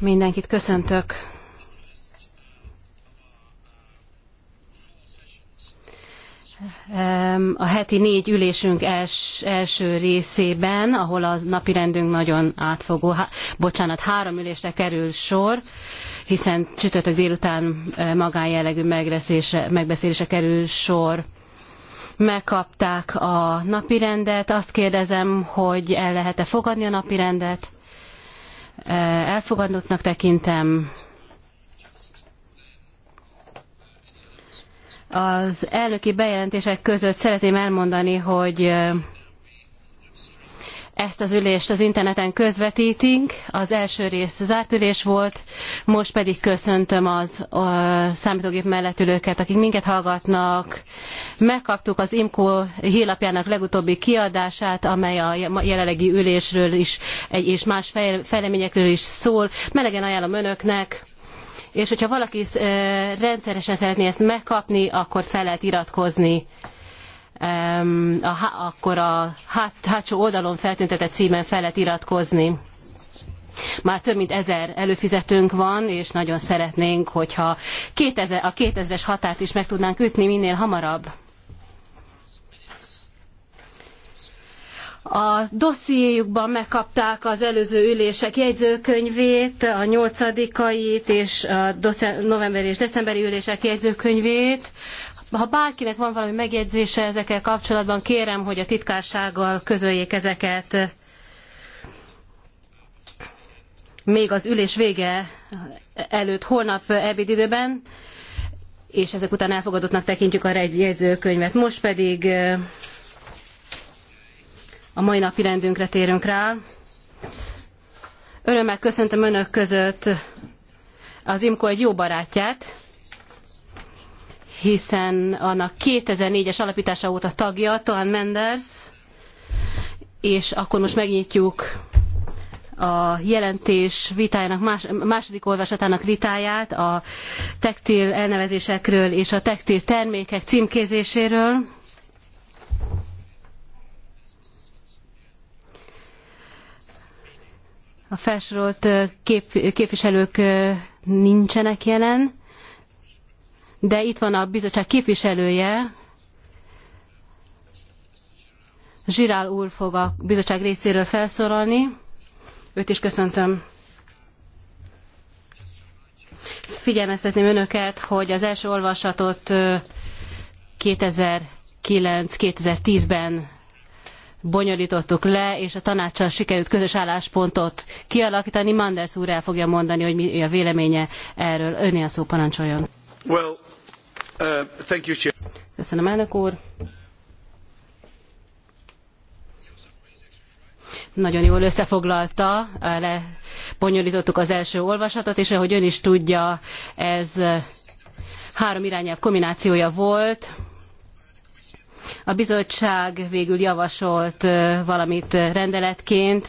Mindenkit köszöntök. A heti négy ülésünk els, első részében, ahol a napirendünk nagyon átfogó, há, bocsánat, három ülésre kerül sor, hiszen csütörtök délután e, magánjellegű megbeszélése kerül sor megkapták a napirendet. Azt kérdezem, hogy el lehet-e fogadni a napirendet? elfogadottnak tekintem. Az elnöki bejelentések között szeretném elmondani, hogy ezt az ülést az interneten közvetítünk. Az első rész zárt ülés volt, most pedig köszöntöm az a számítógép mellett ülőket, akik minket hallgatnak. Megkaptuk az IMCO hírlapjának legutóbbi kiadását, amely a jelenlegi ülésről is és más fejleményekről is szól. Melegen ajánlom önöknek, és hogyha valaki rendszeresen szeretné ezt megkapni, akkor fel lehet iratkozni akkor a hát, hátsó oldalon feltüntetett címen fel lehet iratkozni. Már több mint ezer előfizetőnk van, és nagyon szeretnénk, hogyha 2000, a 2000-es határt is meg tudnánk ütni minél hamarabb. A dossziéjukban megkapták az előző ülések jegyzőkönyvét, a nyolcadikait és a novemberi és decemberi ülések jegyzőkönyvét. Ha bárkinek van valami megjegyzése ezekkel kapcsolatban, kérem, hogy a titkársággal közöljék ezeket. Még az ülés vége előtt, holnap ebédidőben, és ezek után elfogadottnak tekintjük a jegyzőkönyvet. Most pedig a mai napi rendünkre térünk rá. Örömmel köszöntöm Önök között az IMKO egy jó barátját, hiszen annak 2004-es alapítása óta tagja, Toan Menders, és akkor most megnyitjuk a jelentés vitájának más, második olvasatának vitáját a textil elnevezésekről és a textil termékek címkézéséről. A felsorolt kép, képviselők nincsenek jelen de itt van a bizottság képviselője, Zsirál úr fog a bizottság részéről felszólalni. Őt is köszöntöm. Figyelmeztetném önöket, hogy az első olvasatot 2009-2010-ben bonyolítottuk le, és a tanácssal sikerült közös álláspontot kialakítani. Manders úr el fogja mondani, hogy mi a véleménye erről. Önél szó parancsoljon. Well, Uh, Köszönöm, elnök úr. Nagyon jól összefoglalta, lebonyolítottuk az első olvasatot, és ahogy ön is tudja, ez három irányelv kombinációja volt, a bizottság végül javasolt valamit rendeletként,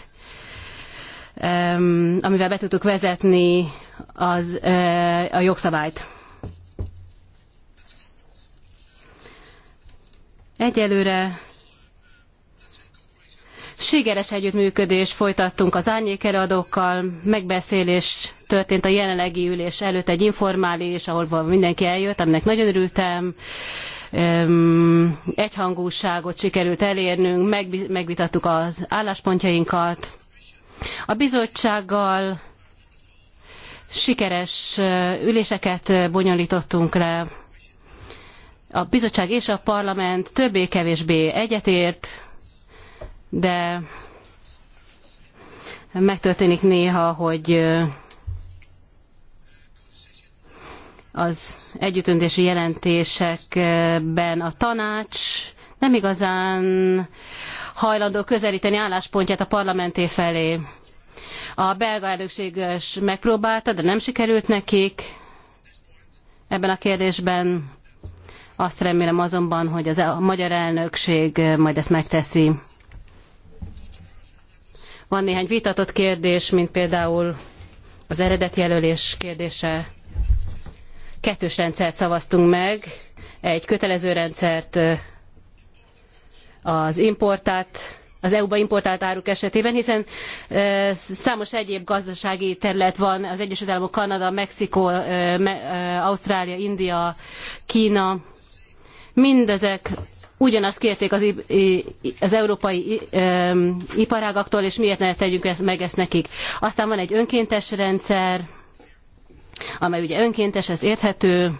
amivel be tudtuk vezetni az, a jogszabályt. Egyelőre sikeres együttműködést folytattunk az árnyékeladókkal, megbeszélés történt a jelenlegi ülés előtt egy informális, ahol mindenki eljött, aminek nagyon örültem. Egyhangúságot sikerült elérnünk, megvitattuk az álláspontjainkat. A bizottsággal sikeres üléseket bonyolítottunk le, a bizottság és a parlament többé-kevésbé egyetért, de megtörténik néha, hogy az együttöntési jelentésekben a tanács nem igazán hajlandó közelíteni álláspontját a parlamenté felé. A belga elnökség megpróbálta, de nem sikerült nekik ebben a kérdésben. Azt remélem azonban, hogy az a magyar elnökség eh, majd ezt megteszi. Van néhány vitatott kérdés, mint például az jelölés kérdése. Kettős rendszert szavaztunk meg, egy kötelező rendszert eh, az importált az EU-ba importált áruk esetében, hiszen eh, számos egyéb gazdasági terület van, az Egyesült Államok, Kanada, Mexikó, Ausztrália, India, Kína, mindezek ugyanazt kérték az, az európai iparágaktól, és miért ne tegyük ezt, meg ezt nekik. Aztán van egy önkéntes rendszer, amely ugye önkéntes, ez érthető.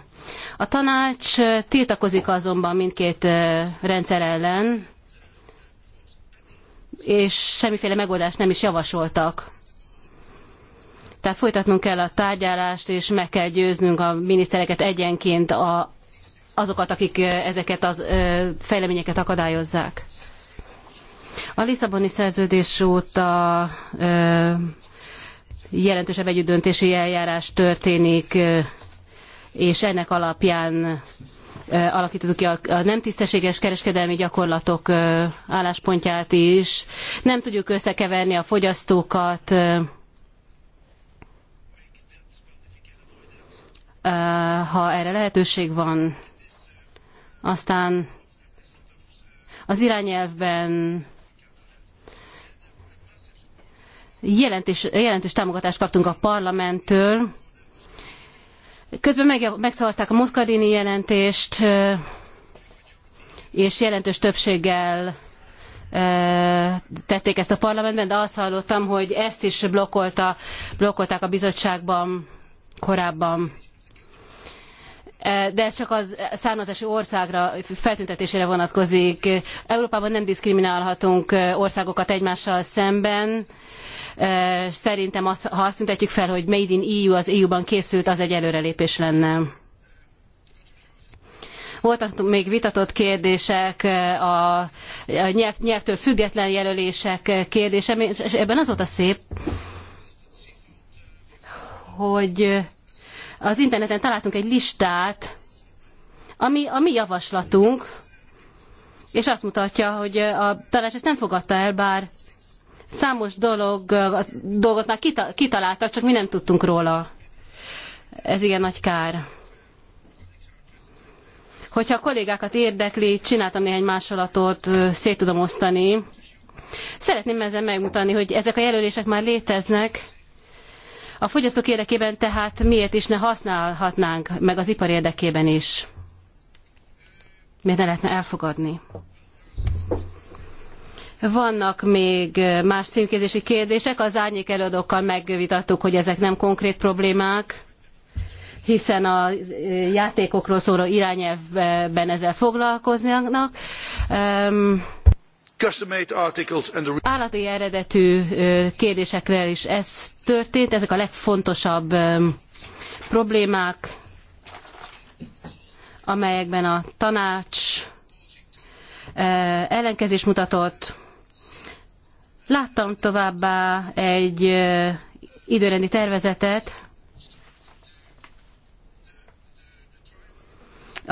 A tanács tiltakozik azonban mindkét rendszer ellen, és semmiféle megoldást nem is javasoltak. Tehát folytatnunk kell a tárgyalást, és meg kell győznünk a minisztereket egyenként a, azokat, akik ezeket a fejleményeket akadályozzák. A Lisszaboni szerződés óta jelentősebb együttdöntési eljárás történik, és ennek alapján alakítottuk ki a nem tisztességes kereskedelmi gyakorlatok álláspontját is. Nem tudjuk összekeverni a fogyasztókat, ha erre lehetőség van, aztán az irányelvben jelentős, jelentős támogatást kaptunk a parlamenttől. Közben meg, megszavazták a Moszkadini jelentést, és jelentős többséggel tették ezt a parlamentben, de azt hallottam, hogy ezt is blokkolta, blokkolták a bizottságban korábban. Eh, de ez csak az származási országra feltüntetésére vonatkozik. Európában nem diszkriminálhatunk eh, országokat egymással szemben. Eh, szerintem azt, ha azt tüntetjük fel, hogy Made in EU az EU-ban készült, az egy előrelépés lenne. Voltak még vitatott kérdések, a, a nyelv, nyelvtől független jelölések kérdése, és ebben az volt a szép, hogy az interneten találtunk egy listát, ami a mi javaslatunk, és azt mutatja, hogy a tanács ezt nem fogadta el, bár számos dolog, dolgot már kitaláltak, csak mi nem tudtunk róla. Ez igen nagy kár. Hogyha a kollégákat érdekli, csináltam néhány másolatot, szét tudom osztani. Szeretném ezzel megmutatni, hogy ezek a jelölések már léteznek, a fogyasztók érdekében tehát miért is ne használhatnánk, meg az ipar érdekében is? Miért ne lehetne elfogadni? Vannak még más címkézési kérdések, az árnyék előadókkal megvitattuk, hogy ezek nem konkrét problémák, hiszen a játékokról szóló irányelvben ezzel foglalkoznak. Állati eredetű kérdésekre is ez történt. Ezek a legfontosabb problémák, amelyekben a tanács ellenkezést mutatott. Láttam továbbá egy időrendi tervezetet,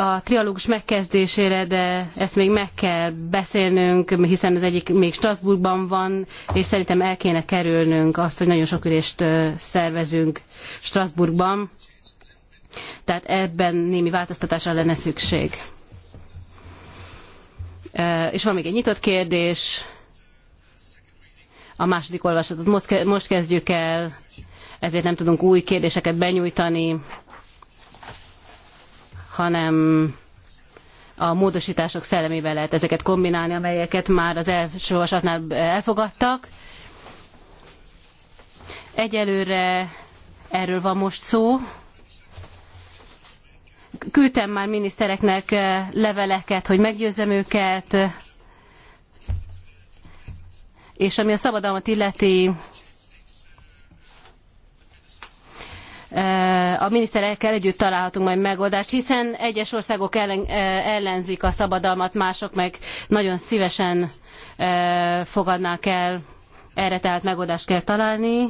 a trialógus megkezdésére, de ezt még meg kell beszélnünk, hiszen az egyik még Strasbourgban van, és szerintem el kéne kerülnünk azt, hogy nagyon sok ülést szervezünk Strasbourgban. Tehát ebben némi változtatásra lenne szükség. És van még egy nyitott kérdés. A második olvasatot most kezdjük el, ezért nem tudunk új kérdéseket benyújtani hanem a módosítások szellemében lehet ezeket kombinálni, amelyeket már az első olvasatnál elfogadtak. Egyelőre erről van most szó. Küldtem már minisztereknek eh, leveleket, hogy meggyőzzem őket, és ami a szabadalmat illeti, a miniszterekkel együtt találhatunk majd megoldást, hiszen egyes országok ellen, ellenzik a szabadalmat, mások meg nagyon szívesen fogadnák el. Erre tehát megoldást kell találni.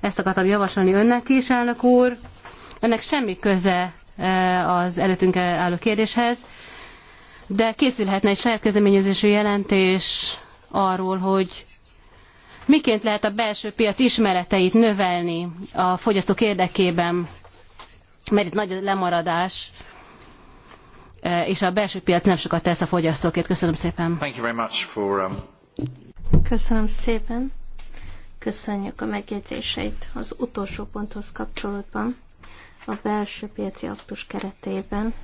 Ezt akartam javasolni önnek is, elnök úr. Ennek semmi köze az előttünk álló kérdéshez, de készülhetne egy saját kezdeményezésű jelentés arról, hogy miként lehet a belső piac ismereteit növelni a fogyasztók érdekében, mert itt nagy lemaradás, eh, és a belső piac nem sokat tesz a fogyasztókért. Köszönöm szépen. For, um... Köszönöm szépen. Köszönjük a megjegyzéseit az utolsó ponthoz kapcsolatban, a belső piaci aktus keretében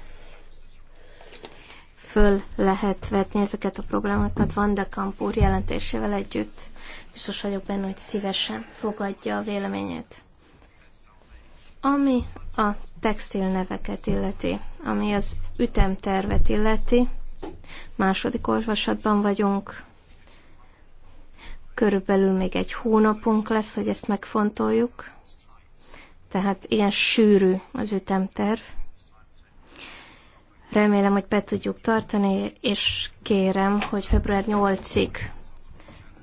föl lehet vetni ezeket a problémákat Van de Kampúr jelentésével együtt biztos vagyok benne, hogy szívesen fogadja a véleményét. Ami a textil neveket illeti, ami az ütemtervet illeti, második olvasatban vagyunk, körülbelül még egy hónapunk lesz, hogy ezt megfontoljuk, tehát ilyen sűrű az ütemterv. Remélem, hogy be tudjuk tartani, és kérem, hogy február 8-ig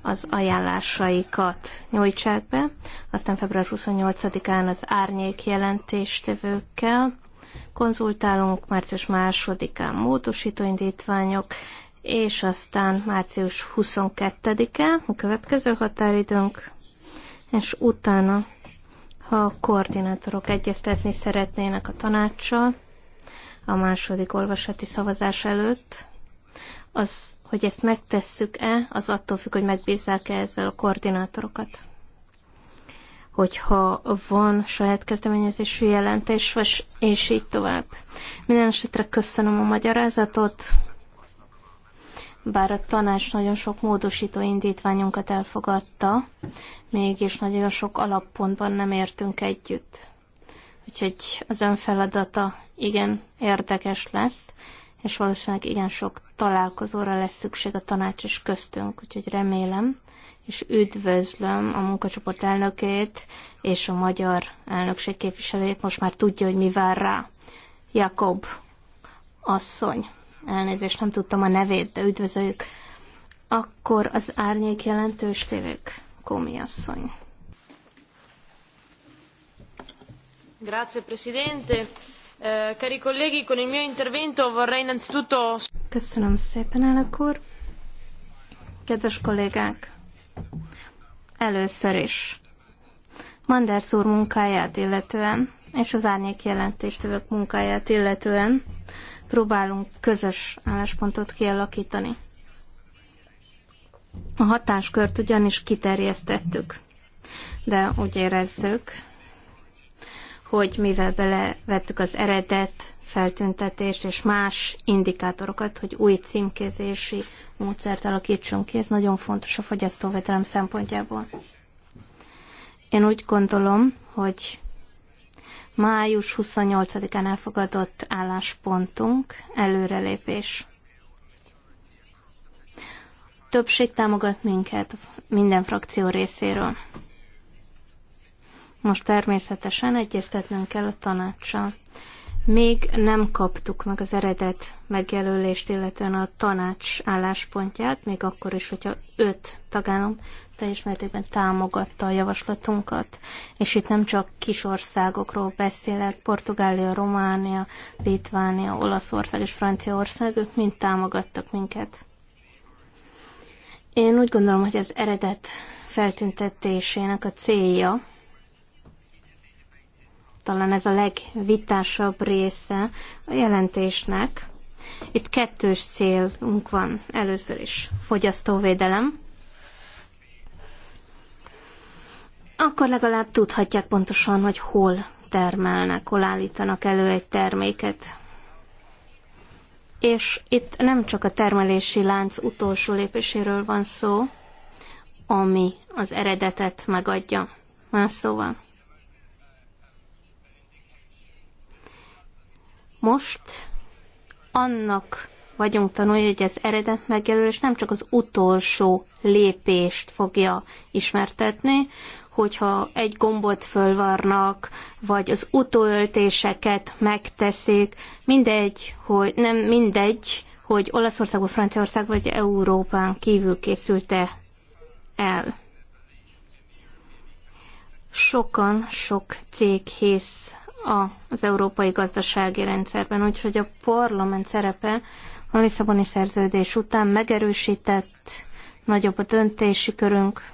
az ajánlásaikat nyújtsák be, aztán február 28-án az árnyék jelentéstevőkkel konzultálunk, március 2-án módosítóindítványok, és aztán március 22-e a következő határidőnk, és utána, ha a koordinátorok egyeztetni szeretnének a tanácssal a második olvasati szavazás előtt, az hogy ezt megtesszük-e, az attól függ, hogy megbízzák-e ezzel a koordinátorokat. Hogyha van saját kezdeményezésű jelentés, vagy, és így tovább. Minden esetre köszönöm a magyarázatot, bár a tanács nagyon sok módosító indítványunkat elfogadta, mégis nagyon sok alappontban nem értünk együtt. Úgyhogy az ön feladata igen érdekes lesz, és valószínűleg igen sok találkozóra lesz szükség a tanács és köztünk, úgyhogy remélem, és üdvözlöm a munkacsoport elnökét és a magyar elnökség képviselőjét, most már tudja, hogy mi vár rá. Jakob asszony, elnézést, nem tudtam a nevét, de üdvözöljük. Akkor az árnyék jelentős tévők, Komi asszony. Grazie, Presidente. Eh, cari colleghi, con il mio intervento vorrei innanzitutto... Köszönöm szépen, elnök úr. Kedves kollégák, először is Manders úr munkáját illetően, és az árnyék jelentéstevők munkáját illetően próbálunk közös álláspontot kialakítani. A hatáskört ugyanis kiterjesztettük, de úgy érezzük, hogy mivel belevettük az eredet feltüntetést és más indikátorokat, hogy új címkézési módszert alakítsunk ki, ez nagyon fontos a fogyasztóvédelem szempontjából. Én úgy gondolom, hogy május 28-án elfogadott álláspontunk előrelépés. Többség támogat minket minden frakció részéről. Most természetesen egyeztetnünk kell a tanácssal. Még nem kaptuk meg az eredet megjelölést, illetően a tanács álláspontját, még akkor is, hogyha öt tagállam teljes mértékben támogatta a javaslatunkat. És itt nem csak kis országokról beszélek, Portugália, Románia, Litvánia, Olaszország és Franciaország, ők mind támogattak minket. Én úgy gondolom, hogy az eredet feltüntetésének a célja talán ez a legvitásabb része a jelentésnek. Itt kettős célunk van először is. Fogyasztóvédelem. Akkor legalább tudhatják pontosan, hogy hol termelnek, hol állítanak elő egy terméket. És itt nem csak a termelési lánc utolsó lépéséről van szó, ami az eredetet megadja. Más szóval. Most annak vagyunk tanulni, hogy az eredet megjelölés nem csak az utolsó lépést fogja ismertetni, hogyha egy gombot fölvarnak, vagy az utóöltéseket megteszik, mindegy, hogy nem mindegy, hogy vagy Franciaország vagy Európán kívül készülte el. Sokan, sok cég hisz az európai gazdasági rendszerben, úgyhogy a parlament szerepe a Lisszaboni szerződés után megerősített, nagyobb a döntési körünk.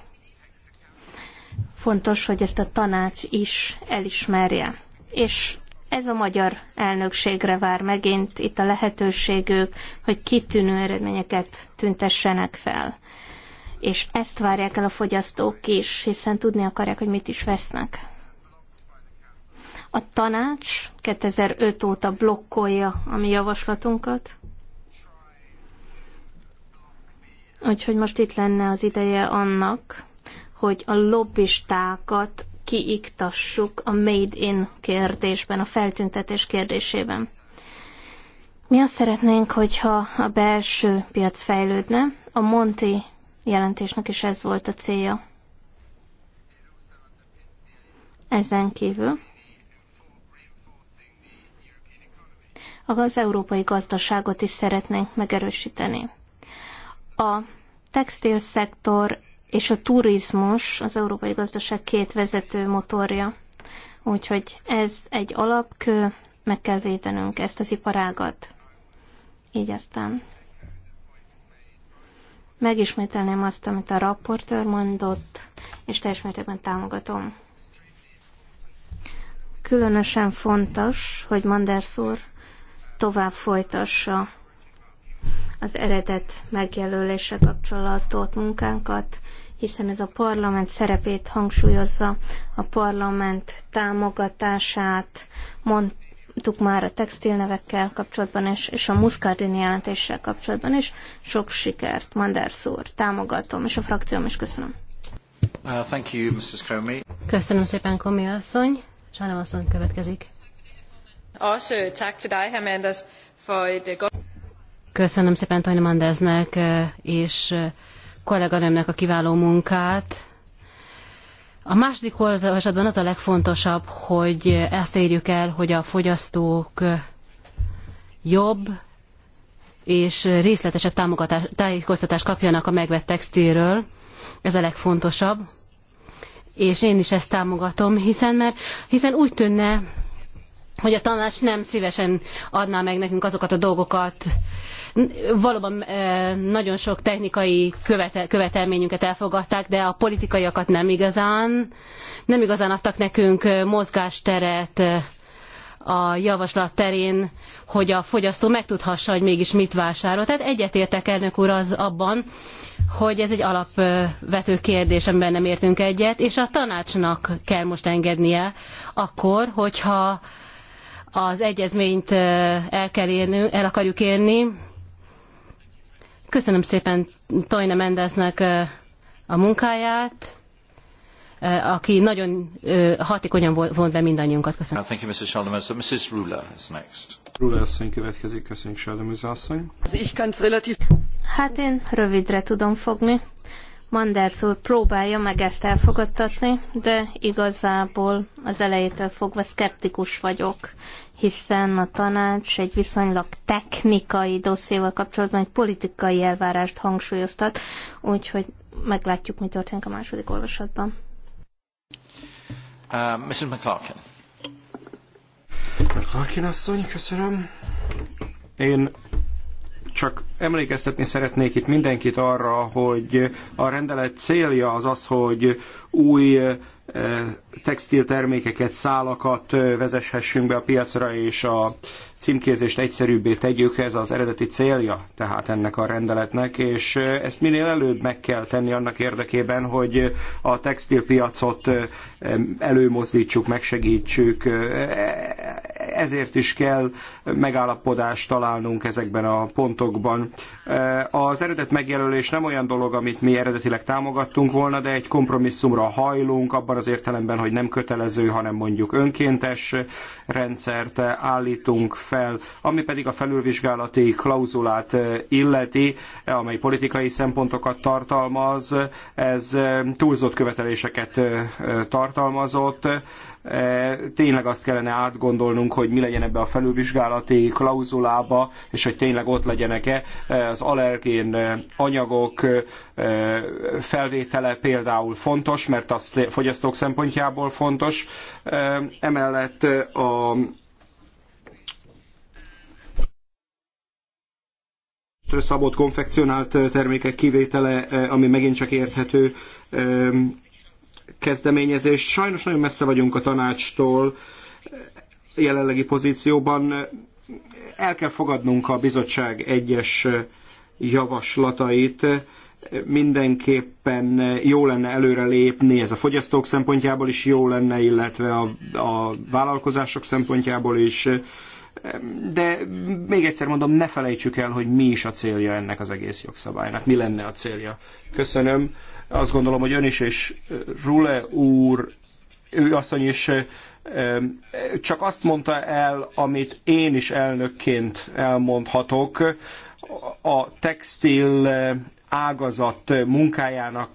Fontos, hogy ezt a tanács is elismerje. És ez a magyar elnökségre vár megint itt a lehetőségük, hogy kitűnő eredményeket tüntessenek fel. És ezt várják el a fogyasztók is, hiszen tudni akarják, hogy mit is vesznek. A tanács 2005 óta blokkolja a mi javaslatunkat. Úgyhogy most itt lenne az ideje annak, hogy a lobbistákat kiiktassuk a Made in kérdésben, a feltüntetés kérdésében. Mi azt szeretnénk, hogyha a belső piac fejlődne, a Monti jelentésnek is ez volt a célja. Ezen kívül az európai gazdaságot is szeretnénk megerősíteni. A textilszektor és a turizmus az európai gazdaság két vezető motorja. Úgyhogy ez egy alapkő, meg kell védenünk ezt az iparágat. Így aztán megismételném azt, amit a rapportőr mondott, és teljes mértékben támogatom. Különösen fontos, hogy Manders úr tovább folytassa az eredet megjelölése kapcsolatot, munkánkat, hiszen ez a parlament szerepét hangsúlyozza, a parlament támogatását, mondtuk már a textilnevekkel kapcsolatban, és, és a muszkardini jelentéssel kapcsolatban is. Sok sikert, Manders úr, támogatom, és a frakcióm is köszönöm. Uh, thank you, Mrs. Comey. Köszönöm szépen, Komi asszony. Sajnálom asszony következik. Også øh, tak til dig, hr. Manders, for øh, Köszönöm szépen Tony Mandeznek és kolléganőmnek a kiváló munkát. A második olvasatban az a legfontosabb, hogy ezt érjük el, hogy a fogyasztók jobb és részletesebb tájékoztatást kapjanak a megvett textilről. Ez a legfontosabb. És én is ezt támogatom, hiszen, mert, hiszen úgy tűnne, hogy a tanács nem szívesen adná meg nekünk azokat a dolgokat, valóban e, nagyon sok technikai követel, követelményünket elfogadták, de a politikaiakat nem igazán, nem igazán adtak nekünk e, mozgásteret e, a javaslat terén, hogy a fogyasztó megtudhassa, hogy mégis mit vásárol. Tehát egyetértek elnök úr az abban, hogy ez egy alapvető kérdés, amiben nem értünk egyet, és a tanácsnak kell most engednie, akkor, hogyha az egyezményt el, kell érni, el akarjuk érni. Köszönöm szépen Tojna mendesnek a munkáját, aki nagyon hatékonyan vont be mindannyiunkat. Köszönöm. Uh, thank you, Mrs. Schaldemus. Mrs. Ruler is next. Ruler asszony következik. Köszönjük, Schaldemus asszony. Hát én rövidre tudom fogni. Manders úr próbálja meg ezt elfogadtatni, de igazából az elejétől fogva szkeptikus vagyok hiszen a tanács egy viszonylag technikai dossziéval kapcsolatban egy politikai elvárást hangsúlyoztat, úgyhogy meglátjuk, mi történik a második olvasatban. Uh, Mrs. McClarkin. McClarkin asszony, köszönöm. Én csak emlékeztetni szeretnék itt mindenkit arra, hogy a rendelet célja az az, hogy új textil termékeket, szálakat vezethessünk be a piacra, és a címkézést egyszerűbbé tegyük, ez az eredeti célja tehát ennek a rendeletnek, és ezt minél előbb meg kell tenni annak érdekében, hogy a textilpiacot előmozdítsuk, megsegítsük. E, ezért is kell megállapodást találnunk ezekben a pontokban. Az eredet megjelölés nem olyan dolog, amit mi eredetileg támogattunk volna, de egy kompromisszumra hajlunk, abban az értelemben, hogy nem kötelező, hanem mondjuk önkéntes rendszert állítunk fel, fel. Ami pedig a felülvizsgálati klauzulát eh, illeti, amely politikai szempontokat tartalmaz, ez eh, túlzott követeléseket eh, tartalmazott. Tényleg azt kellene átgondolnunk, hogy mi legyen ebbe a felülvizsgálati klauzulába, és hogy tényleg ott legyenek-e az allergén anyagok felvétele például fontos, mert az fogyasztók szempontjából fontos. Emellett a szabott konfekcionált termékek kivétele, ami megint csak érthető kezdeményezés. Sajnos nagyon messze vagyunk a tanácstól jelenlegi pozícióban. El kell fogadnunk a bizottság egyes javaslatait. Mindenképpen jó lenne előrelépni, ez a fogyasztók szempontjából is jó lenne, illetve a, a vállalkozások szempontjából is de még egyszer mondom, ne felejtsük el, hogy mi is a célja ennek az egész jogszabálynak, mi lenne a célja. Köszönöm. Azt gondolom, hogy ön is és Rule úr, ő asszony is csak azt mondta el, amit én is elnökként elmondhatok, a textil ágazat munkájának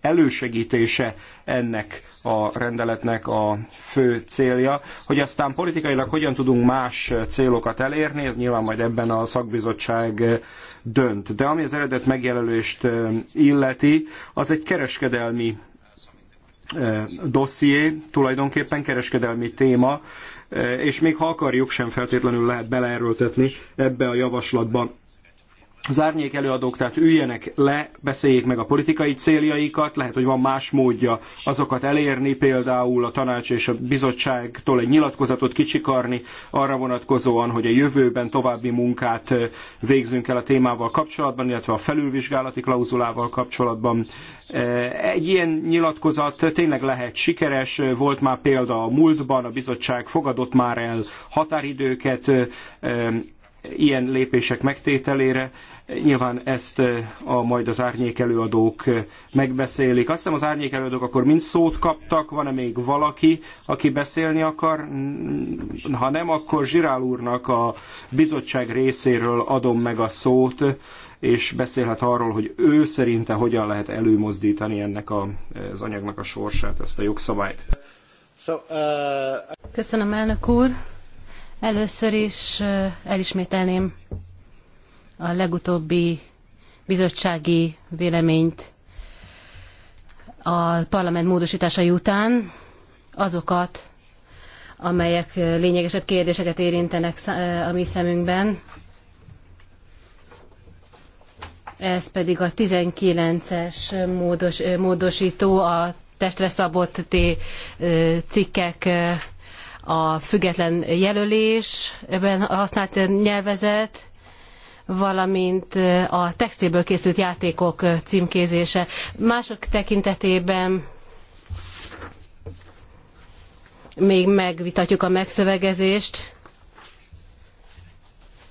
elősegítése ennek a rendeletnek a fő célja. Hogy aztán politikailag hogyan tudunk más célokat elérni, nyilván majd ebben a szakbizottság dönt. De ami az eredet megjelölést eh, illeti, az egy kereskedelmi eh, dosszié, tulajdonképpen kereskedelmi téma, eh, és még ha akarjuk, sem feltétlenül lehet beleerőltetni ebbe a javaslatban az árnyék előadók tehát üljenek le, beszéljék meg a politikai céljaikat, lehet, hogy van más módja azokat elérni, például a tanács és a bizottságtól egy nyilatkozatot kicsikarni arra vonatkozóan, hogy a jövőben további munkát végzünk el a témával kapcsolatban, illetve a felülvizsgálati klauzulával kapcsolatban. Egy ilyen nyilatkozat tényleg lehet sikeres, volt már példa a múltban, a bizottság fogadott már el határidőket, ilyen lépések megtételére. Nyilván ezt a, majd az árnyék előadók megbeszélik. Azt hiszem az árnyék előadók akkor mind szót kaptak, van-e még valaki, aki beszélni akar? Ha nem, akkor Zsirál úrnak a bizottság részéről adom meg a szót, és beszélhet arról, hogy ő szerinte hogyan lehet előmozdítani ennek a, az anyagnak a sorsát, ezt a jogszabályt. Uh, Köszönöm, elnök úr! Először is elismételném a legutóbbi bizottsági véleményt a parlament módosításai után, azokat, amelyek lényegesebb kérdéseket érintenek a mi szemünkben. Ez pedig a 19-es módos, módosító a testre szabott cikkek a független jelölésben használt nyelvezet, valamint a textilből készült játékok címkézése. Mások tekintetében még megvitatjuk a megszövegezést,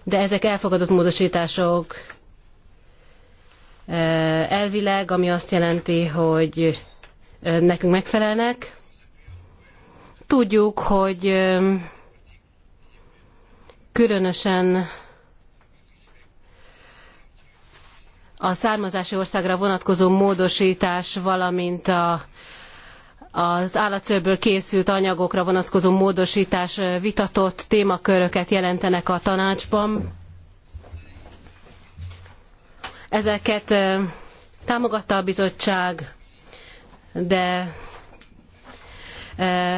de ezek elfogadott módosítások elvileg, ami azt jelenti, hogy nekünk megfelelnek. Tudjuk, hogy különösen a származási országra vonatkozó módosítás, valamint a, az állatszőrből készült anyagokra vonatkozó módosítás vitatott témaköröket jelentenek a tanácsban. Ezeket támogatta a bizottság, de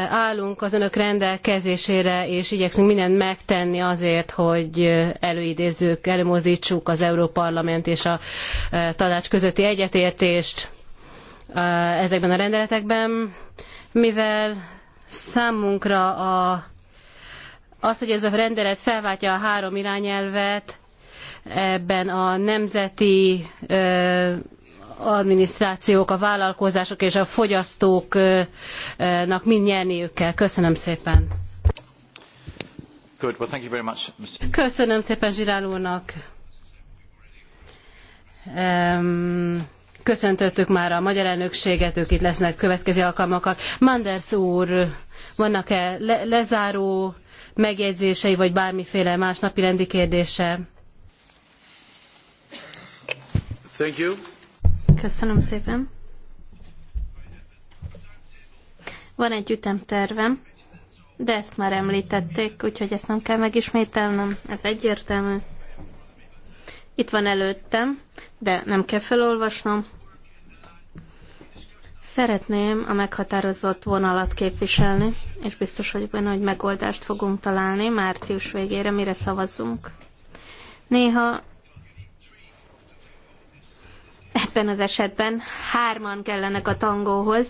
állunk az önök rendelkezésére, és igyekszünk mindent megtenni azért, hogy előidézzük, előmozdítsuk az Parlament és a tanács közötti egyetértést ezekben a rendeletekben, mivel számunkra a, az, hogy ez a rendelet felváltja a három irányelvet, ebben a nemzeti adminisztrációk, a vállalkozások és a fogyasztóknak mind nyerniük kell. Köszönöm szépen. Köszönöm szépen Zsirál úrnak. Köszöntöttük már a magyar elnökséget, ők itt lesznek következő alkalmakkal. Manders úr, vannak-e le lezáró megjegyzései, vagy bármiféle más napirendi kérdése? Thank you. Köszönöm szépen. Van egy ütemtervem, de ezt már említették, úgyhogy ezt nem kell megismételnem. Ez egyértelmű. Itt van előttem, de nem kell felolvasnom. Szeretném a meghatározott vonalat képviselni, és biztos vagyok benne, hogy megoldást fogunk találni március végére, mire szavazzunk. Néha ebben az esetben hárman kellenek a tangóhoz,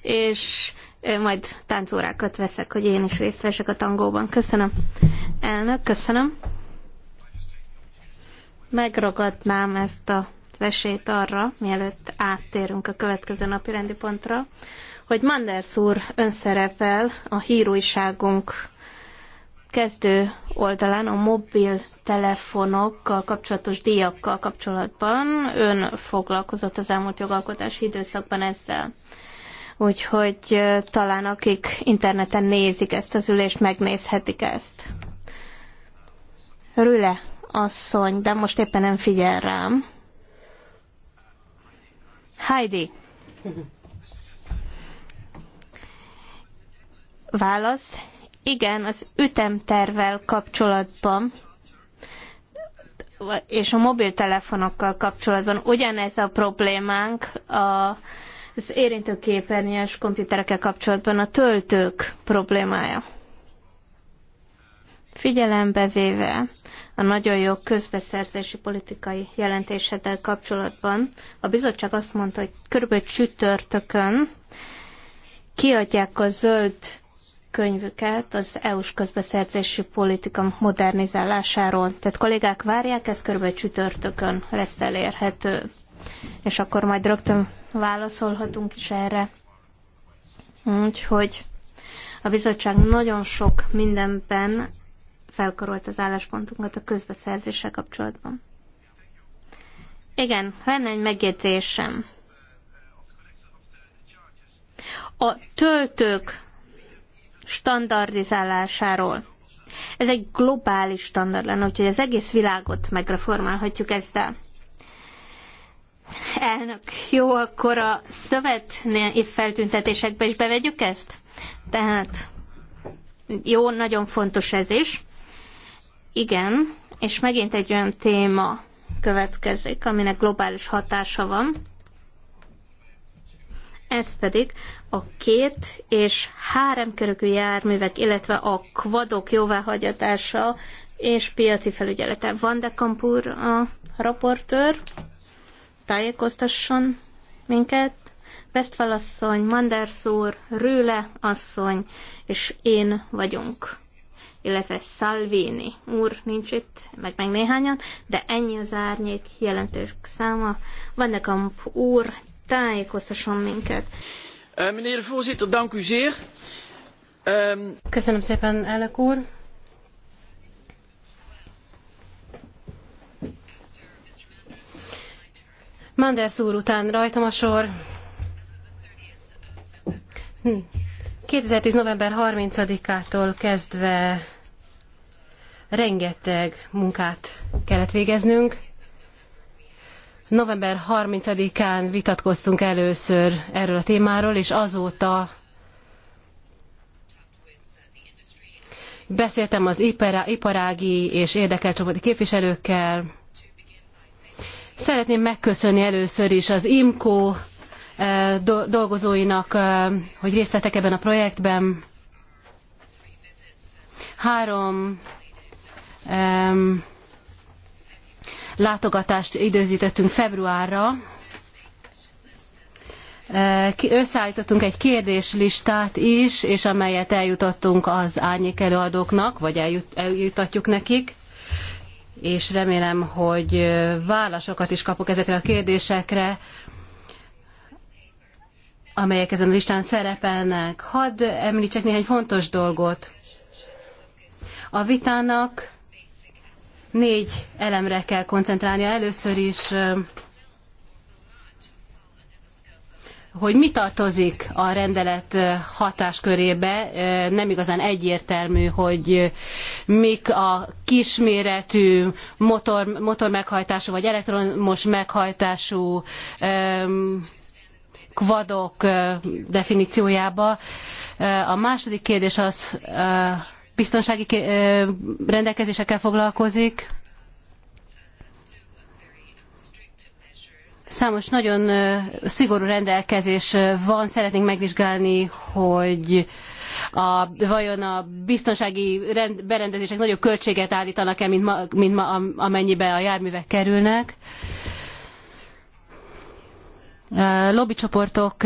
és majd táncórákat veszek, hogy én is részt veszek a tangóban. Köszönöm. Elnök, köszönöm. Megragadnám ezt a esélyt arra, mielőtt áttérünk a következő napi rendi pontra, hogy Manders úr önszerepel a hírújságunk kezdő oldalán a mobiltelefonokkal kapcsolatos díjakkal kapcsolatban. Ön foglalkozott az elmúlt jogalkotási időszakban ezzel. Úgyhogy talán akik interneten nézik ezt az ülést, megnézhetik ezt. Rüle asszony, de most éppen nem figyel rám. Heidi. Válasz, igen, az ütemtervel kapcsolatban és a mobiltelefonokkal kapcsolatban ugyanez a problémánk a, az érintőképernyős komputerekkel kapcsolatban a töltők problémája. Figyelembe véve a nagyon jó közbeszerzési politikai jelentéseddel kapcsolatban, a bizottság azt mondta, hogy körülbelül csütörtökön kiadják a zöld könyvüket az EU-s közbeszerzési politika modernizálásáról. Tehát kollégák várják, ez körülbelül csütörtökön lesz elérhető. És akkor majd rögtön válaszolhatunk is erre. Úgyhogy a bizottság nagyon sok mindenben felkorolt az álláspontunkat a közbeszerzéssel kapcsolatban. Igen, lenne egy megjegyzésem. A töltők standardizálásáról. Ez egy globális standard lenne, úgyhogy az egész világot megreformálhatjuk ezzel. Elnök, jó, akkor a szövet feltüntetésekbe is bevegyük ezt? Tehát jó, nagyon fontos ez is. Igen, és megint egy olyan téma következik, aminek globális hatása van ez pedig a két és három körökű járművek, illetve a kvadok jóváhagyatása és piaci felügyelete. Van de Kampur a raportőr, tájékoztasson minket. Westphal asszony, Manders Rüle asszony, és én vagyunk. Illetve Salvini úr nincs itt, meg meg néhányan, de ennyi az árnyék jelentős száma. Van nekem úr, tájékoztasson minket. Eh, meneer de voorzitter, dank u zeer. Ehm, Köszönöm szépen, elnök úr. Manders úr után rajtam a sor. 2010. Hm. november 30-ától kezdve rengeteg munkát kellett végeznünk. November 30-án vitatkoztunk először erről a témáról, és azóta beszéltem az iparági és érdekelt csoporti képviselőkkel. Szeretném megköszönni először is az IMCO eh, dolgozóinak, eh, hogy részt vettek ebben a projektben. Három um, látogatást időzítettünk februárra. Összeállítottunk egy kérdéslistát is, és amelyet eljutottunk az árnyék előadóknak, vagy eljut, eljutatjuk nekik és remélem, hogy válaszokat is kapok ezekre a kérdésekre, amelyek ezen a listán szerepelnek. Hadd említsek néhány fontos dolgot. A vitának négy elemre kell koncentrálnia. Először is, hogy mi tartozik a rendelet hatáskörébe, nem igazán egyértelmű, hogy mik a kisméretű motor, motor meghajtású vagy elektromos meghajtású kvadok definíciójába. A második kérdés az, biztonsági rendelkezésekkel foglalkozik. Számos nagyon szigorú rendelkezés van, szeretnénk megvizsgálni, hogy a, vajon a biztonsági rend, berendezések nagyobb költséget állítanak-e, mint, ma, mint ma, amennyibe a járművek kerülnek. Lobbycsoportok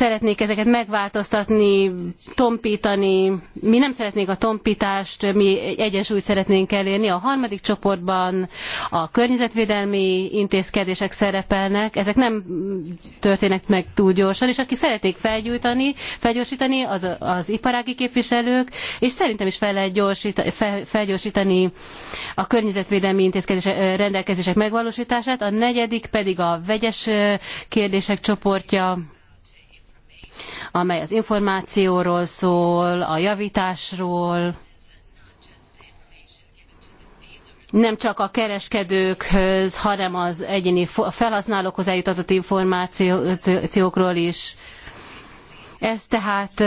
szeretnék ezeket megváltoztatni, tompítani. Mi nem szeretnénk a tompítást, mi egyensúlyt szeretnénk elérni. A harmadik csoportban a környezetvédelmi intézkedések szerepelnek, ezek nem történnek meg túl gyorsan, és akik szeretnék felgyújtani, felgyorsítani, az, az iparági képviselők, és szerintem is fel lehet felgyorsítani a környezetvédelmi intézkedések, rendelkezések megvalósítását. A negyedik pedig a vegyes kérdések csoportja, amely az információról szól, a javításról, nem csak a kereskedőkhöz, hanem az egyéni felhasználókhoz eljutatott információkról is. Ez tehát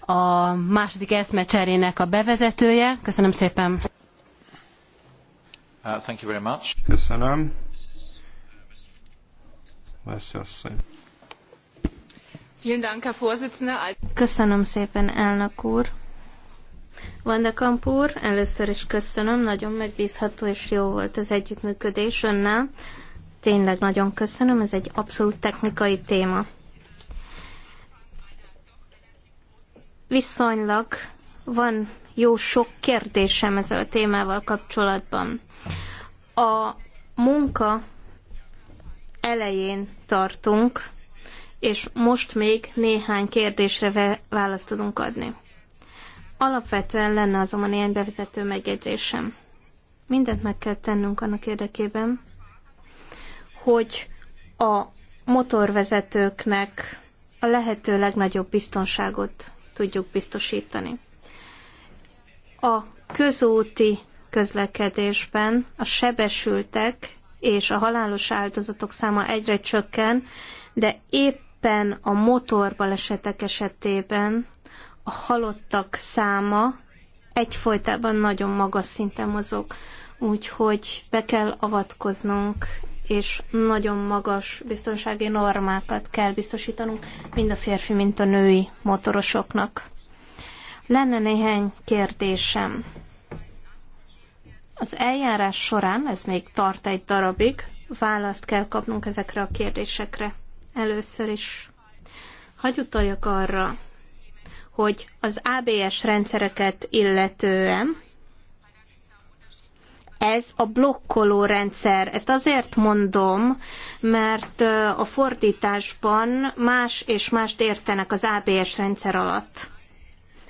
a második eszmecserének a bevezetője. Köszönöm szépen. Uh, Köszönöm. Köszönöm szépen, elnök úr. Vanda úr, először is köszönöm, nagyon megbízható és jó volt az együttműködés önnel. Tényleg nagyon köszönöm, ez egy abszolút technikai téma. Viszonylag van jó sok kérdésem ezzel a témával kapcsolatban. A munka elején tartunk, és most még néhány kérdésre választ tudunk adni. Alapvetően lenne azonban ilyen bevezető megjegyzésem. Mindent meg kell tennünk annak érdekében, hogy a motorvezetőknek a lehető legnagyobb biztonságot tudjuk biztosítani. A közúti közlekedésben a sebesültek és a halálos áldozatok száma egyre csökken, de éppen a motorbalesetek esetében a halottak száma egyfolytában nagyon magas szinten mozog, úgyhogy be kell avatkoznunk, és nagyon magas biztonsági normákat kell biztosítanunk mind a férfi, mind a női motorosoknak. Lenne néhány kérdésem az eljárás során, ez még tart egy darabig, választ kell kapnunk ezekre a kérdésekre. Először is hagy utaljak arra, hogy az ABS rendszereket illetően ez a blokkoló rendszer. Ezt azért mondom, mert a fordításban más és mást értenek az ABS rendszer alatt.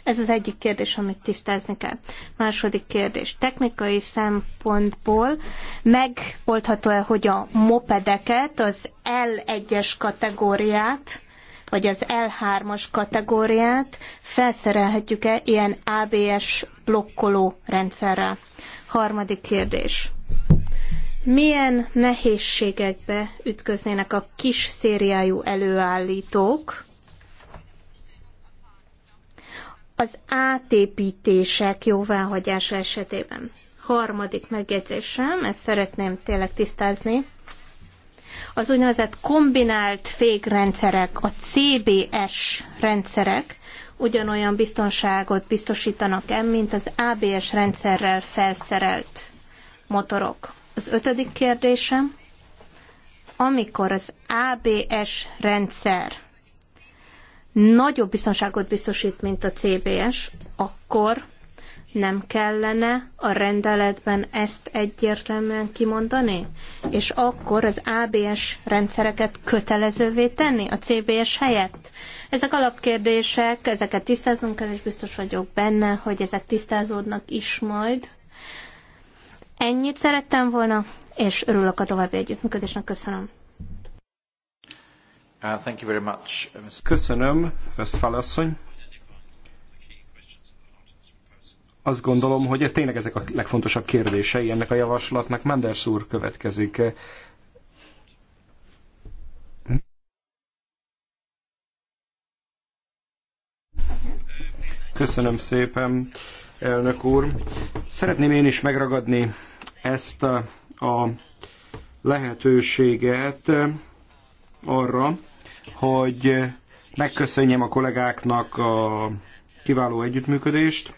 Ez az egyik kérdés, amit tisztázni kell. Második kérdés. Technikai szempontból megoldható-e, hogy a mopedeket, az L1-es kategóriát, vagy az L3-as kategóriát felszerelhetjük-e ilyen ABS blokkoló rendszerrel? Harmadik kérdés. Milyen nehézségekbe ütköznének a kis szériájú előállítók, az átépítések jóváhagyása esetében. Harmadik megjegyzésem, ezt szeretném tényleg tisztázni, az úgynevezett kombinált fékrendszerek, a CBS rendszerek ugyanolyan biztonságot biztosítanak el, mint az ABS rendszerrel felszerelt motorok. Az ötödik kérdésem, amikor az ABS rendszer nagyobb biztonságot biztosít, mint a CBS, akkor nem kellene a rendeletben ezt egyértelműen kimondani? És akkor az ABS rendszereket kötelezővé tenni a CBS helyett? Ezek alapkérdések, ezeket tisztáznunk kell, és biztos vagyok benne, hogy ezek tisztázódnak is majd. Ennyit szerettem volna, és örülök a további együttműködésnek. Köszönöm. Uh, uh, Köszönöm, Westphal asszony. Azt gondolom, hogy tényleg ezek a legfontosabb kérdései ennek a javaslatnak. Menders úr következik. Köszönöm szépen, elnök úr. Szeretném én is megragadni ezt a lehetőséget arra, hogy megköszönjem a kollégáknak a kiváló együttműködést.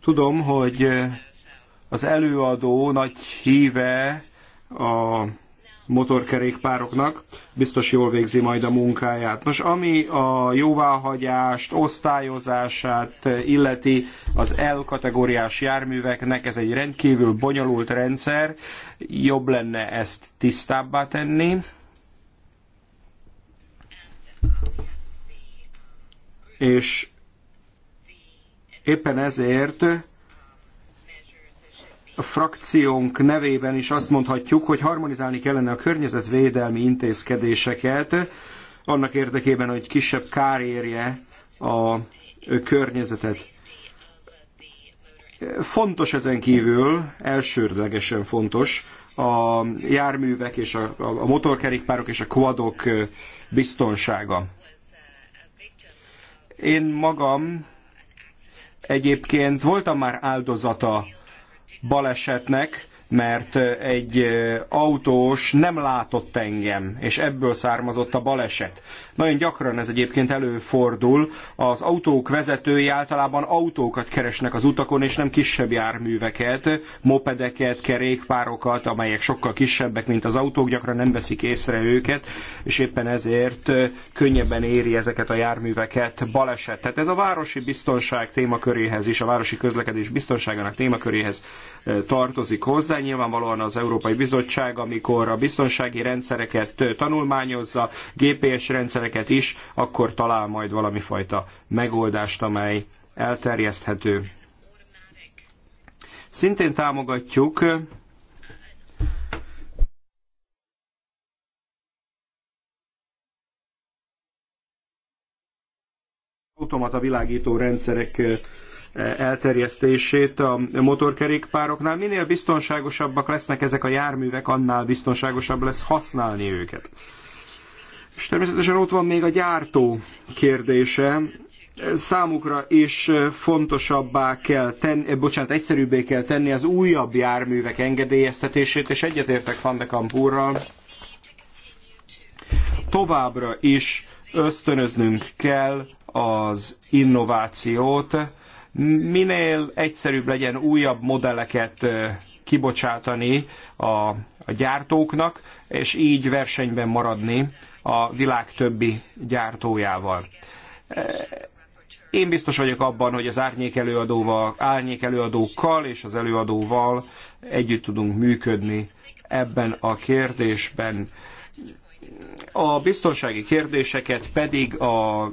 Tudom, hogy az előadó nagy híve a motorkerékpároknak, biztos jól végzi majd a munkáját. Nos, ami a jóváhagyást, osztályozását illeti az L kategóriás járműveknek, ez egy rendkívül bonyolult rendszer, jobb lenne ezt tisztábbá tenni. És éppen ezért a frakciónk nevében is azt mondhatjuk, hogy harmonizálni kellene a környezetvédelmi intézkedéseket annak érdekében, hogy kisebb kár érje a környezetet. Fontos ezen kívül, elsődlegesen fontos, a járművek és a, a motorkerékpárok és a quadok biztonsága. Én magam egyébként voltam már áldozata balesetnek, mert egy autós nem látott engem, és ebből származott a baleset. Nagyon gyakran ez egyébként előfordul, az autók vezetői általában autókat keresnek az utakon, és nem kisebb járműveket, mopedeket, kerékpárokat, amelyek sokkal kisebbek, mint az autók, gyakran nem veszik észre őket, és éppen ezért könnyebben éri ezeket a járműveket baleset. Tehát ez a városi biztonság témaköréhez is, a városi közlekedés biztonságának témaköréhez tartozik hozzá, hozzá. Nyilvánvalóan az Európai Bizottság, amikor a biztonsági rendszereket tanulmányozza, GPS rendszereket is, akkor talál majd valami fajta megoldást, amely elterjeszthető. Szintén támogatjuk automata világító rendszerek elterjesztését a motorkerékpároknál. Minél biztonságosabbak lesznek ezek a járművek, annál biztonságosabb lesz használni őket. És természetesen ott van még a gyártó kérdése. Számukra is fontosabbá kell tenni, eh, bocsánat, egyszerűbbé kell tenni az újabb járművek engedélyeztetését, és egyetértek Van de Kampurral. Továbbra is ösztönöznünk kell az innovációt, minél egyszerűbb legyen újabb modelleket kibocsátani a, a gyártóknak, és így versenyben maradni a világ többi gyártójával. Én biztos vagyok abban, hogy az árnyék, előadóval, árnyék előadókkal és az előadóval együtt tudunk működni ebben a kérdésben a biztonsági kérdéseket pedig a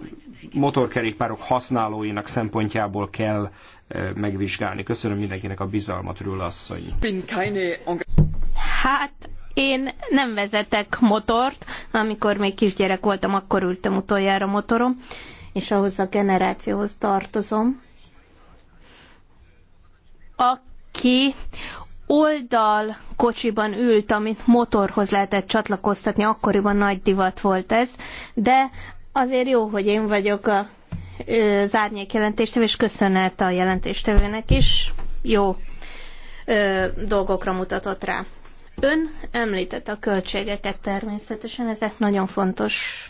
motorkerékpárok használóinak szempontjából kell e, megvizsgálni. Köszönöm mindenkinek a bizalmat, Rula asszony. Hát én nem vezetek motort, amikor még kisgyerek voltam, akkor ültem utoljára motorom, és ahhoz a generációhoz tartozom, aki oldal kocsiban ült, amit motorhoz lehetett csatlakoztatni, akkoriban nagy divat volt ez, de azért jó, hogy én vagyok a, az árnyék jelentéstevő, és köszönet a jelentéstevőnek is, jó ö, dolgokra mutatott rá. Ön említette a költségeket természetesen, ezek nagyon fontos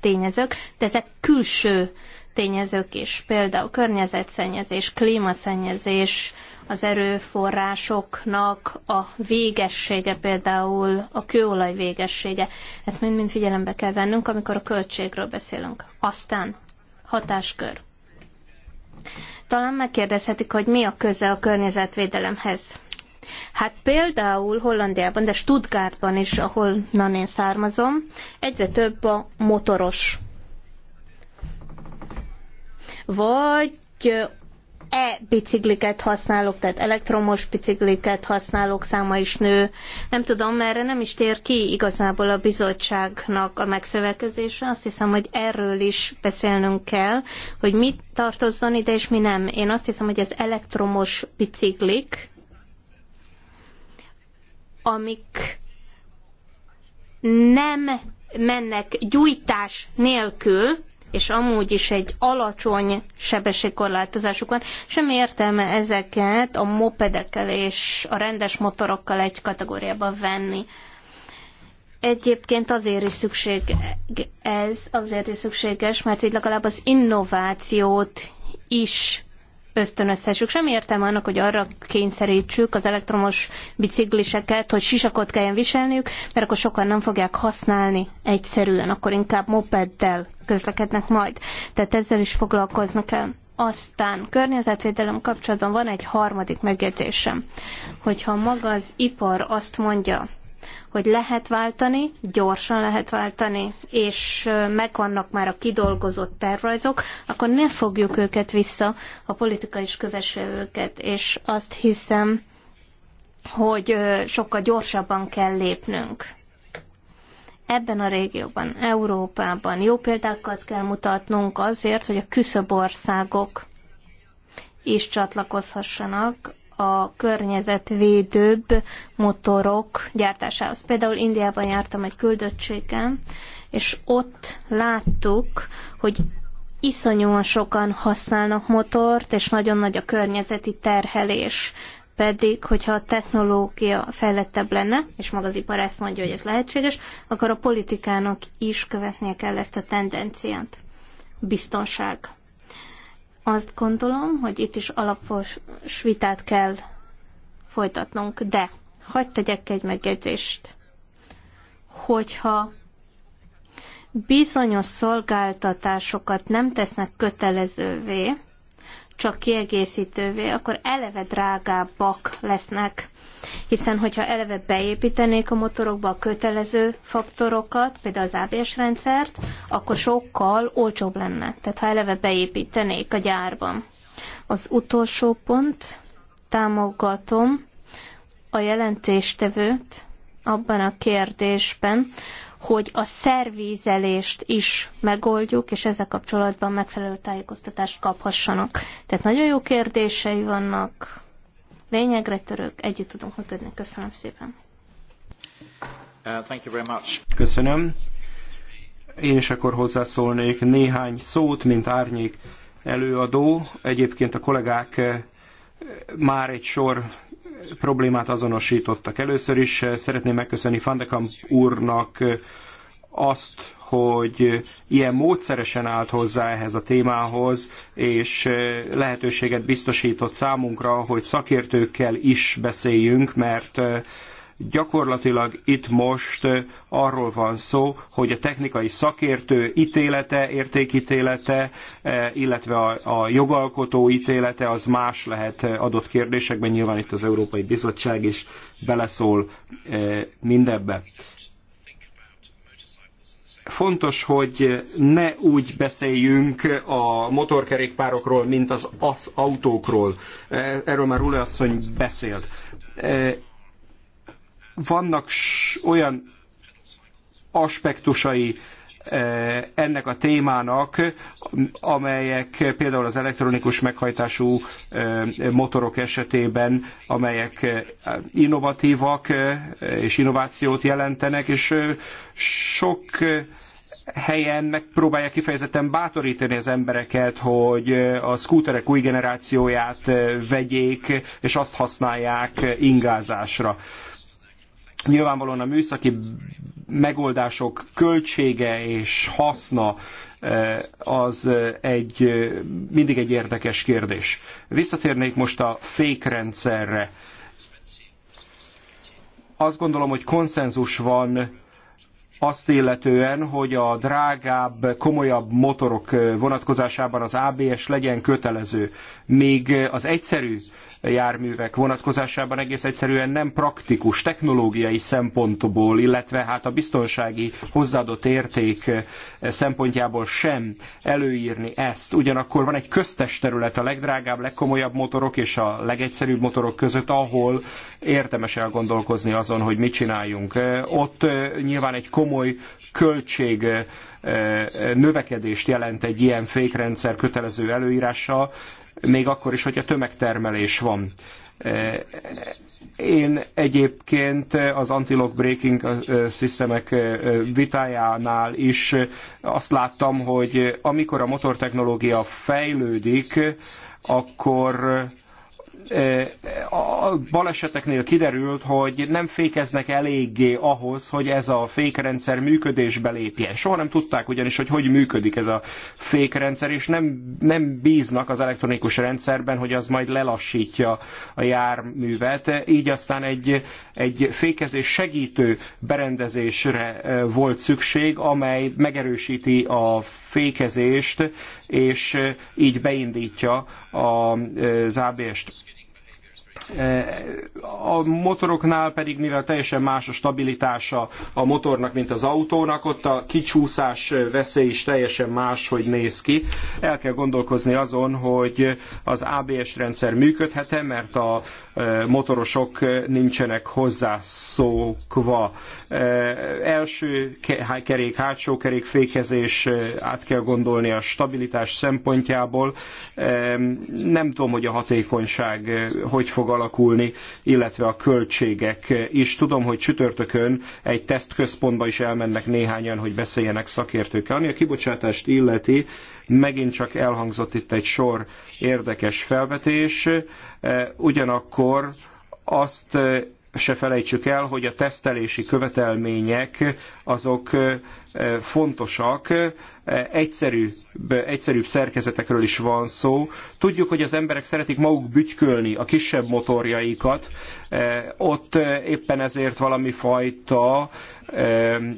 tényezők, de ezek külső tényezők is, például környezetszennyezés, klímaszennyezés, az erőforrásoknak a végessége, például a kőolaj végessége. Ezt mind-mind figyelembe kell vennünk, amikor a költségről beszélünk. Aztán hatáskör. Talán megkérdezhetik, hogy mi a köze a környezetvédelemhez. Hát például Hollandiában, de Stuttgartban is, ahol én származom, egyre több a motoros. Vagy e-bicikliket használók, tehát elektromos bicikliket használók száma is nő. Nem tudom, erre nem is tér ki igazából a bizottságnak a megszövegezése. Azt hiszem, hogy erről is beszélnünk kell, hogy mi tartozzon ide, és mi nem. Én azt hiszem, hogy az elektromos biciklik, amik nem mennek gyújtás nélkül, és amúgy is egy alacsony sebességkorlátozásuk van, semmi értelme ezeket a mopedekkel és a rendes motorokkal egy kategóriába venni. Egyébként azért is szükség ez, azért is szükséges, mert így legalább az innovációt is ösztönözhessük. Sem értem annak, hogy arra kényszerítsük az elektromos bicikliseket, hogy sisakot kelljen viselniük, mert akkor sokan nem fogják használni egyszerűen, akkor inkább mopeddel közlekednek majd. Tehát ezzel is foglalkoznak el. Aztán környezetvédelem kapcsolatban van egy harmadik megjegyzésem, hogyha maga az ipar azt mondja, hogy lehet váltani, gyorsan lehet váltani, és megvannak már a kidolgozott tervrajzok, akkor ne fogjuk őket vissza, a politika is kövesse őket, és azt hiszem, hogy sokkal gyorsabban kell lépnünk ebben a régióban, Európában jó példákat kell mutatnunk azért, hogy a küszöbországok is csatlakozhassanak a környezetvédőbb motorok gyártásához. Például Indiában jártam egy küldöttséggel, és ott láttuk, hogy iszonyúan sokan használnak motort, és nagyon nagy a környezeti terhelés. Pedig, hogyha a technológia fejlettebb lenne, és maga az ipar ezt mondja, hogy ez lehetséges, akkor a politikának is követnie kell ezt a tendenciát. Biztonság azt gondolom, hogy itt is alapos vitát kell folytatnunk, de hagyd tegyek egy megjegyzést. Hogyha bizonyos szolgáltatásokat nem tesznek kötelezővé, csak kiegészítővé, akkor eleve drágábbak lesznek. Hiszen, hogyha eleve beépítenék a motorokba a kötelező faktorokat, például az ABS rendszert, akkor sokkal olcsóbb lenne. Tehát, ha eleve beépítenék a gyárban. Az utolsó pont, támogatom a jelentéstevőt abban a kérdésben, hogy a szervízelést is megoldjuk, és ezzel kapcsolatban megfelelő tájékoztatást kaphassanak. Tehát nagyon jó kérdései vannak, lényegre török, együtt tudunk működni. Köszönöm szépen. Uh, thank you very much. Köszönöm. Én is akkor hozzászólnék néhány szót, mint árnyék előadó. Egyébként a kollégák eh, már egy sor problémát azonosítottak. Először is eh, szeretném megköszönni Fandekamp úrnak eh, azt, hogy eh, ilyen módszeresen állt hozzá ehhez a témához, és lehetőséget biztosított számunkra, hogy szakértőkkel is beszéljünk, mert Gyakorlatilag itt most arról van szó, hogy a technikai szakértő ítélete, értékítélete, illetve a, a jogalkotó ítélete az más lehet adott kérdésekben. Nyilván itt az Európai Bizottság is beleszól mindebbe fontos, hogy ne úgy beszéljünk a motorkerékpárokról, mint az, az autókról. Erről már Rule asszony beszélt vannak olyan aspektusai eh, ennek a témának, amelyek például az elektronikus meghajtású eh, motorok esetében, amelyek eh, innovatívak és innovációt jelentenek, és sok helyen megpróbálja kifejezetten bátorítani az embereket, hogy a skúterek új generációját vegyék, és azt használják ingázásra. Nyilvánvalóan a műszaki megoldások költsége és haszna e, az e, egy, e, mindig egy érdekes kérdés. Visszatérnék most a fékrendszerre. Azt gondolom, hogy konszenzus van azt illetően, hogy a drágább, komolyabb motorok vonatkozásában az ABS legyen kötelező, még az egyszerű járművek vonatkozásában egész egyszerűen nem praktikus technológiai szempontból, illetve hát a biztonsági hozzáadott érték eh, szempontjából sem előírni ezt. Ugyanakkor van egy köztes terület a legdrágább, legkomolyabb motorok és a legegyszerűbb motorok között, ahol érdemes elgondolkozni azon, hogy mit csináljunk. Eh, ott eh, nyilván egy komoly költség növekedést jelent egy ilyen fékrendszer kötelező előírása, még akkor is, hogyha tömegtermelés van. E, én egyébként az anti breaking e, szisztemek e, vitájánál is azt láttam, hogy amikor a motortechnológia fejlődik, akkor a baleseteknél kiderült, hogy nem fékeznek eléggé ahhoz, hogy ez a fékrendszer működésbe lépjen. Soha nem tudták ugyanis, hogy hogy működik ez a fékrendszer, és nem, nem bíznak az elektronikus rendszerben, hogy az majd lelassítja a járművet. Így aztán egy, egy fékezés segítő berendezésre volt szükség, amely megerősíti a fékezést, és így beindítja az ABS-t. A motoroknál pedig, mivel teljesen más a stabilitása a motornak, mint az autónak, ott a kicsúszás veszély is teljesen más, hogy néz ki. El kell gondolkozni azon, hogy az ABS rendszer működhet-e, mert a e, motorosok nincsenek hozzászokva. E, első kerék, hátsó kerék fékezés e, át kell gondolni a stabilitás szempontjából. Nem tudom, hogy a hatékonyság hogy fog alakulni, illetve a költségek is. Tudom, hogy csütörtökön egy tesztközpontba is elmennek néhányan, hogy beszéljenek szakértőkkel. Ami a kibocsátást illeti, megint csak elhangzott itt egy sor érdekes felvetés, ugyanakkor azt se felejtsük el, hogy a tesztelési követelmények azok fontosak, egyszerűbb, egyszerűbb szerkezetekről is van szó. Tudjuk, hogy az emberek szeretik maguk bütykölni a kisebb motorjaikat, ott éppen ezért valami fajta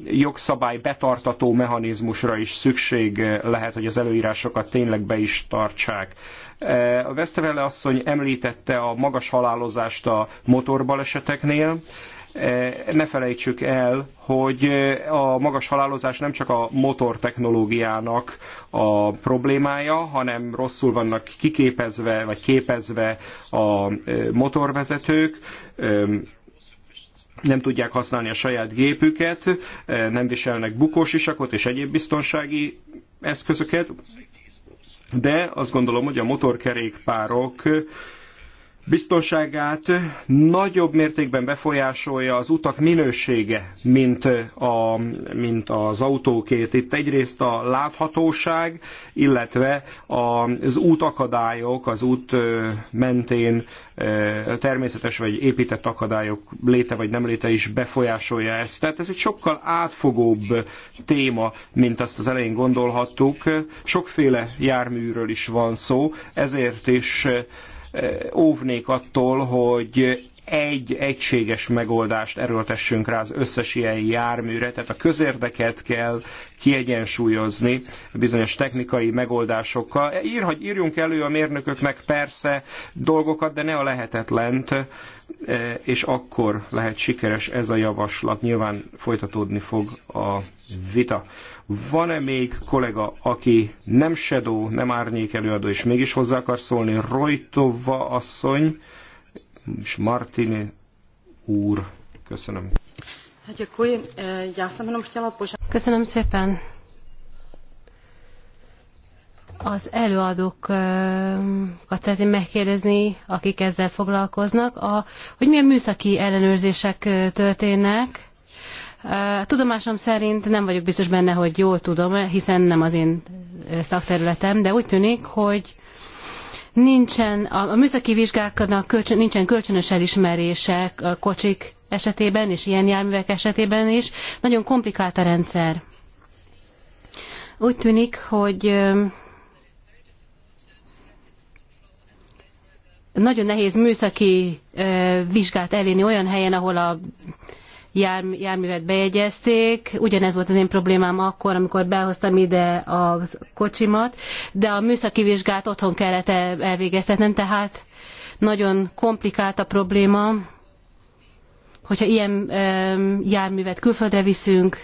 jogszabály betartató mechanizmusra is szükség lehet, hogy az előírásokat tényleg be is tartsák. E, a Westervelle asszony említette a magas halálozást a motorbaleseteknél, e, ne felejtsük el, hogy a magas halálozás nem csak a motortechnológiának a problémája, hanem rosszul vannak kiképezve vagy képezve a e, motorvezetők, nem tudják használni a saját gépüket, nem viselnek bukósisakot és egyéb biztonsági eszközöket, de azt gondolom, hogy a motorkerékpárok biztonságát nagyobb mértékben befolyásolja az utak minősége, mint, a, mint az autókét. Itt egyrészt a láthatóság, illetve az útakadályok, az út mentén természetes vagy épített akadályok léte vagy nem léte is befolyásolja ezt. Tehát ez egy sokkal átfogóbb téma, mint azt az elején gondolhattuk. Sokféle járműről is van szó, ezért is óvnék attól, hogy egy egységes megoldást erőltessünk rá az összes ilyen járműre, tehát a közérdeket kell kiegyensúlyozni bizonyos technikai megoldásokkal. Ír, hogy írjunk elő a mérnököknek persze dolgokat, de ne a lehetetlent, e, és akkor lehet sikeres ez a javaslat. Nyilván folytatódni fog a vita. Van-e még kollega, aki nem sedó, nem árnyék előadó, és mégis hozzá akar szólni? Rojtova asszony és Martini úr. Köszönöm. Hát e, köszönöm szépen. Az előadókat szeretném megkérdezni, akik ezzel foglalkoznak, a, hogy milyen műszaki ellenőrzések e, történnek. E, tudomásom szerint nem vagyok biztos benne, hogy jól tudom, hiszen nem az én szakterületem, de úgy tűnik, hogy nincsen, a, műszaki vizsgáknak kölcsön, nincsen kölcsönös elismerése a kocsik esetében és ilyen járművek esetében is. Nagyon komplikált a rendszer. Úgy tűnik, hogy nagyon nehéz műszaki vizsgát elérni olyan helyen, ahol a járművet bejegyezték. Ugyanez volt az én problémám akkor, amikor behoztam ide a kocsimat, de a műszaki vizsgát otthon kellett elvégeztetnem, tehát nagyon komplikált a probléma, hogyha ilyen járművet külföldre viszünk.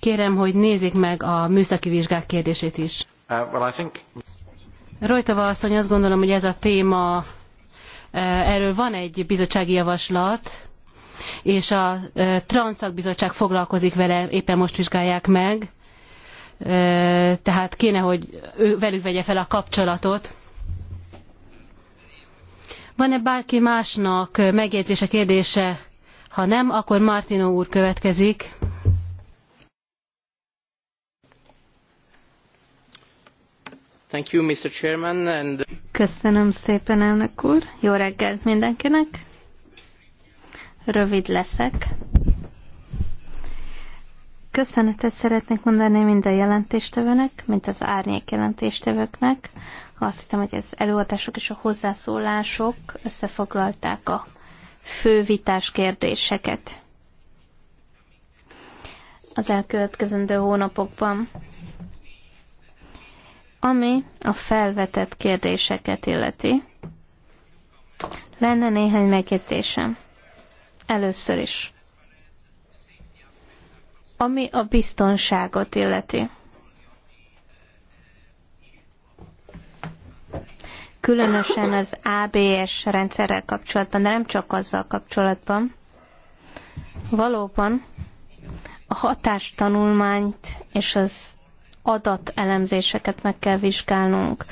Kérem, hogy nézzék meg a műszaki vizsgák kérdését is. Uh, well, think... Rojtova asszony, azt gondolom, hogy ez a téma, eh, erről van egy bizottsági javaslat, és a Transzakbizottság foglalkozik vele, éppen most vizsgálják meg, tehát kéne, hogy ő, velük vegye fel a kapcsolatot. Van-e bárki másnak megjegyzése, kérdése? Ha nem, akkor Martino úr következik. Thank you, Mr. Chairman, and... Köszönöm szépen, elnök úr. Jó reggelt mindenkinek. Rövid leszek. Köszönetet szeretnék mondani mind a jelentéstevőnek, mint az árnyék jelentéstevőknek. Azt hiszem, hogy az előadások és a hozzászólások összefoglalták a fő vitás kérdéseket az elkövetkezendő hónapokban. Ami a felvetett kérdéseket illeti, lenne néhány megjegyzésem. Először is. Ami a biztonságot illeti. Különösen az ABS rendszerrel kapcsolatban, de nem csak azzal kapcsolatban. Valóban a hatástanulmányt és az adatelemzéseket meg kell vizsgálnunk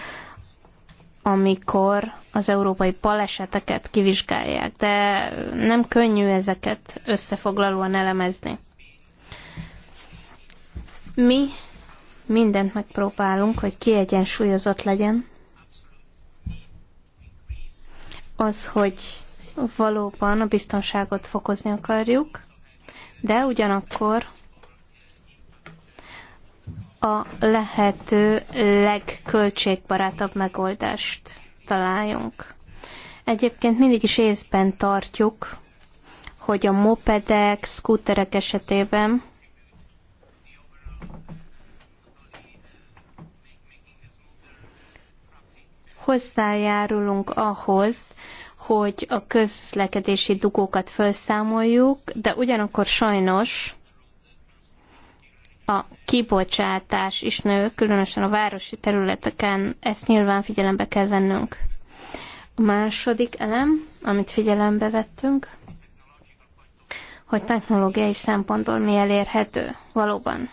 amikor az európai baleseteket kivizsgálják, de nem könnyű ezeket összefoglalóan elemezni. Mi mindent megpróbálunk, hogy kiegyensúlyozott legyen. Az, hogy valóban a biztonságot fokozni akarjuk, de ugyanakkor a lehető legköltségbarátabb megoldást találjunk. Egyébként mindig is észben tartjuk, hogy a mopedek, skúterek esetében hozzájárulunk ahhoz, hogy a közlekedési dugókat felszámoljuk, de ugyanakkor sajnos a kibocsátás is nő, különösen a városi területeken, ezt nyilván figyelembe kell vennünk. A második elem, amit figyelembe vettünk, hogy technológiai szempontból mi elérhető valóban.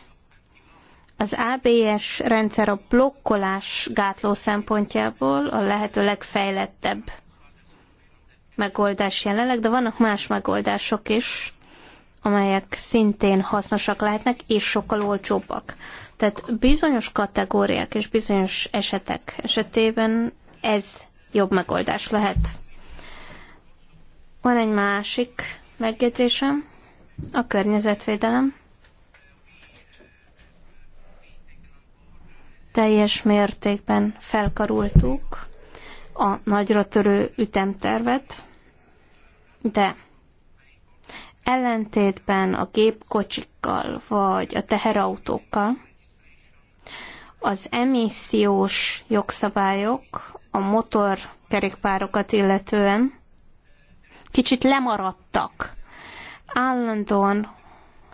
Az ABS rendszer a blokkolás gátló szempontjából a lehető legfejlettebb megoldás jelenleg, de vannak más megoldások is, amelyek szintén hasznosak lehetnek, és sokkal olcsóbbak. Tehát bizonyos kategóriák és bizonyos esetek esetében ez jobb megoldás lehet. Van egy másik megjegyzésem, a környezetvédelem. Teljes mértékben felkarultuk a nagyra törő ütemtervet, de ellentétben a gépkocsikkal vagy a teherautókkal, az emissziós jogszabályok a motorkerékpárokat illetően kicsit lemaradtak. Állandóan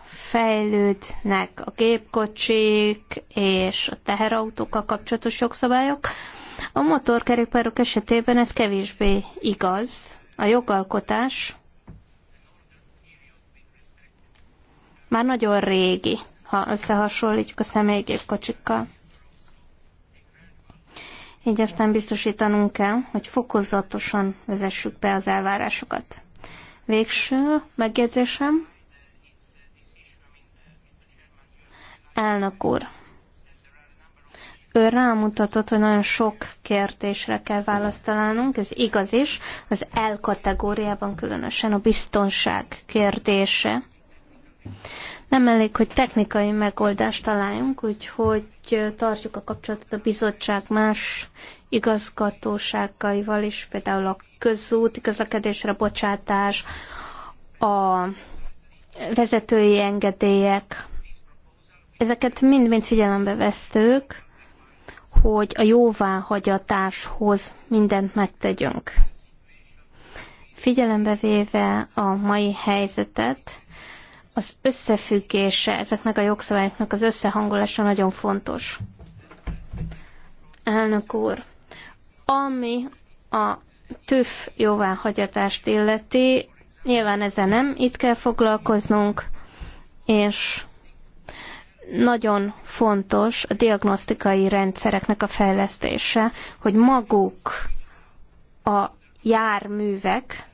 fejlődnek a gépkocsik és a teherautókkal kapcsolatos jogszabályok. A motorkerékpárok esetében ez kevésbé igaz. A jogalkotás már nagyon régi, ha összehasonlítjuk a személygépkocsikkal. Így aztán biztosítanunk kell, hogy fokozatosan vezessük be az elvárásokat. Végső megjegyzésem. Elnök úr, ő rámutatott, hogy nagyon sok kérdésre kell választ ez igaz is, az L kategóriában különösen a biztonság kérdése nem elég, hogy technikai megoldást találjunk, úgyhogy tartjuk a kapcsolatot a bizottság más igazgatóságaival is, például a közút közlekedésre bocsátás, a vezetői engedélyek. Ezeket mind-mind figyelembe vesztük, hogy a jóváhagyatáshoz mindent megtegyünk. Figyelembe véve a mai helyzetet, az összefüggése ezeknek a jogszabályoknak az összehangolása nagyon fontos. Elnök úr, ami a TÜV jóváhagyatást illeti, nyilván ezzel nem itt kell foglalkoznunk, és nagyon fontos a diagnosztikai rendszereknek a fejlesztése, hogy maguk a járművek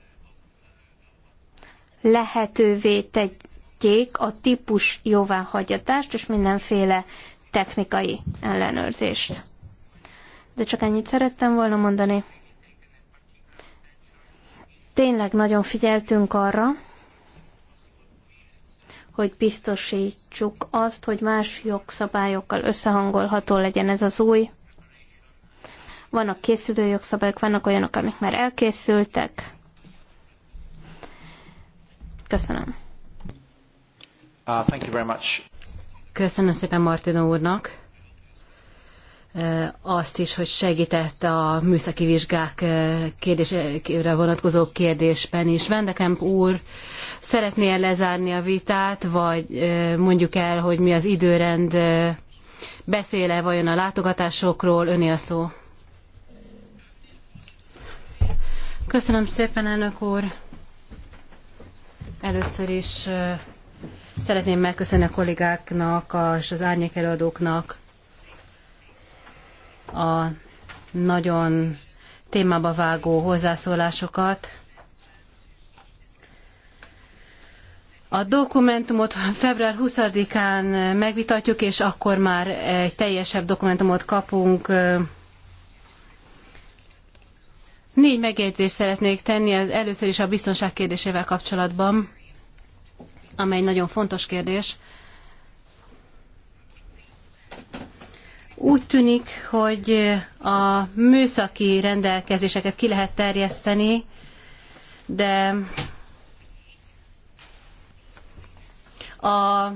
lehetővé tegy, elvesztették a típus jóváhagyatást és mindenféle technikai ellenőrzést. De csak ennyit szerettem volna mondani. Tényleg nagyon figyeltünk arra, hogy biztosítsuk azt, hogy más jogszabályokkal összehangolható legyen ez az új. Vannak készülő jogszabályok, vannak olyanok, amik már elkészültek. Köszönöm. Uh, thank you very much. Köszönöm szépen Martina úrnak azt is, hogy segített a műszaki vizsgák kérdésre vonatkozó kérdésben is. Vendekemp úr, szeretné -e lezárni a vitát, vagy mondjuk el, hogy mi az időrend, beszéle vajon a látogatásokról, öné a szó. Köszönöm szépen, elnök úr. Először is Szeretném megköszönni a kollégáknak és az árnyék előadóknak a nagyon témába vágó hozzászólásokat. A dokumentumot február 20-án megvitatjuk, és akkor már egy teljesebb dokumentumot kapunk. Négy megjegyzést szeretnék tenni, az először is a biztonság kérdésével kapcsolatban amely nagyon fontos kérdés. Úgy tűnik, hogy a műszaki rendelkezéseket ki lehet terjeszteni, de a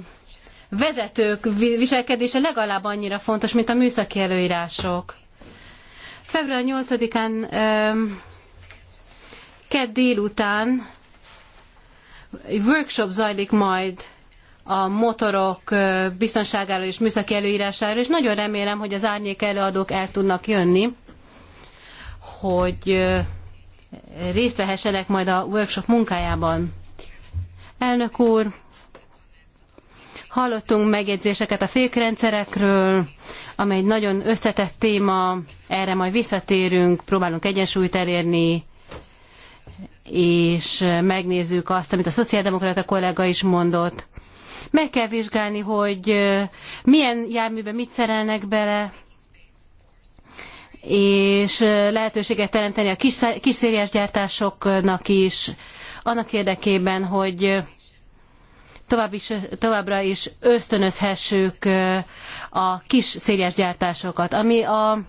vezetők viselkedése legalább annyira fontos, mint a műszaki előírások. Február 8-án kedd délután workshop zajlik majd a motorok biztonságáról és műszaki előírásáról, és nagyon remélem, hogy az árnyék előadók el tudnak jönni, hogy részt vehessenek majd a workshop munkájában. Elnök úr, hallottunk megjegyzéseket a fékrendszerekről, amely egy nagyon összetett téma, erre majd visszatérünk, próbálunk egyensúlyt elérni, és megnézzük azt, amit a szociáldemokrata kollega is mondott. Meg kell vizsgálni, hogy milyen járműben mit szerelnek bele, és lehetőséget teremteni a kis, kis gyártásoknak is, annak érdekében, hogy tovább is, továbbra is ösztönözhessük a kis gyártásokat, ami a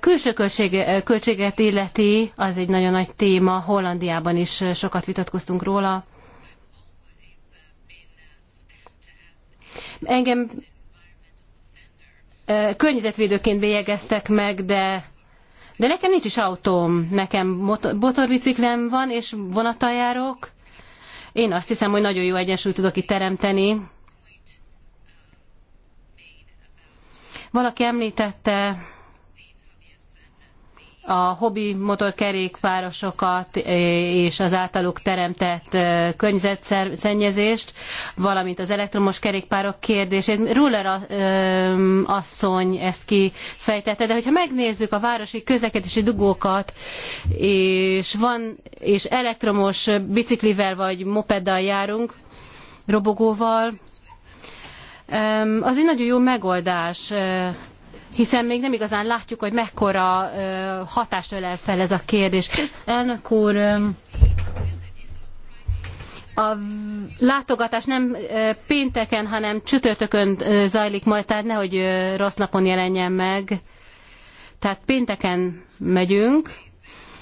Külső költsége, költséget illeti, az egy nagyon nagy téma, Hollandiában is sokat vitatkoztunk róla. Engem környezetvédőként bélyegeztek meg, de de nekem nincs is autóm, nekem motorbiciklem van, és vonattal járok. Én azt hiszem, hogy nagyon jó egyensúlyt tudok itt teremteni. Valaki említette a hobbi motorkerékpárosokat eh, és az általuk teremtett eh, környezetszennyezést, valamint az elektromos kerékpárok kérdését. Ruller eh, asszony ezt kifejtette, de hogyha megnézzük a városi közlekedési dugókat, és, van, és elektromos biciklivel vagy mopeddal járunk, robogóval, az egy nagyon jó megoldás hiszen még nem igazán látjuk, hogy mekkora hatást ölel fel ez a kérdés. Elnök úr, a látogatás nem pénteken, hanem csütörtökön zajlik majd, tehát nehogy rossz napon jelenjen meg. Tehát pénteken megyünk,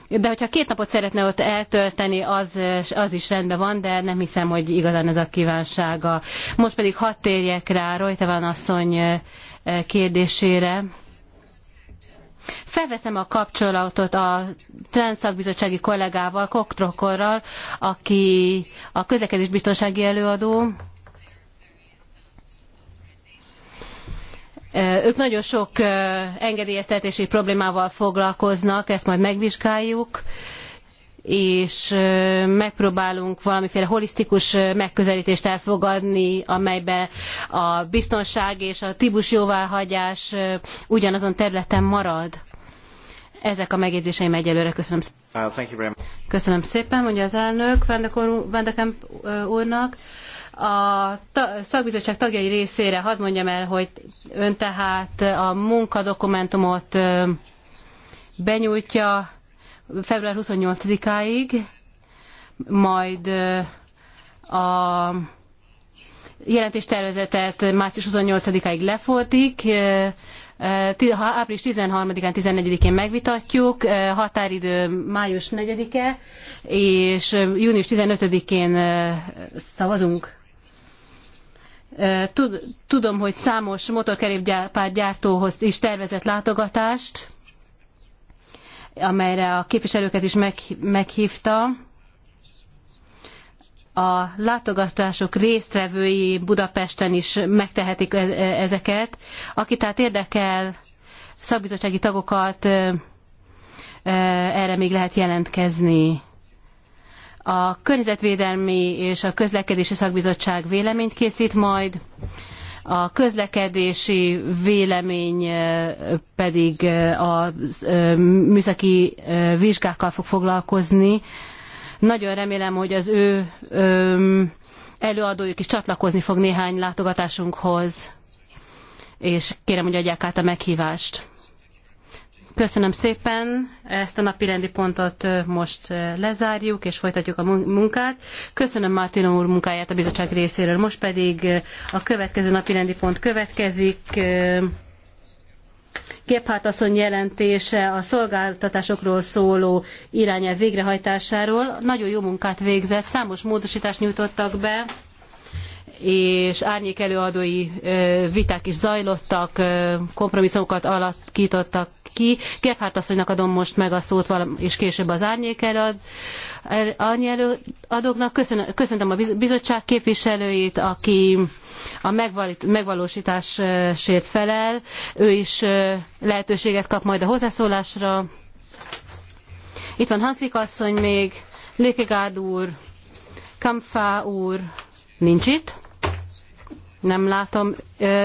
de hogyha két napot szeretne ott eltölteni, az, az is rendben van, de nem hiszem, hogy igazán ez a kívánsága. Most pedig hadd térjek rá Rojtevan asszony kérdésére. Felveszem a kapcsolatot a Transzakbizottsági kollégával, Koktrokorral, aki a közlekedésbiztonsági előadó. Ők nagyon sok engedélyeztetési problémával foglalkoznak, ezt majd megvizsgáljuk és megpróbálunk valamiféle holisztikus megközelítést elfogadni, amelyben a biztonság és a típus jóváhagyás ugyanazon területen marad. Ezek a megjegyzéseim egyelőre. Köszönöm szépen. Uh, Köszönöm szépen, mondja az elnök Vandekamp úrnak. A szakbizottság tagjai részére hadd mondjam el, hogy ön tehát a munkadokumentumot benyújtja február 28-áig, majd a jelentéstervezetet március 28-áig lefoltik, április 13-án, 14-én megvitatjuk, határidő május 4-e, és június 15-én szavazunk. Tudom, hogy számos motorkerékpárgyártóhoz is tervezett látogatást, amelyre a képviselőket is meghívta. A látogatások résztvevői Budapesten is megtehetik e-, e-, ezeket. Aki tehát érdekel szakbizottsági tagokat, erre még lehet jelentkezni. A Környezetvédelmi és a Közlekedési Szakbizottság véleményt készít majd, a közlekedési vélemény pedig a műszaki vizsgákkal fog foglalkozni. Nagyon remélem, hogy az ő előadójuk is csatlakozni fog néhány látogatásunkhoz, és kérem, hogy adják át a meghívást. Köszönöm szépen, ezt a napi rendi pontot most lezárjuk, és folytatjuk a munkát. Köszönöm Martin úr munkáját a bizottság részéről. Most pedig a következő napi rendi pont következik. Gebhardt asszony jelentése a szolgáltatásokról szóló irányelv végrehajtásáról. Nagyon jó munkát végzett, számos módosítást nyújtottak be és árnyék előadói viták is zajlottak, kompromisszumokat alakítottak ki. Gebhardt asszonynak adom most meg a szót, és később az árnyék előad, előadóknak. Köszöntöm a bizottság képviselőit, aki a megvalósításért felel. Ő is lehetőséget kap majd a hozzászólásra. Itt van Hanslik asszony még, Lékegárd úr, Kamfá úr, nincs itt nem látom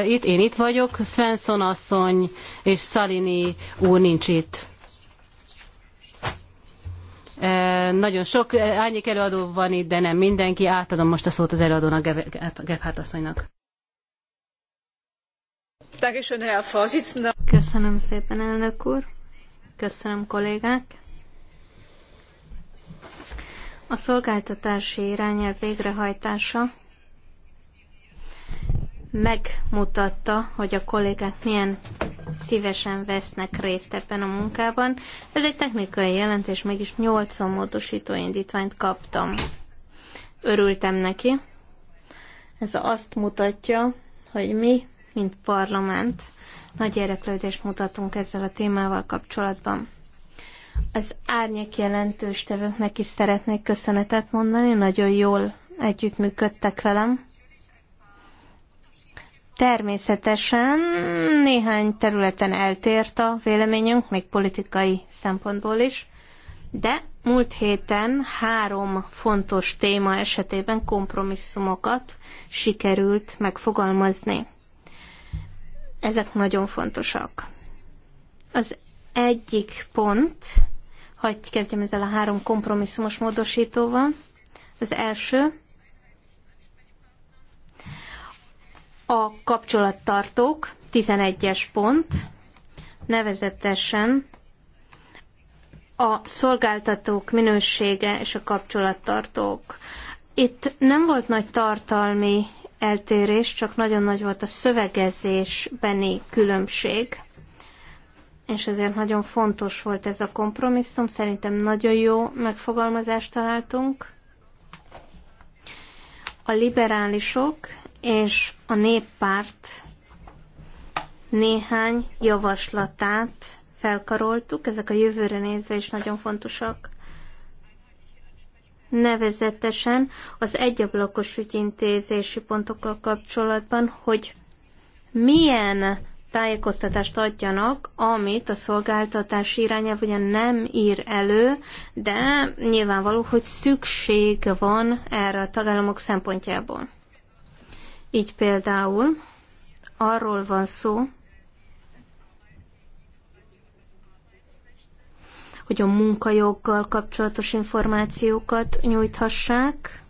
itt, én itt vagyok, Svensson asszony és Szalini úr nincs itt. nagyon sok uh, árnyék előadó van itt, de nem mindenki. Átadom most a szót az előadónak, Gebhardt asszonynak. Köszönöm szépen, elnök úr. Köszönöm, kollégák. A szolgáltatási irányelv végrehajtása megmutatta, hogy a kollégák milyen szívesen vesznek részt ebben a munkában. Ez egy technikai jelentés, mégis 8 módosító indítványt kaptam. Örültem neki. Ez azt mutatja, hogy mi, mint parlament, nagy érdeklődést mutatunk ezzel a témával kapcsolatban. Az árnyék jelentős tevőknek is szeretnék köszönetet mondani, nagyon jól együttműködtek velem Természetesen néhány területen eltért a véleményünk, még politikai szempontból is, de múlt héten három fontos téma esetében kompromisszumokat sikerült megfogalmazni. Ezek nagyon fontosak. Az egyik pont, hagyj kezdjem ezzel a három kompromisszumos módosítóval, az első, a kapcsolattartók, 11-es pont, nevezetesen a szolgáltatók minősége és a kapcsolattartók. Itt nem volt nagy tartalmi eltérés, csak nagyon nagy volt a szövegezésbeni különbség, és ezért nagyon fontos volt ez a kompromisszum. Szerintem nagyon jó megfogalmazást találtunk. A liberálisok és a néppárt néhány javaslatát felkaroltuk, ezek a jövőre nézve is nagyon fontosak. Nevezetesen az egyablakos ügyintézési pontokkal kapcsolatban, hogy milyen tájékoztatást adjanak, amit a szolgáltatás irányelv ugyan nem ír elő, de nyilvánvaló, hogy szükség van erre a tagállamok szempontjából. Így például arról van szó, hogy a munkajoggal kapcsolatos információkat nyújthassák,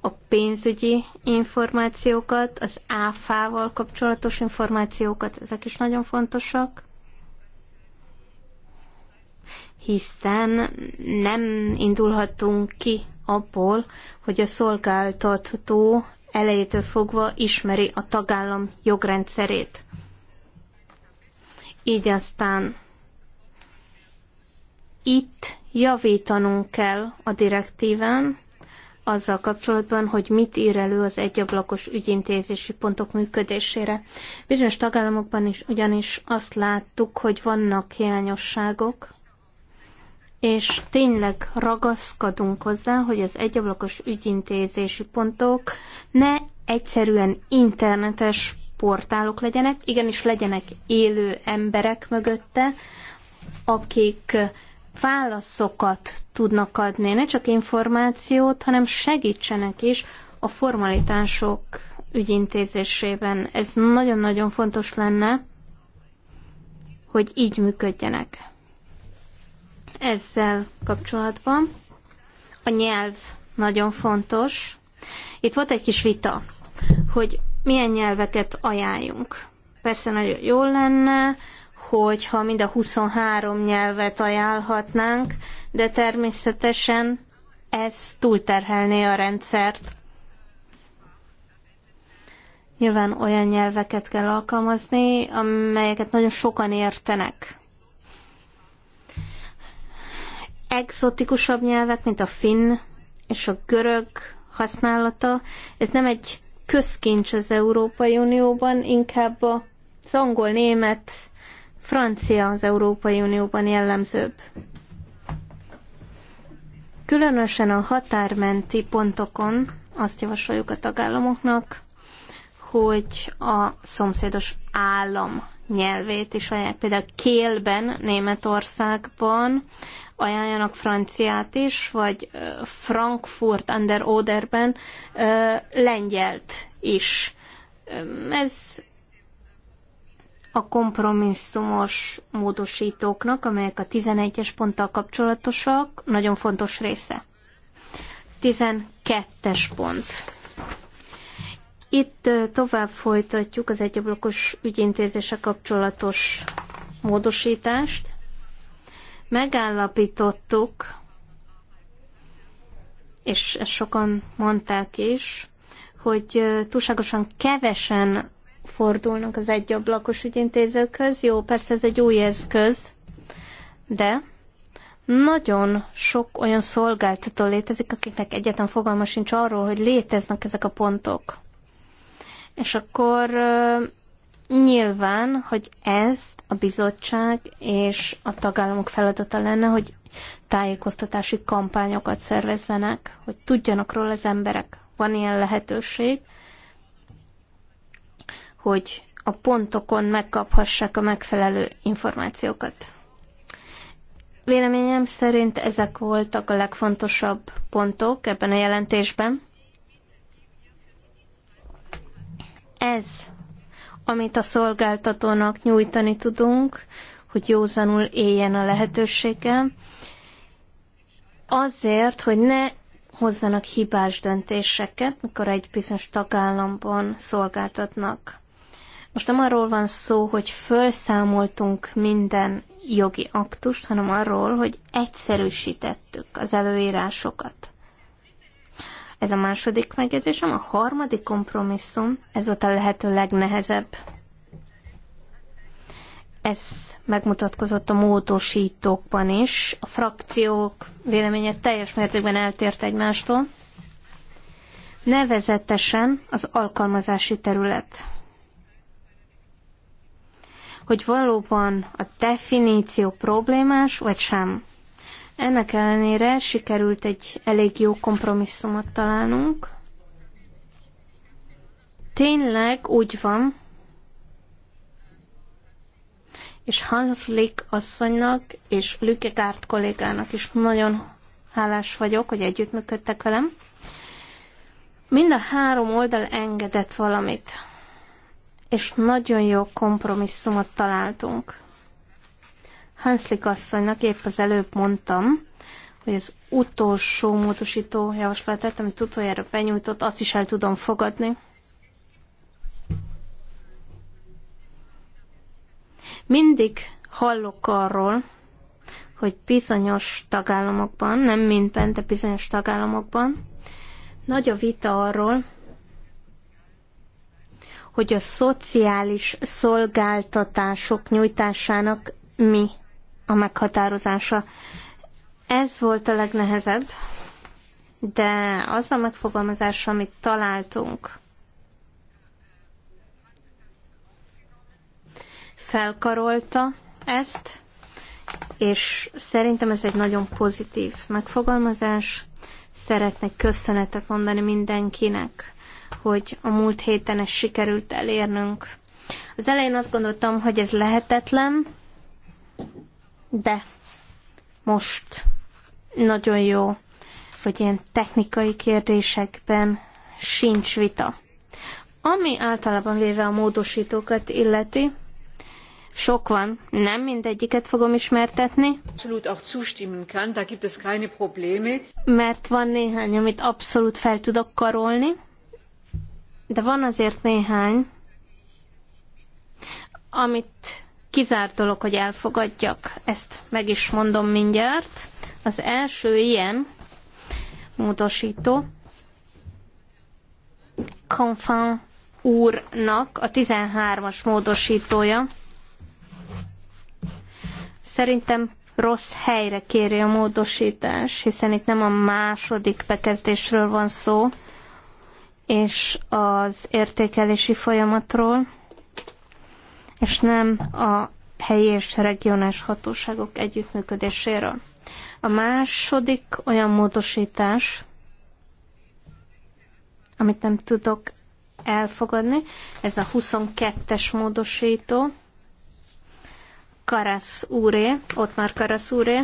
a pénzügyi információkat, az áfával kapcsolatos információkat, ezek is nagyon fontosak, hiszen nem indulhatunk ki abból, hogy a szolgáltató elejétől fogva ismeri a tagállam jogrendszerét. Így aztán itt javítanunk kell a direktíven, azzal kapcsolatban, hogy mit ír elő az egyablakos ügyintézési pontok működésére. Bizonyos tagállamokban is ugyanis azt láttuk, hogy vannak hiányosságok, és tényleg ragaszkodunk hozzá, hogy az egyablakos ügyintézési pontok ne egyszerűen internetes portálok legyenek, igenis legyenek élő emberek mögötte, akik válaszokat tudnak adni, ne csak információt, hanem segítsenek is a formalitások ügyintézésében. Ez nagyon-nagyon fontos lenne, hogy így működjenek ezzel kapcsolatban a nyelv nagyon fontos. Itt volt egy kis vita, hogy milyen nyelveket ajánljunk. Persze nagyon jó lenne, hogyha mind a 23 nyelvet ajánlhatnánk, de természetesen ez túlterhelné a rendszert. Nyilván olyan nyelveket kell alkalmazni, amelyeket nagyon sokan értenek. exotikusabb nyelvek, mint a finn és a görög használata. Ez nem egy közkincs az Európai Unióban, inkább az angol, német, francia az Európai Unióban jellemzőbb. Különösen a határmenti pontokon azt javasoljuk a tagállamoknak, hogy a szomszédos állam nyelvét is ajánlják. Például Kélben, Németországban ajánljanak franciát is, vagy Frankfurt under Oderben lengyelt is. Ez a kompromisszumos módosítóknak, amelyek a 11-es ponttal kapcsolatosak, nagyon fontos része. 12-es pont itt tovább folytatjuk az egyablakos ügyintézése kapcsolatos módosítást. Megállapítottuk, és ezt sokan mondták is, hogy túlságosan kevesen fordulnak az egyablakos ügyintézőkhöz. Jó, persze ez egy új eszköz, de nagyon sok olyan szolgáltató létezik, akiknek egyetlen fogalma sincs arról, hogy léteznek ezek a pontok. És akkor nyilván, hogy ez a bizottság és a tagállamok feladata lenne, hogy tájékoztatási kampányokat szervezzenek, hogy tudjanak róla az emberek. Van ilyen lehetőség, hogy a pontokon megkaphassák a megfelelő információkat. Véleményem szerint ezek voltak a legfontosabb pontok ebben a jelentésben. Ez, amit a szolgáltatónak nyújtani tudunk, hogy józanul éljen a lehetőséggel, azért, hogy ne hozzanak hibás döntéseket, mikor egy bizonyos tagállamban szolgáltatnak. Most nem arról van szó, hogy felszámoltunk minden jogi aktust, hanem arról, hogy egyszerűsítettük az előírásokat. Ez a második megjegyzésem. A harmadik kompromisszum, ez volt a lehető legnehezebb. Ez megmutatkozott a módosítókban is. A frakciók véleménye teljes mértékben eltért egymástól. Nevezetesen az alkalmazási terület hogy valóban a definíció problémás, vagy sem. Ennek ellenére sikerült egy elég jó kompromisszumot találnunk. Tényleg úgy van, és Hanslik asszonynak és gárt kollégának is nagyon hálás vagyok, hogy együttműködtek velem. Mind a három oldal engedett valamit, és nagyon jó kompromisszumot találtunk. Hanslik asszonynak épp az előbb mondtam, hogy az utolsó módosító javaslatát, amit utoljára benyújtott, azt is el tudom fogadni. Mindig hallok arról, hogy bizonyos tagállamokban, nem mindben, de bizonyos tagállamokban nagy a vita arról, hogy a szociális szolgáltatások nyújtásának mi a meghatározása. Ez volt a legnehezebb, de az a megfogalmazás, amit találtunk, felkarolta ezt, és szerintem ez egy nagyon pozitív megfogalmazás. Szeretnék köszönetet mondani mindenkinek, hogy a múlt héten ezt sikerült elérnünk. Az elején azt gondoltam, hogy ez lehetetlen, de most nagyon jó, hogy ilyen technikai kérdésekben sincs vita. Ami általában véve a módosítókat illeti, sok van, nem mindegyiket fogom ismertetni. Absolut auch zustimmen kann, da gibt es keine Probleme. Mert van néhány, amit abszolút fel tudok karolni, de van azért néhány, amit kizárt dolog, hogy elfogadjak. Ezt meg is mondom mindjárt. Az első ilyen módosító Confan úrnak a 13-as módosítója. Szerintem rossz helyre kéri a módosítás, hiszen itt nem a második bekezdésről van szó, és az értékelési folyamatról, és nem a helyi és regionális hatóságok együttműködéséről. A második olyan módosítás, amit nem tudok elfogadni, ez a 22-es módosító, Karasz úré, ott már Karasz úré,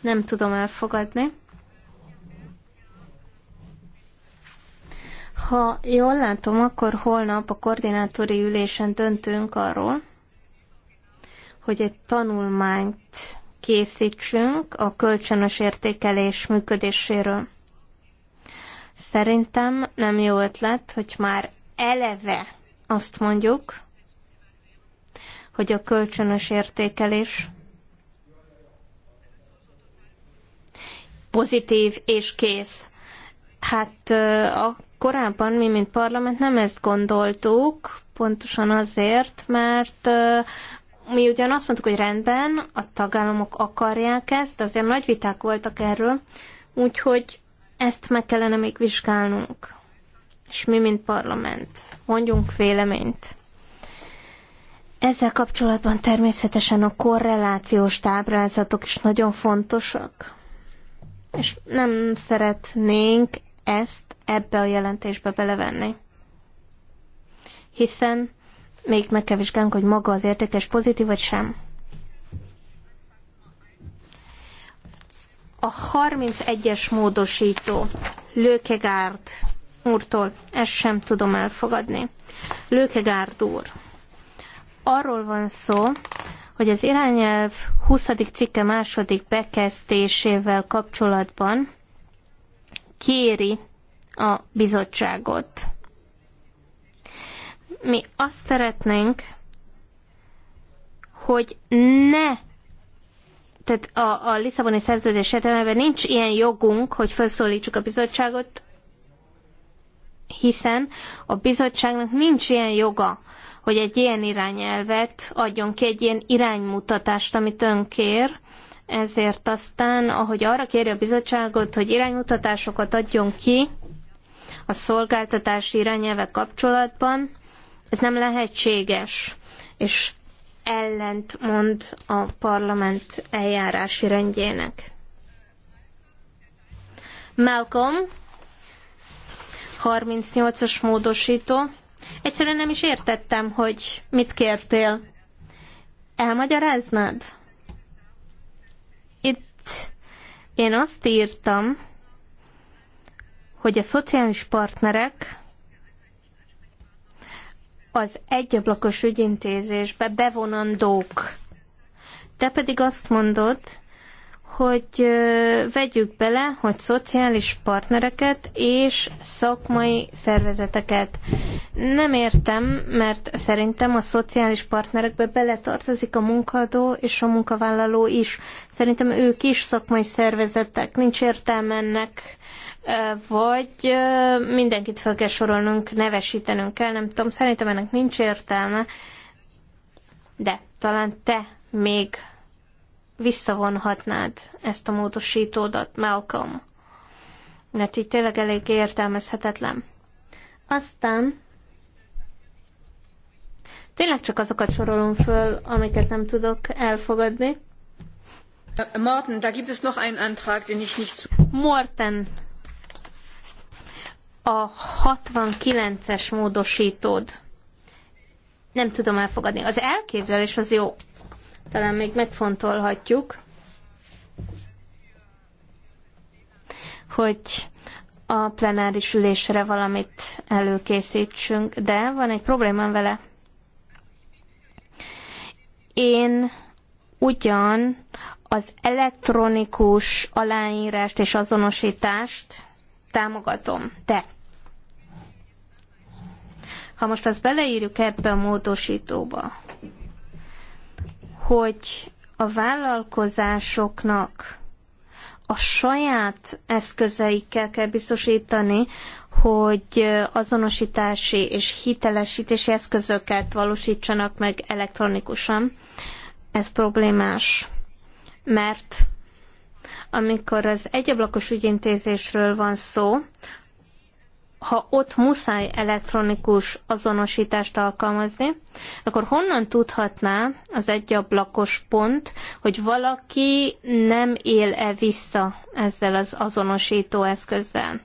nem tudom elfogadni. Ha jól látom, akkor holnap a koordinátori ülésen döntünk arról, hogy egy tanulmányt készítsünk a kölcsönös értékelés működéséről. Szerintem nem jó ötlet, hogy már eleve azt mondjuk, hogy a kölcsönös értékelés pozitív és kész. Hát a Korábban mi, mint parlament nem ezt gondoltuk, pontosan azért, mert mi ugyan azt mondtuk, hogy rendben, a tagállamok akarják ezt, de azért nagy viták voltak erről, úgyhogy ezt meg kellene még vizsgálnunk. És mi, mint parlament, mondjunk véleményt. Ezzel kapcsolatban természetesen a korrelációs táblázatok is nagyon fontosak. És nem szeretnénk ezt ebbe a jelentésbe belevenni. Hiszen még meg kell vizsgálnunk, hogy maga az értékes pozitív vagy sem. A 31-es módosító Lőkegárd úrtól ezt sem tudom elfogadni. Lőkegárd úr, arról van szó, hogy az irányelv 20. cikke második bekezdésével kapcsolatban kéri a bizottságot. Mi azt szeretnénk, hogy ne tehát a, a Lisszaboni szerződés értelmében nincs ilyen jogunk, hogy felszólítsuk a bizottságot, hiszen a bizottságnak nincs ilyen joga, hogy egy ilyen irányelvet adjon ki, egy ilyen iránymutatást, amit kér. ezért aztán, ahogy arra kéri a bizottságot, hogy iránymutatásokat adjon ki, a szolgáltatási irányelve kapcsolatban, ez nem lehetséges, és ellentmond a parlament eljárási rendjének. Malcolm, 38-as módosító. Egyszerűen nem is értettem, hogy mit kértél. Elmagyaráznád? Itt én azt írtam, hogy a szociális partnerek az egyablakos ügyintézésbe bevonandók. Te pedig azt mondod, hogy vegyük bele, hogy szociális partnereket és szakmai szervezeteket. Nem értem, mert szerintem a szociális partnerekbe beletartozik a munkadó és a munkavállaló is. Szerintem ők is szakmai szervezetek, nincs értelme ennek vagy mindenkit fel kell sorolnunk, nevesítenünk kell, nem tudom, szerintem ennek nincs értelme, de talán te még visszavonhatnád ezt a módosítódat, Malcolm. Mert így tényleg elég értelmezhetetlen. Aztán tényleg csak azokat sorolom föl, amiket nem tudok elfogadni. Äh, Morten, da gibt es noch einen Antrag, den ich nicht... Morten, a 69-es módosítód. Nem tudom elfogadni. Az elképzelés az jó, talán még megfontolhatjuk, hogy a plenáris ülésre valamit előkészítsünk, de van egy problémám vele. Én ugyan az elektronikus aláírást és azonosítást támogatom, de ha most azt beleírjuk ebbe a módosítóba, hogy a vállalkozásoknak a saját eszközeikkel kell biztosítani, hogy azonosítási és hitelesítési eszközöket valósítsanak meg elektronikusan. Ez problémás, mert amikor az egyablakos ügyintézésről van szó, ha ott muszáj elektronikus azonosítást alkalmazni, akkor honnan tudhatná az egyablakos pont, hogy valaki nem él-e vissza ezzel az azonosító eszközzel?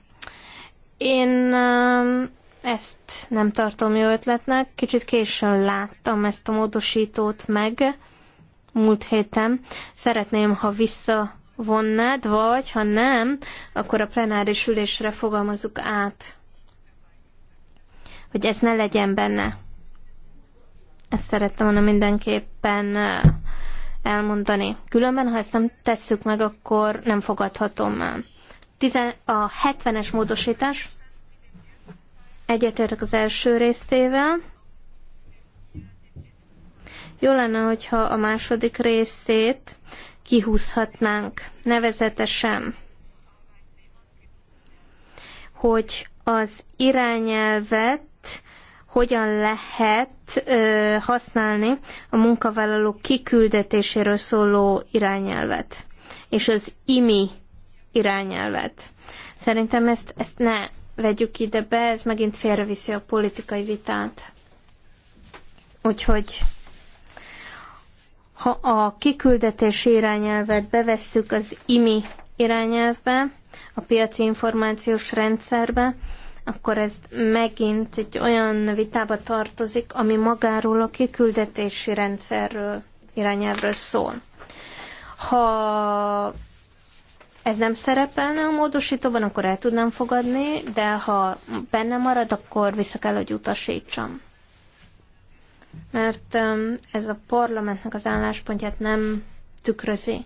Én um, ezt nem tartom jó ötletnek, kicsit későn láttam ezt a módosítót meg múlt héten. Szeretném, ha vissza vonnád, vagy ha nem, akkor a plenáris ülésre fogalmazuk át hogy ez ne legyen benne. Ezt szerettem volna mindenképpen elmondani. Különben, ha ezt nem tesszük meg, akkor nem fogadhatom már. A 70-es módosítás. Egyetértek az első részével. Jó lenne, hogyha a második részét kihúzhatnánk, nevezetesen, hogy az irányelvet hogyan lehet ö, használni a munkavállalók kiküldetéséről szóló irányelvet, és az IMI irányelvet. Szerintem ezt, ezt ne vegyük ide be, ez megint félreviszi a politikai vitát. Úgyhogy ha a kiküldetési irányelvet bevesszük az IMI irányelvbe, a piaci információs rendszerbe, akkor ez megint egy olyan vitába tartozik, ami magáról a kiküldetési rendszerről, irányelvről szól. Ha ez nem szerepelne a módosítóban, akkor el tudnám fogadni, de ha benne marad, akkor vissza kell, hogy utasítsam. Mert ez a parlamentnek az álláspontját nem tükrözi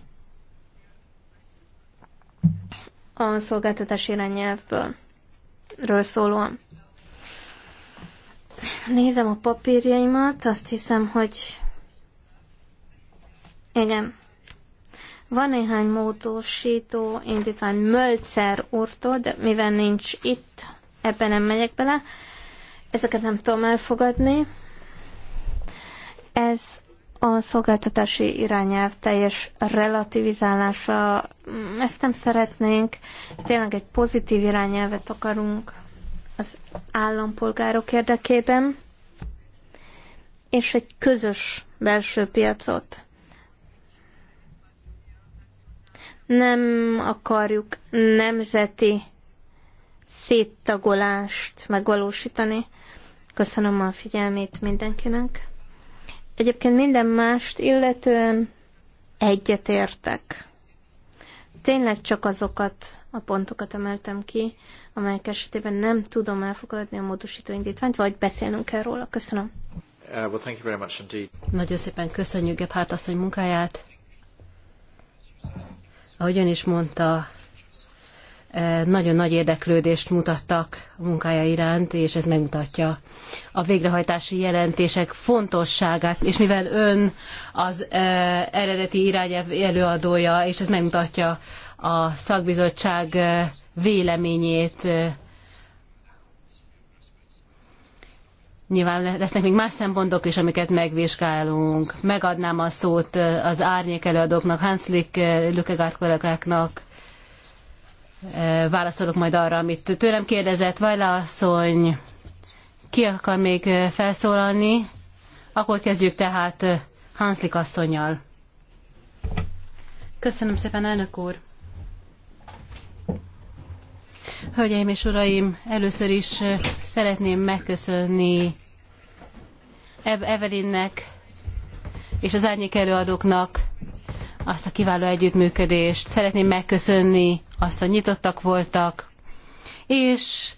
a szolgáltatási irányelvből ről szólóan. Nézem a papírjaimat, azt hiszem, hogy igen. Van néhány módosító indítvány Mölcer úrtól, de mivel nincs itt, ebben nem megyek bele. Ezeket nem tudom elfogadni. Ez a szolgáltatási irányelv teljes relativizálása, mm, ezt nem szeretnénk, tényleg egy pozitív irányelvet akarunk az állampolgárok érdekében, és egy közös belső piacot. Nem akarjuk nemzeti széttagolást megvalósítani. Köszönöm a figyelmét mindenkinek. Egyébként minden mást illetően egyetértek. Tényleg csak azokat a pontokat emeltem ki, amelyek esetében nem tudom elfogadni a módosító indítványt, vagy beszélnünk kell róla. Köszönöm. Uh, well, thank you very much indeed. Nagyon szépen köszönjük Gebhardt asszony munkáját. Ahogy ön is mondta, E, nagyon nagy érdeklődést mutattak a munkája iránt, és ez megmutatja a végrehajtási jelentések fontosságát, és mivel ön az e, eredeti irányelv előadója, és ez megmutatja a szakbizottság e, véleményét, Nyilván lesznek még más szempontok is, amiket megvizsgálunk. Megadnám a szót az árnyék előadóknak, Hanslik Lükegárt kollégáknak, Eh, válaszolok majd arra, amit tőlem kérdezett. Vajla asszony, ki akar még eh, felszólalni? Akkor kezdjük tehát eh, Hanslik asszonyjal. Köszönöm szépen, elnök úr! Hölgyeim és uraim, először is szeretném megköszönni Evelynnek és az árnyék előadóknak azt a kiváló együttműködést. Szeretném megköszönni azt, hogy nyitottak voltak, és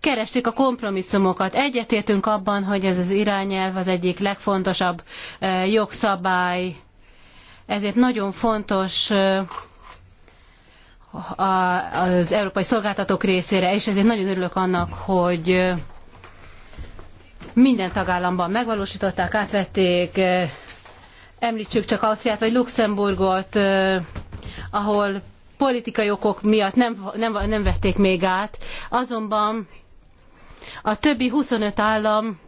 kerestük a kompromisszumokat. Egyetértünk abban, hogy ez az irányelv az egyik legfontosabb eh, jogszabály, ezért nagyon fontos eh, az európai szolgáltatók részére, és ezért nagyon örülök annak, hogy eh, minden tagállamban megvalósították, átvették, Említsük csak Ausztriát vagy Luxemburgot, ahol politikai okok miatt nem, nem, nem vették még át. Azonban a többi 25 állam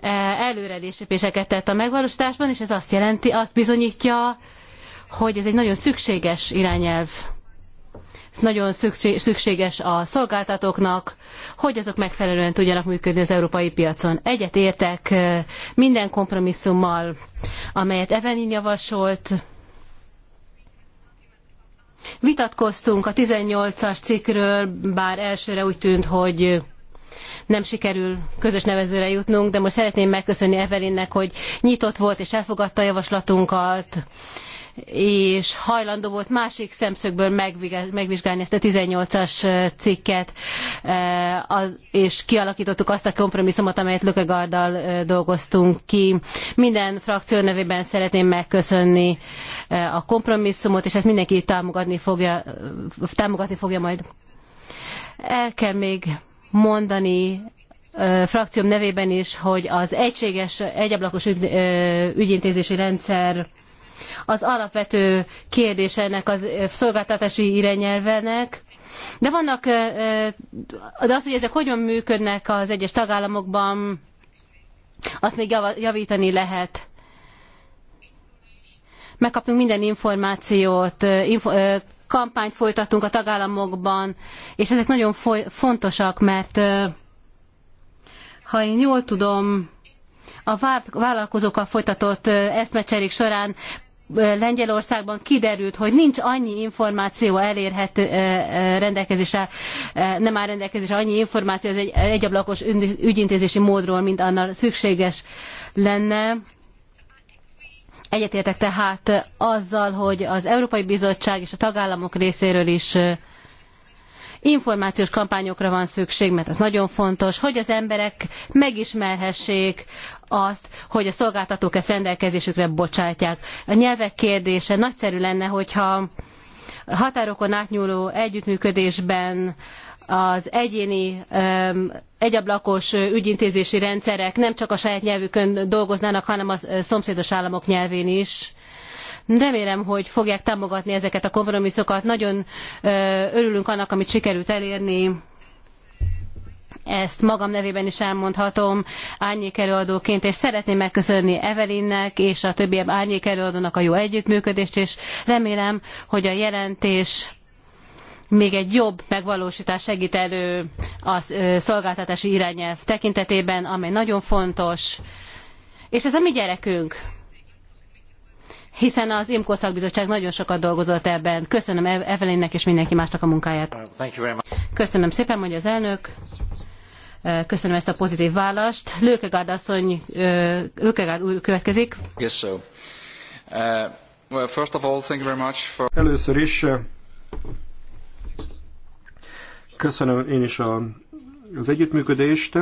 e, előrelépéseket tett a megvalósításban, és ez azt jelenti, azt bizonyítja, hogy ez egy nagyon szükséges irányelv nagyon szükséges a szolgáltatóknak, hogy azok megfelelően tudjanak működni az európai piacon. Egyet értek minden kompromisszummal, amelyet Evelyn javasolt, Vitatkoztunk a 18-as cikkről, bár elsőre úgy tűnt, hogy nem sikerül közös nevezőre jutnunk, de most szeretném megköszönni Evelynnek, hogy nyitott volt és elfogadta a javaslatunkat, és hajlandó volt másik szemszögből megvizsgálni ezt a 18-as cikket, és kialakítottuk azt a kompromisszumot, amelyet Lökegarddal dolgoztunk ki. Minden frakció nevében szeretném megköszönni a kompromisszumot, és ezt mindenki támogatni fogja, támogatni fogja majd. El kell még mondani frakcióm nevében is, hogy az egységes egyablakos ügy, ügyintézési rendszer az alapvető kérdés ennek a szolgáltatási irányelvenek. De vannak, de az, hogy ezek hogyan működnek az egyes tagállamokban, azt még javítani lehet. Megkaptunk minden információt, info, kampányt folytattunk a tagállamokban, és ezek nagyon fontosak, mert ha én jól tudom, a vállalkozókkal folytatott eszmecserék során Lengyelországban kiderült, hogy nincs annyi információ elérhető rendelkezésre, nem áll rendelkezésre annyi információ az egy, egyablakos ügyintézési módról, mint annál szükséges lenne. Egyetértek tehát azzal, hogy az Európai Bizottság és a tagállamok részéről is információs kampányokra van szükség, mert ez nagyon fontos, hogy az emberek megismerhessék azt, hogy a szolgáltatók ezt rendelkezésükre bocsátják. A nyelvek kérdése nagyszerű lenne, hogyha határokon átnyúló együttműködésben az egyéni egyablakos ügyintézési rendszerek nem csak a saját nyelvükön dolgoznának, hanem a szomszédos államok nyelvén is Remélem, hogy fogják támogatni ezeket a kompromisszokat. Nagyon örülünk annak, amit sikerült elérni. Ezt magam nevében is elmondhatom árnyék előadóként, és szeretném megköszönni Evelinnek és a többi árnyék előadónak a jó együttműködést, és remélem, hogy a jelentés még egy jobb megvalósítás segít elő a szolgáltatási irányelv tekintetében, amely nagyon fontos. És ez a mi gyerekünk hiszen az IMCO szakbizottság nagyon sokat dolgozott ebben. Köszönöm Evelynnek és mindenki másnak a munkáját. Köszönöm szépen, hogy az elnök. Köszönöm ezt a pozitív választ. Lőkegárd asszony, Lőkegárd úr következik. Uh, Először is uh, köszönöm én is a, az együttműködést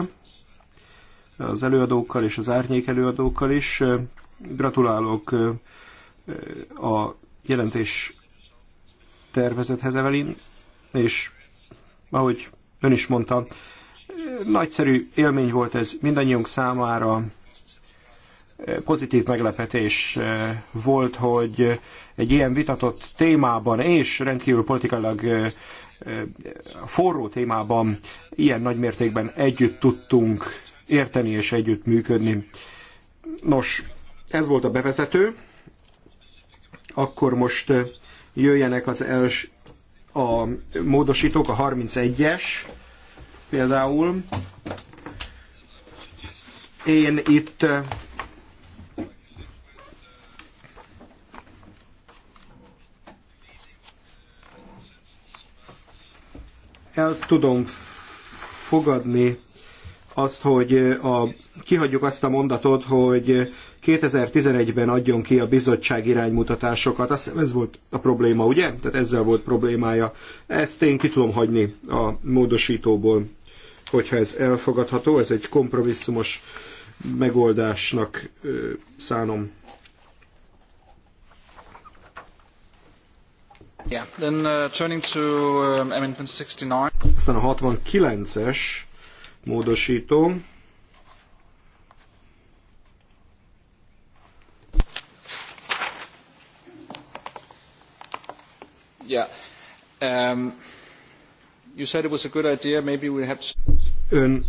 az előadókkal és az árnyék előadókkal is. Gratulálok a jelentés tervezethez, Evelin, és ahogy ön is mondta, nagyszerű élmény volt ez mindannyiunk számára, pozitív meglepetés volt, hogy egy ilyen vitatott témában és rendkívül politikailag forró témában ilyen nagy mértékben együtt tudtunk érteni és együtt működni. Nos, ez volt a bevezető akkor most jöjjenek az els, a módosítók, a 31-es például. Én itt el tudom fogadni azt, hogy a, kihagyjuk azt a mondatot, hogy 2011-ben adjon ki a bizottság iránymutatásokat. Azt hiszem ez volt a probléma, ugye? Tehát ezzel volt problémája. Ezt én ki tudom hagyni a módosítóból, hogyha ez elfogadható. Ez egy kompromisszumos megoldásnak szánom. Yeah. Then uh, turning to uh, um, 69. Aztán a 69-es módosító. Yeah. Um, you said it was a good idea. Maybe we have. To... Ön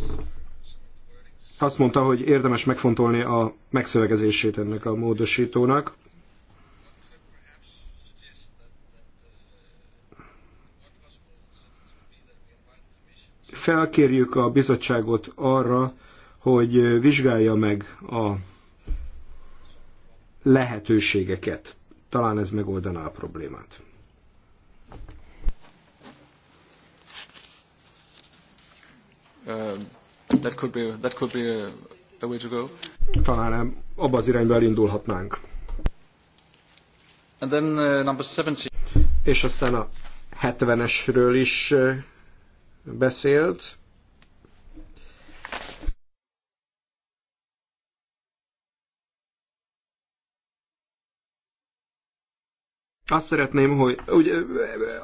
azt mondta, hogy érdemes megfontolni a megszövegezését ennek a módosítónak. felkérjük a bizottságot arra, hogy vizsgálja meg a lehetőségeket. Talán ez megoldaná a problémát. Uh, that could be, that could be uh, a way to go. Talán abba az irányba elindulhatnánk. And then, uh, number 70. És aztán a 70-esről is uh, beszélt. Azt szeretném, hogy úgy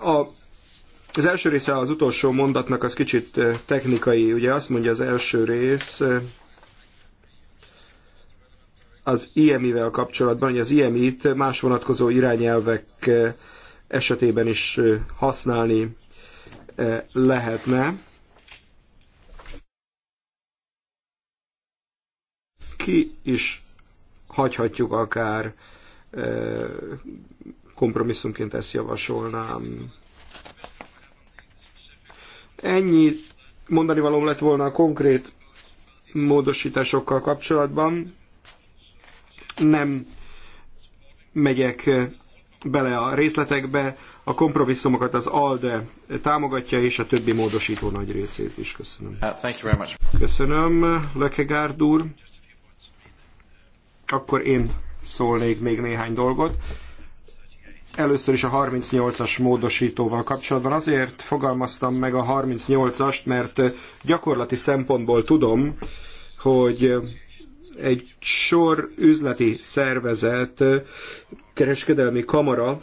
a, az első része az utolsó mondatnak az kicsit eh, technikai. Ugye azt mondja az első rész, eh, az IMI-vel kapcsolatban, hogy az IMI-t más vonatkozó irányelvek eh, esetében is használni lehetne. Ki is hagyhatjuk akár kompromisszumként ezt javasolnám. Ennyi mondani valóm lett volna a konkrét módosításokkal kapcsolatban. Nem megyek bele a részletekbe, a kompromisszumokat az ALDE támogatja, és a többi módosító nagy részét is. Köszönöm. Uh, Köszönöm, Lökegárd úr. Akkor én szólnék még néhány dolgot először is a 38-as módosítóval kapcsolatban. Azért fogalmaztam meg a 38-ast, mert gyakorlati szempontból tudom, hogy egy sor üzleti szervezet, kereskedelmi kamara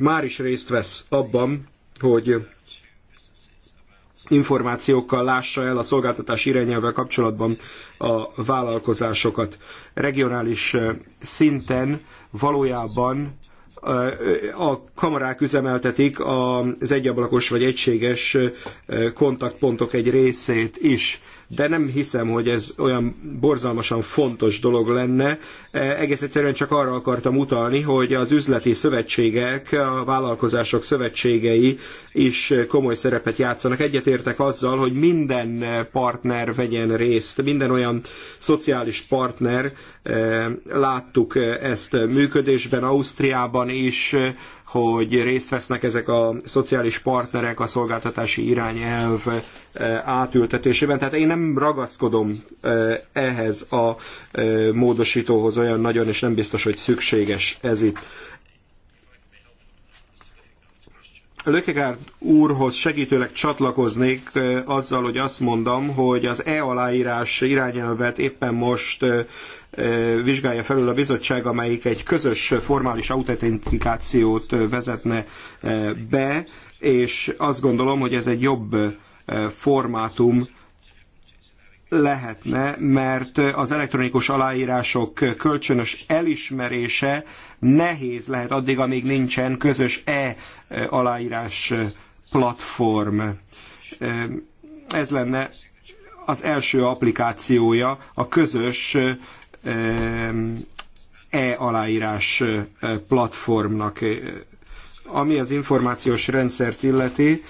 már is részt vesz abban, hogy információkkal lássa el a szolgáltatás irányelvvel kapcsolatban a vállalkozásokat. Regionális szinten valójában a kamarák üzemeltetik az egyablakos vagy egységes kontaktpontok egy részét is de nem hiszem, hogy ez olyan borzalmasan fontos dolog lenne. E, egész egyszerűen csak arra akartam utalni, hogy az üzleti szövetségek, a vállalkozások szövetségei is komoly szerepet játszanak. Egyetértek azzal, hogy minden partner vegyen részt, minden olyan szociális partner, e, láttuk ezt működésben, Ausztriában is, hogy részt vesznek ezek a szociális partnerek a szolgáltatási irányelv e, átültetésében. Tehát én nem ragaszkodom e, ehhez a e, módosítóhoz olyan nagyon, és nem biztos, hogy szükséges ez itt. Lökegárd úrhoz segítőleg csatlakoznék azzal, hogy azt mondom, hogy az e-aláírás irányelvet éppen most vizsgálja felül a bizottság, amelyik egy közös formális autentikációt vezetne be, és azt gondolom, hogy ez egy jobb formátum lehetne, mert az elektronikus aláírások kölcsönös elismerése nehéz lehet addig, amíg nincsen közös e-aláírás platform. Ez lenne az első applikációja a közös e-, e-aláírás platformnak. Ami az információs rendszert illeti,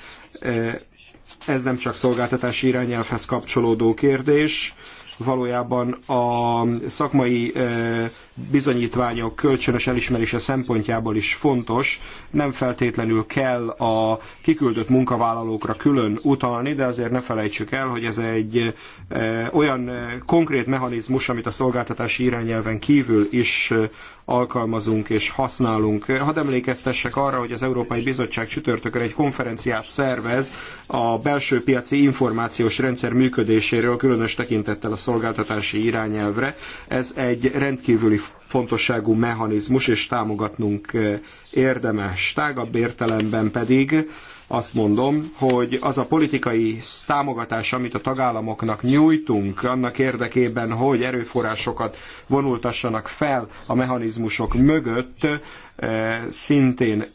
ez nem csak szolgáltatási irányelvhez kapcsolódó kérdés, valójában a szakmai eh, bizonyítványok kölcsönös elismerése szempontjából is fontos. Nem feltétlenül kell a kiküldött munkavállalókra külön utalni, de azért ne felejtsük el, hogy ez egy e, olyan e, konkrét mechanizmus, amit a szolgáltatási irányelven kívül is e, alkalmazunk és használunk. Hadd emlékeztessek arra, hogy az Európai Bizottság csütörtökön egy konferenciát szervez a belső piaci információs rendszer működéséről, különös tekintettel a szolgáltatási irányelvre. Ez egy rendkívüli fontosságú mechanizmus, és támogatnunk érdemes. Tágabb értelemben pedig azt mondom, hogy az a politikai támogatás, amit a tagállamoknak nyújtunk annak érdekében, hogy erőforrásokat vonultassanak fel a mechanizmusok mögött, szintén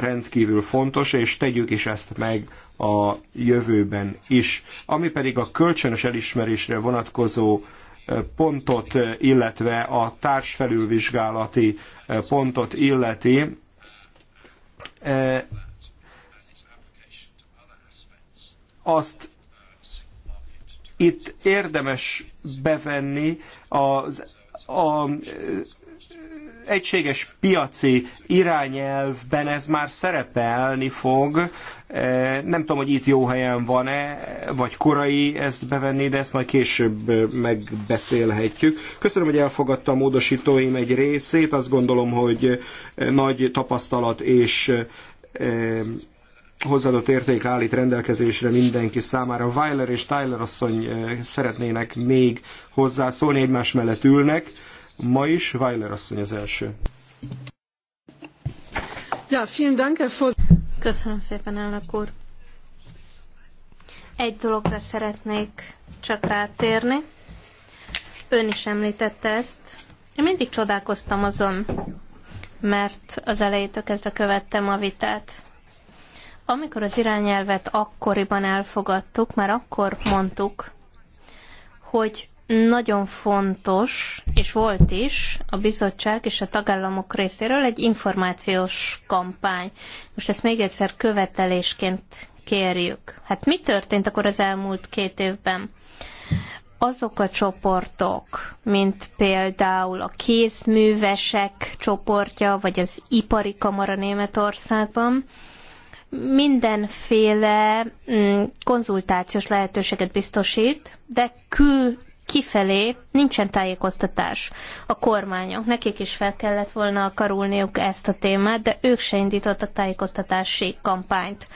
rendkívül fontos, és tegyük is ezt meg a jövőben is. Ami pedig a kölcsönös elismerésre vonatkozó pontot, illetve a társfelülvizsgálati eh, pontot illeti, eh, azt itt érdemes bevenni az, a egységes piaci irányelvben ez már szerepelni fog. E, nem tudom, hogy itt jó helyen van-e, vagy korai ezt bevenni, de ezt majd később e, megbeszélhetjük. Köszönöm, hogy elfogadta a módosítóim egy részét. Azt gondolom, hogy e, nagy tapasztalat és hozzáadott érték állít rendelkezésre mindenki számára. Weiler és Tyler asszony szeretnének még hozzászólni, egymás mellett ülnek ma is. Weiler asszony az első. Ja, vielen Dank, Köszönöm szépen, elnök úr. Egy dologra szeretnék csak rátérni. Ön is említette ezt. Én mindig csodálkoztam azon, mert az elejétől kezdve követtem a vitát. Amikor az irányelvet akkoriban elfogadtuk, már akkor mondtuk, hogy nagyon fontos, és volt is a bizottság és a tagállamok részéről egy információs kampány. Most ezt még egyszer követelésként kérjük. Hát mi történt akkor az elmúlt két évben? Azok a csoportok, mint például a kézművesek csoportja, vagy az ipari kamara Németországban, mindenféle mm, konzultációs lehetőséget biztosít, de kül kifelé nincsen tájékoztatás a kormányok. Nekik is fel kellett volna karulniuk ezt a témát, de ők se indítottak tájékoztatási kampányt.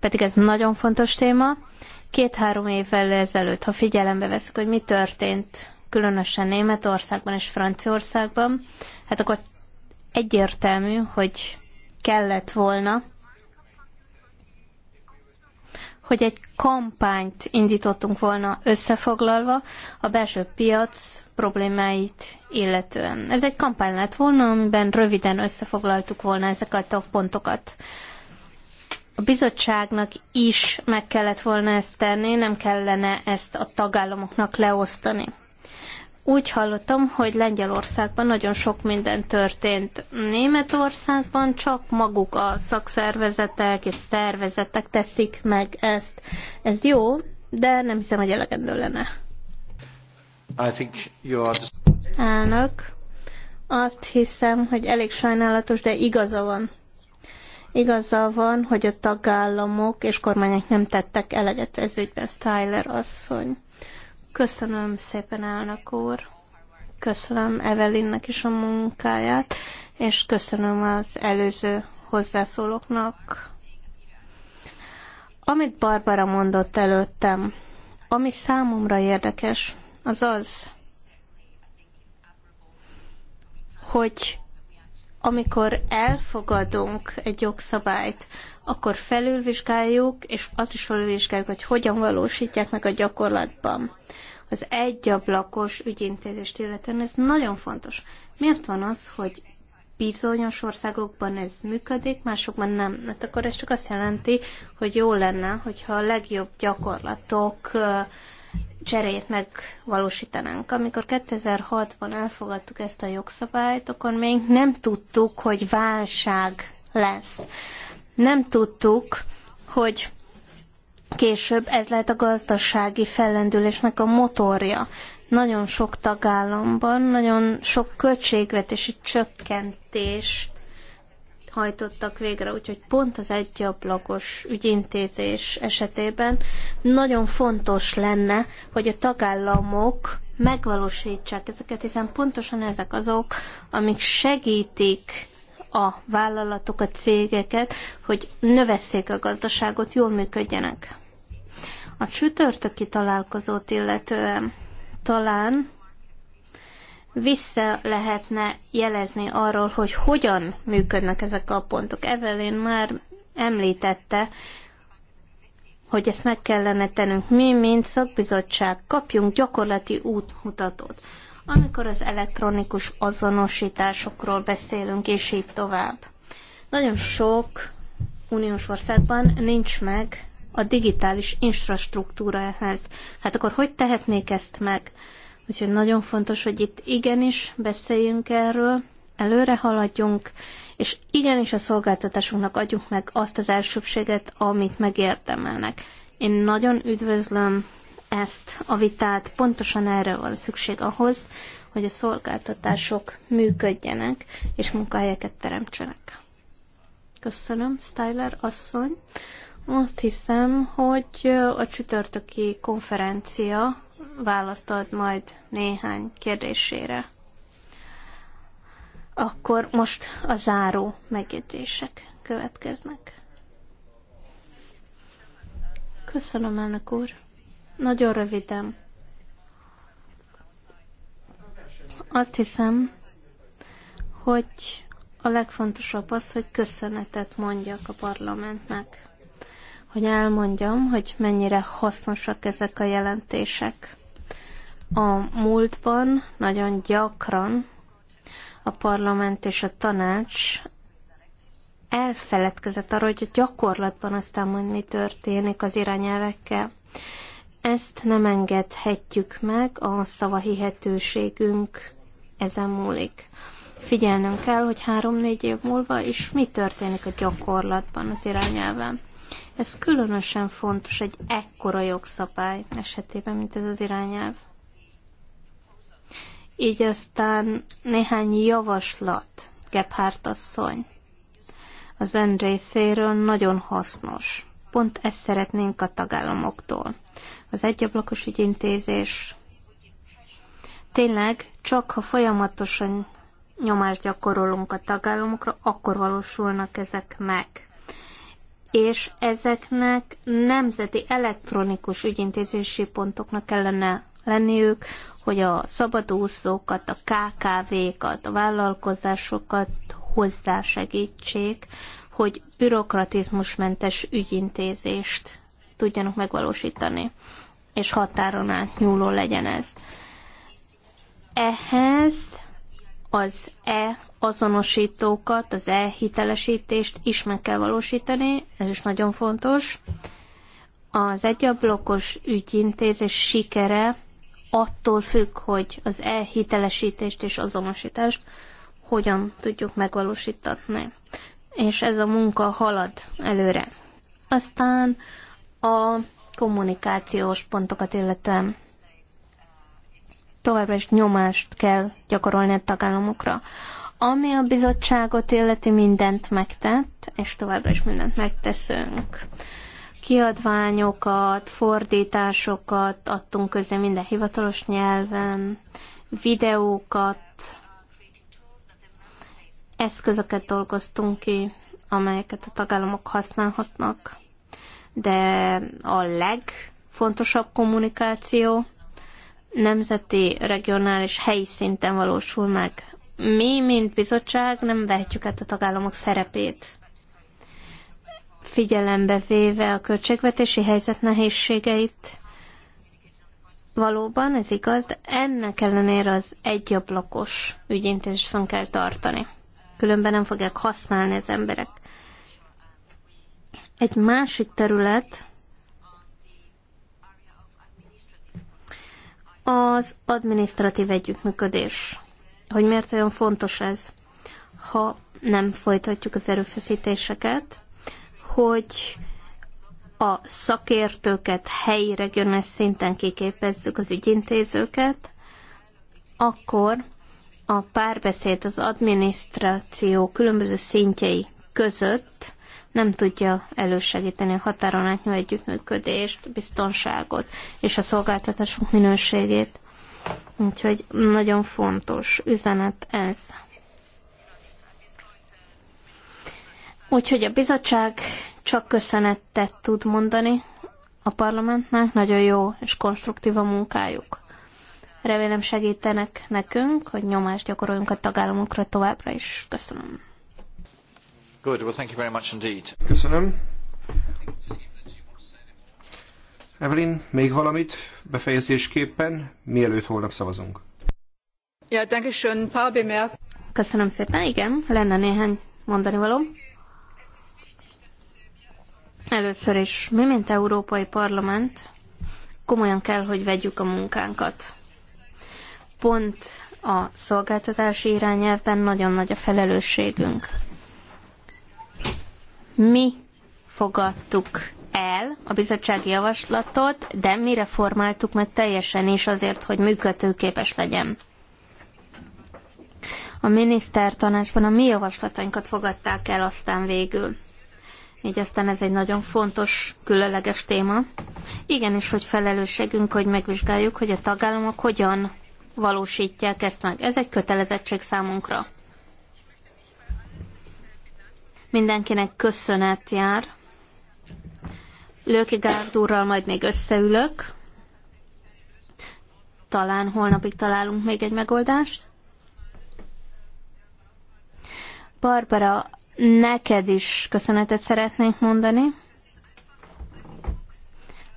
Pedig ez nagyon fontos téma. Két-három évvel ezelőtt, ha figyelembe veszük, hogy mi történt különösen Németországban és Franciaországban, hát akkor egyértelmű, hogy kellett volna hogy egy kampányt indítottunk volna összefoglalva a belső piac problémáit illetően. Ez egy kampány lett volna, amiben röviden összefoglaltuk volna ezeket a pontokat. A bizottságnak is meg kellett volna ezt tenni, nem kellene ezt a tagállamoknak leosztani. Úgy hallottam, hogy Lengyelországban nagyon sok minden történt. Németországban csak maguk a szakszervezetek és szervezetek teszik meg ezt. Ez jó, de nem hiszem, hogy elegendő lenne. I think you are... Elnök, azt hiszem, hogy elég sajnálatos, de igaza van. Igaza van, hogy a tagállamok és kormányok nem tettek eleget ez ügyben, Styler asszony. Köszönöm szépen, elnök úr. Köszönöm Evelinnek is a munkáját, és köszönöm az előző hozzászólóknak. Amit Barbara mondott előttem, ami számomra érdekes, az az, hogy amikor elfogadunk egy jogszabályt, akkor felülvizsgáljuk, és azt is felülvizsgáljuk, hogy hogyan valósítják meg a gyakorlatban. Az egyablakos ügyintézést illetően ez nagyon fontos. Miért van az, hogy bizonyos országokban ez működik, másokban nem. Hát akkor ez csak azt jelenti, hogy jó lenne, hogyha a legjobb gyakorlatok cserét megvalósítanánk. Amikor 2006-ban elfogadtuk ezt a jogszabályt, akkor még nem tudtuk, hogy válság lesz. Nem tudtuk, hogy később ez lehet a gazdasági fellendülésnek a motorja. Nagyon sok tagállamban, nagyon sok költségvetési csökkentést hajtottak végre, úgyhogy pont az egyablakos ügyintézés esetében nagyon fontos lenne, hogy a tagállamok megvalósítsák ezeket, hiszen pontosan ezek azok, amik segítik a vállalatokat, cégeket, hogy növesszék a gazdaságot, jól működjenek. A csütörtöki találkozót illetően talán vissza lehetne jelezni arról, hogy hogyan működnek ezek a pontok. Evelyn már említette, hogy ezt meg kellene tennünk. Mi, mint szakbizottság, kapjunk gyakorlati útmutatót amikor az elektronikus azonosításokról beszélünk, és így tovább. Nagyon sok uniós országban nincs meg a digitális infrastruktúra ehhez. Hát akkor hogy tehetnék ezt meg? Úgyhogy nagyon fontos, hogy itt igenis beszéljünk erről, előre haladjunk, és igenis a szolgáltatásunknak adjuk meg azt az elsőbséget, amit megérdemelnek. Én nagyon üdvözlöm ezt a vitát. Pontosan erre van szükség ahhoz, hogy a szolgáltatások működjenek és munkahelyeket teremtsenek. Köszönöm, Styler asszony. Azt hiszem, hogy a csütörtöki konferencia választ ad majd néhány kérdésére. Akkor most a záró megjegyzések következnek. Köszönöm, elnök úr. Nagyon röviden. Azt hiszem, hogy a legfontosabb az, hogy köszönetet mondjak a parlamentnek, hogy elmondjam, hogy mennyire hasznosak ezek a jelentések. A múltban nagyon gyakran a parlament és a tanács elfeledkezett arról, hogy a gyakorlatban aztán majd mi történik az irányelvekkel. Ezt nem engedhetjük meg, a szavahihetőségünk ezen múlik. Figyelnünk kell, hogy három-négy év múlva is mi történik a gyakorlatban az irányelven. Ez különösen fontos egy ekkora jogszabály esetében, mint ez az irányelv. Így aztán néhány javaslat, Gebhardt asszony, az ön részéről nagyon hasznos. Pont ezt szeretnénk a tagállamoktól az egyablakos ügyintézés. Tényleg csak ha folyamatosan nyomást gyakorolunk a tagállamokra, akkor valósulnak ezek meg. És ezeknek nemzeti elektronikus ügyintézési pontoknak kellene lenniük, hogy a szabadúszókat, a KKV-kat, a vállalkozásokat hozzásegítsék, hogy bürokratizmusmentes ügyintézést tudjanak megvalósítani és határon átnyúló legyen ez. Ehhez az E azonosítókat, az E-hitelesítést is meg kell valósítani, ez is nagyon fontos. Az egyablokos ügyintézés sikere attól függ, hogy az e-hitelesítést és azonosítást hogyan tudjuk megvalósítatni. És ez a munka halad előre. Aztán a kommunikációs pontokat illetően továbbra is nyomást kell gyakorolni a tagállamokra. Ami a bizottságot illeti, mindent megtett, és továbbra is mindent megteszünk. Kiadványokat, fordításokat adtunk közé minden hivatalos nyelven, videókat, eszközöket dolgoztunk ki, amelyeket a tagállamok használhatnak de a legfontosabb kommunikáció nemzeti, regionális, helyi szinten valósul meg. Mi, mint bizottság, nem vehetjük át a tagállamok szerepét. Figyelembe véve a költségvetési helyzet nehézségeit, valóban, ez igaz, de ennek ellenére az egyablakos ügyintézést fönn kell tartani. Különben nem fogják használni az emberek. Egy másik terület az administratív együttműködés. Hogy miért olyan fontos ez, ha nem folytatjuk az erőfeszítéseket, hogy a szakértőket helyi regionális szinten kiképezzük az ügyintézőket, akkor a párbeszéd az adminisztráció különböző szintjei között nem tudja elősegíteni a határon átnyúló együttműködést, biztonságot és a szolgáltatások minőségét. Úgyhogy nagyon fontos üzenet ez. Úgyhogy a bizottság csak köszönettet tud mondani a parlamentnek, nagyon jó és konstruktív a munkájuk. Remélem segítenek nekünk, hogy nyomást gyakoroljunk a tagállamokra továbbra is. Köszönöm. Good, well thank you very much indeed. Köszönöm. Evelyn, még valamit befejezésképpen, mielőtt holnap szavazunk? Ja, danke schön. Paar bemerk. Köszönöm szépen, igen, lenne néhány mondani való. Először is, mi, mint Európai Parlament, komolyan kell, hogy vegyük a munkánkat. Pont a szolgáltatási irányelvben nagyon nagy a felelősségünk mi fogadtuk el a bizottsági javaslatot, de mire formáltuk, meg teljesen is azért, hogy működőképes legyen. A minisztertanácsban a mi javaslatainkat fogadták el aztán végül. Így aztán ez egy nagyon fontos, különleges téma. Igenis, hogy felelősségünk, hogy megvizsgáljuk, hogy a tagállamok hogyan valósítják ezt meg. Ez egy kötelezettség számunkra. Mindenkinek köszönet jár. Lőki Gárdúrral majd még összeülök. Talán holnapig találunk még egy megoldást. Barbara, neked is köszönetet szeretnék mondani.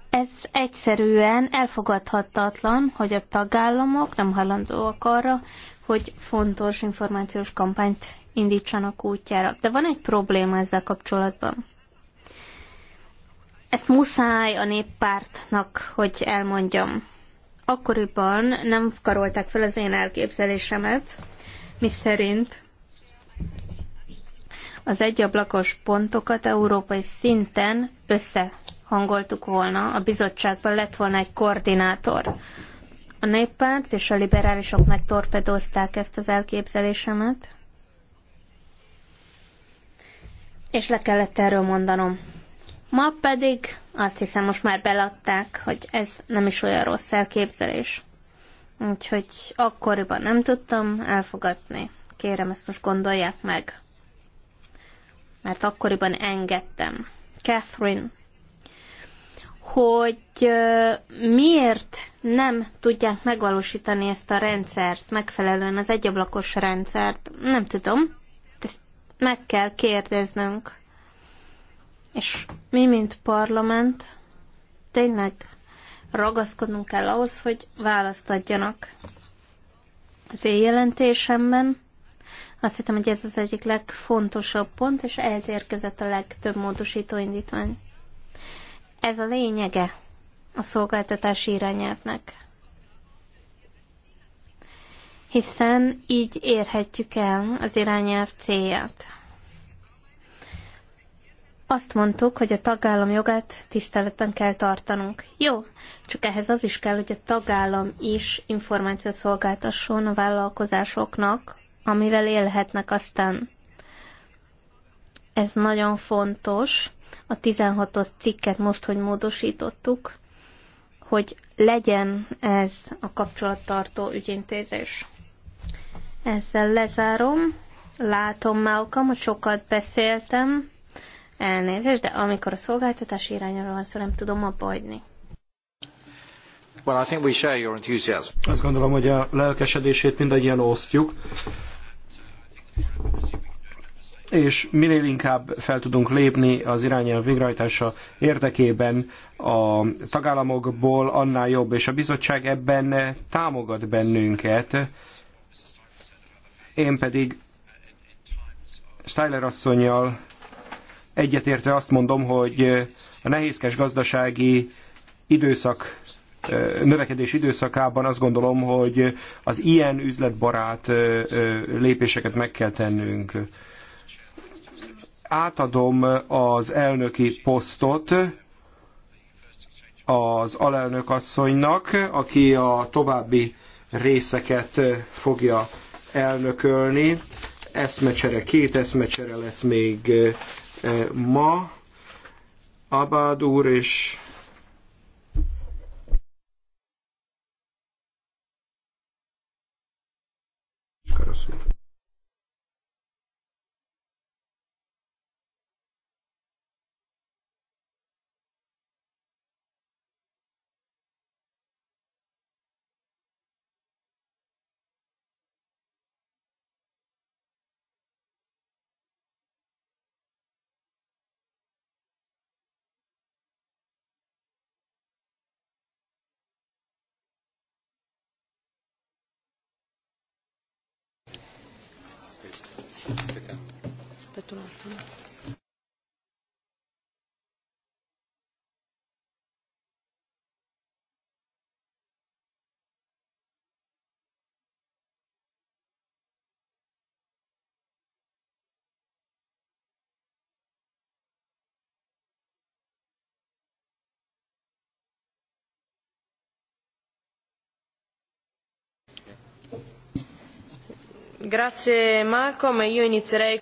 Ez egyszerűen elfogadhatatlan, hogy a tagállamok nem hajlandóak arra, hogy fontos információs kampányt indítsanak útjára. De van egy probléma ezzel kapcsolatban. Ezt muszáj a néppártnak, hogy elmondjam. Akkoriban nem karolták fel az én elképzelésemet, szerint az egyablakos pontokat európai szinten összehangoltuk volna, a bizottságban lett volna egy koordinátor. A néppárt és a liberálisok megtorpedozták ezt az elképzelésemet, és le kellett erről mondanom. Ma pedig azt hiszem most már beladták, hogy ez nem is olyan rossz elképzelés. Úgyhogy akkoriban nem tudtam elfogadni. Kérem, ezt most gondolják meg. Mert akkoriban engedtem. Catherine, hogy miért nem tudják megvalósítani ezt a rendszert megfelelően, az egyablakos rendszert, nem tudom meg kell kérdeznünk. És mi, mint parlament, tényleg ragaszkodnunk kell ahhoz, hogy választ adjanak. Az én jelentésemben azt hiszem, hogy ez az egyik legfontosabb pont, és ehhez érkezett a legtöbb módosító indítvány. Ez a lényege a szolgáltatási irányelvnek hiszen így érhetjük el az irányelv célját. Azt mondtuk, hogy a tagállam jogát tiszteletben kell tartanunk. Jó, csak ehhez az is kell, hogy a tagállam is információt szolgáltasson a vállalkozásoknak, amivel élhetnek aztán. Ez nagyon fontos. A 16-os cikket most, hogy módosítottuk, hogy legyen ez a kapcsolattartó ügyintézés. Ezzel lezárom. Látom, Malcolm, hogy sokat beszéltem. Elnézést, de amikor a szolgáltatás irányáról van szó, nem tudom abba hagyni. Well, I think we share your enthusiasm. Azt gondolom, hogy a lelkesedését mindannyian osztjuk. És minél inkább fel tudunk lépni az irányelv végrehajtása érdekében a tagállamokból, annál jobb. És a bizottság ebben támogat bennünket én pedig Styler asszonyjal egyetértve azt mondom, hogy a nehézkes gazdasági időszak növekedés időszakában azt gondolom, hogy az ilyen üzletbarát lépéseket meg kell tennünk. Átadom az elnöki posztot az alelnök asszonynak, aki a további részeket fogja elnökölni. Eszmecsere, két eszmecsere lesz még ma. Abád úr és Köszönöm. Grazie Malcolm, io inizierei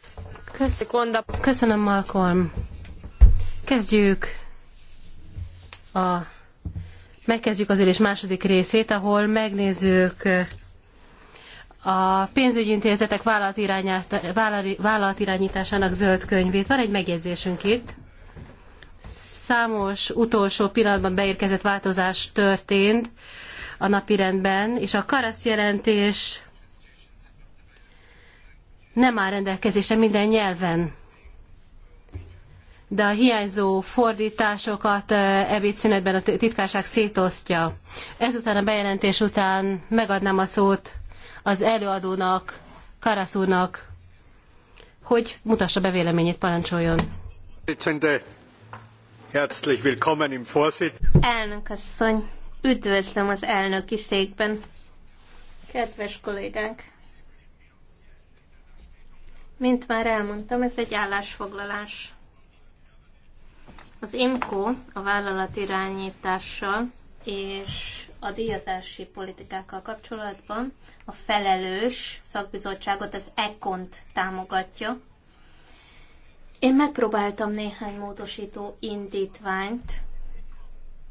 seconda... Köszönöm Malcolm. Kezdjük a megkezdjük az ülés második részét, ahol megnézzük a pénzügyi intézetek vállalatirányításának zöld könyvét. Van egy megjegyzésünk itt. Számos utolsó pillanatban beérkezett változás történt a napirendben, és a Karasz jelentés nem áll rendelkezésre minden nyelven. De a hiányzó fordításokat eh, ebédszünetben a titkárság szétosztja. Ezután a bejelentés után megadnám a szót az előadónak, Karasz hogy mutassa be véleményét, parancsoljon. Herzlich willkommen im Vorsitz. Elnök asszony, üdvözlöm az elnöki székben. Kedves kollégánk, mint már elmondtam, ez egy állásfoglalás. Az IMCO a vállalat irányítással és a díjazási politikákkal kapcsolatban a felelős szakbizottságot, az ECONT támogatja. Én megpróbáltam néhány módosító indítványt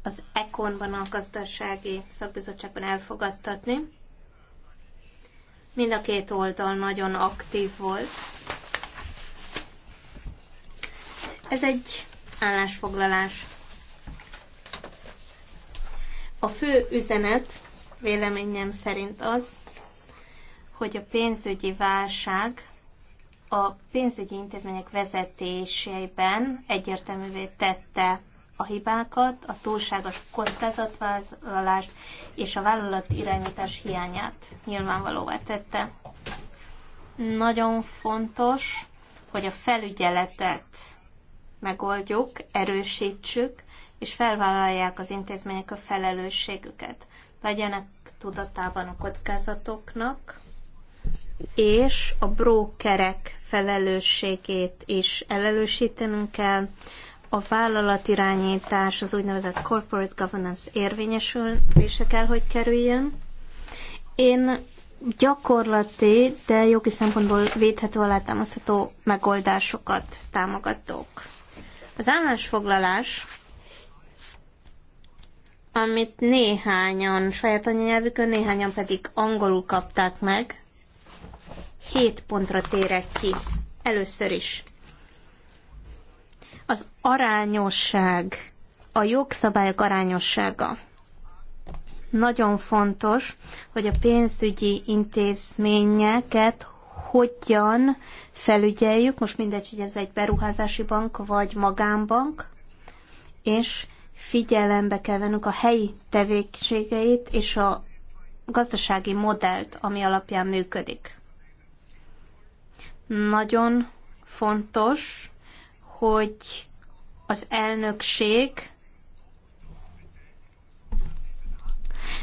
az ECON-ban a gazdasági szakbizottságban elfogadtatni, Mind a két oldal nagyon aktív volt. Ez egy állásfoglalás. A fő üzenet véleményem szerint az, hogy a pénzügyi válság a pénzügyi intézmények vezetésében egyértelművé tette a hibákat, a túlságos kockázatvállalást és a vállalat irányítás hiányát nyilvánvalóvá tette. Nagyon fontos, hogy a felügyeletet megoldjuk, erősítsük, és felvállalják az intézmények a felelősségüket. Legyenek tudatában a kockázatoknak, és a brókerek felelősségét is elelősítenünk kell, a vállalatirányítás, az úgynevezett corporate governance érvényesülése kell, hogy kerüljön. Én gyakorlati, de jogi szempontból védhető alátámasztható megoldásokat támogatok. Az állásfoglalás, amit néhányan saját anyanyelvükön, néhányan pedig angolul kapták meg, hét pontra térek ki. Először is az arányosság, a jogszabályok arányossága. Nagyon fontos, hogy a pénzügyi intézményeket hogyan felügyeljük, most mindegy, hogy ez egy beruházási bank vagy magánbank, és figyelembe kell vennünk a helyi tevékenységeit és a gazdasági modellt, ami alapján működik. Nagyon fontos, hogy az elnökség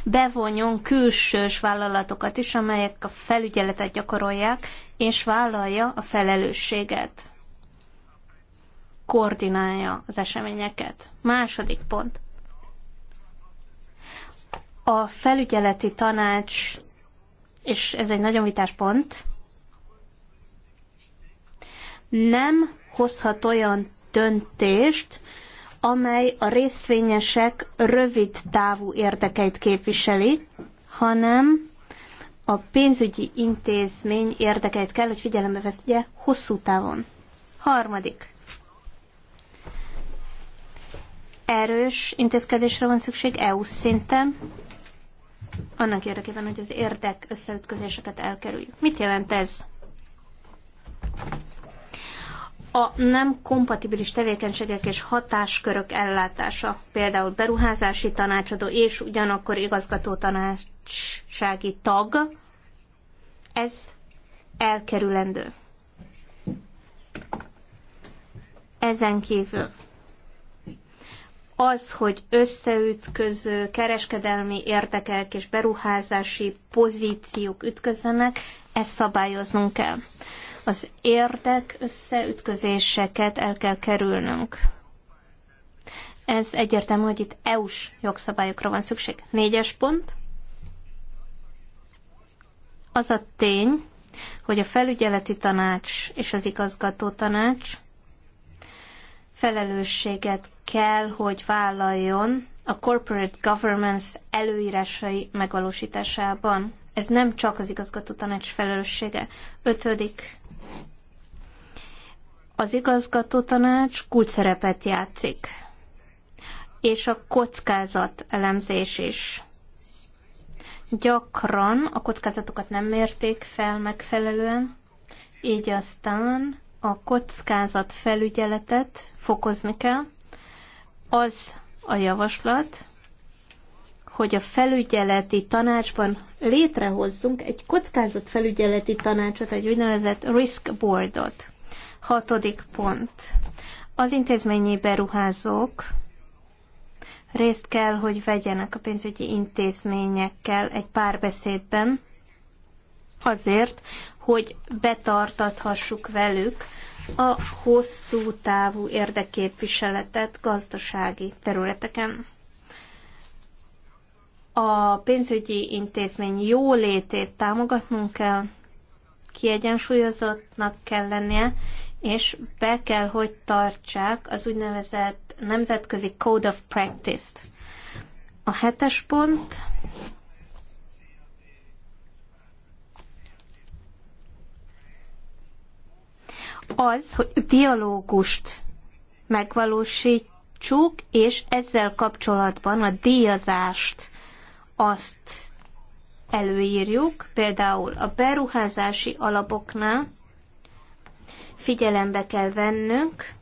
bevonjon külsős vállalatokat is, amelyek a felügyeletet gyakorolják, és vállalja a felelősséget. Koordinálja az eseményeket. Második pont. A felügyeleti tanács, és ez egy nagyon vitás pont, nem hozhat olyan döntést, amely a részvényesek rövid távú érdekeit képviseli, hanem a pénzügyi intézmény érdekeit kell, hogy figyelembe vegye hosszú távon. Harmadik. Erős intézkedésre van szükség EU szinten, annak érdekében, hogy az érdek összeütközéseket elkerüljük. Mit jelent ez? a nem kompatibilis tevékenységek és hatáskörök ellátása, például beruházási tanácsadó és ugyanakkor igazgató tanácsági tag, ez elkerülendő. Ezen kívül az, hogy összeütköző kereskedelmi érdekek és beruházási pozíciók ütközzenek, ezt szabályoznunk kell. Az érdek összeütközéseket el kell kerülnünk. Ez egyértelmű, hogy itt EU-s jogszabályokra van szükség. Négyes pont. Az a tény, hogy a felügyeleti tanács és az igazgató tanács felelősséget kell, hogy vállaljon a corporate governance előírásai megvalósításában. Ez nem csak az igazgató tanács felelőssége. Ötödik az igazgató tanács kulcsszerepet játszik, és a kockázat elemzés is. Gyakran a kockázatokat nem mérték fel megfelelően, így aztán a kockázat felügyeletet fokozni kell. Az a javaslat, hogy a felügyeleti tanácsban létrehozzunk egy kockázatfelügyeleti tanácsot, egy úgynevezett risk boardot. Hatodik pont. Az intézményi beruházók részt kell, hogy vegyenek a pénzügyi intézményekkel egy párbeszédben, azért, hogy betartathassuk velük a hosszú távú érdekképviseletet gazdasági területeken. A pénzügyi intézmény jólétét támogatnunk kell, kiegyensúlyozottnak kell lennie, és be kell, hogy tartsák az úgynevezett nemzetközi Code of Practice-t. A hetes pont az, hogy dialógust megvalósítsuk, és ezzel kapcsolatban a díjazást azt előírjuk, például a beruházási alapoknál figyelembe kell vennünk,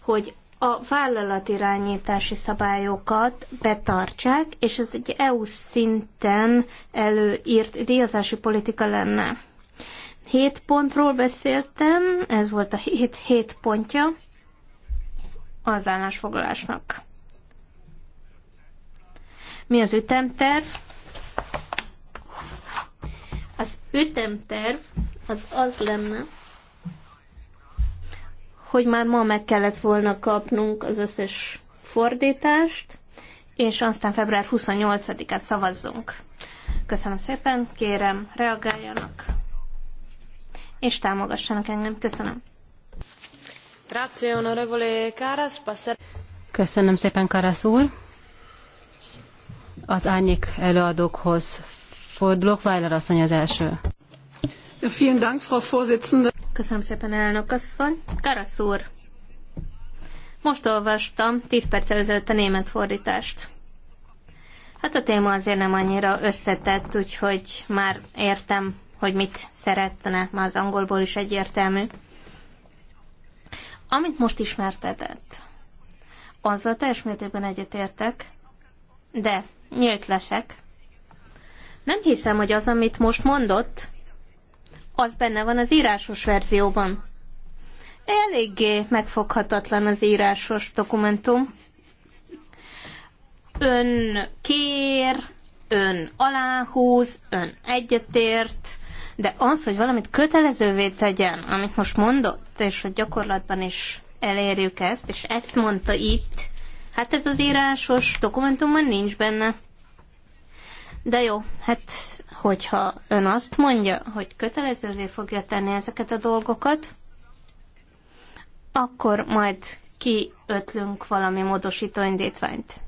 hogy a vállalatirányítási szabályokat betartsák, és ez egy EU szinten előírt díjazási politika lenne. Hét pontról beszéltem, ez volt a hét, hét pontja az állásfoglalásnak. Mi az ütemterv? Az ütemterv az az lenne, hogy már ma meg kellett volna kapnunk az összes fordítást, és aztán február 28-án szavazzunk. Köszönöm szépen, kérem, reagáljanak, és támogassanak engem. Köszönöm. Grazie, onorevole Karas. Köszönöm szépen, Karas úr. Az árnyék előadókhoz Ford Blockweiler asszony az első. Vielen Dank, Frau Vorsitzende. Köszönöm szépen, elnök asszony. Karasz úr, most olvastam 10 perc ezelőtt a német fordítást. Hát a téma azért nem annyira összetett, úgyhogy már értem, hogy mit szeretne, már az angolból is egyértelmű. Amit most ismertetett, azzal teljes mértékben egyetértek, de nyílt leszek. Nem hiszem, hogy az, amit most mondott, az benne van az írásos verzióban. Eléggé megfoghatatlan az írásos dokumentum. Ön kér, ön aláhúz, ön egyetért, de az, hogy valamit kötelezővé tegyen, amit most mondott, és hogy gyakorlatban is elérjük ezt, és ezt mondta itt, hát ez az írásos dokumentumban nincs benne. De jó, hát hogyha ön azt mondja, hogy kötelezővé fogja tenni ezeket a dolgokat, akkor majd kiötlünk valami módosító indítványt.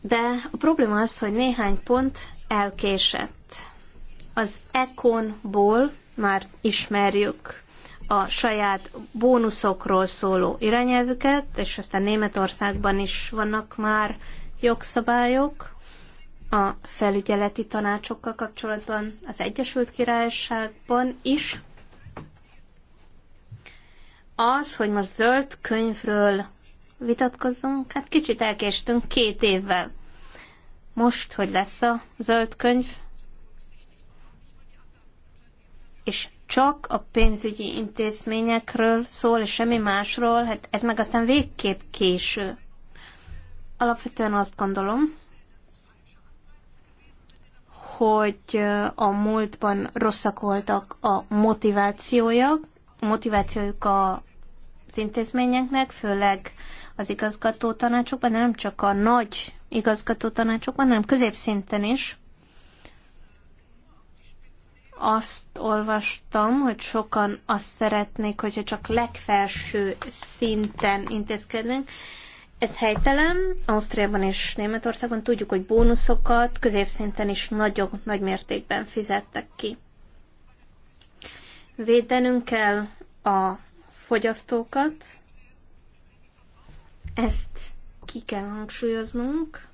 De a probléma az, hogy néhány pont elkésett. Az econ-ból már ismerjük a saját bónuszokról szóló irányelvüket, és aztán Németországban is vannak már jogszabályok, a felügyeleti tanácsokkal kapcsolatban az Egyesült Királyságban is. Az, hogy most zöld könyvről vitatkozzunk, hát kicsit elkéstünk két évvel. Most, hogy lesz a zöld könyv, és csak a pénzügyi intézményekről szól, és semmi másról, hát ez meg aztán végképp késő. Alapvetően azt gondolom, hogy a múltban rosszak voltak a motivációja, motivációjuk a az intézményeknek, főleg az igazgató tanácsokban, de nem csak a nagy igazgató tanácsokban, hanem középszinten is. Azt olvastam, hogy sokan azt szeretnék, hogyha csak legfelső szinten intézkednénk, ez helytelen, Ausztriában és Németországban tudjuk, hogy bónuszokat középszinten is nagyobb, nagy mértékben fizettek ki. Védenünk kell a fogyasztókat, ezt ki kell hangsúlyoznunk,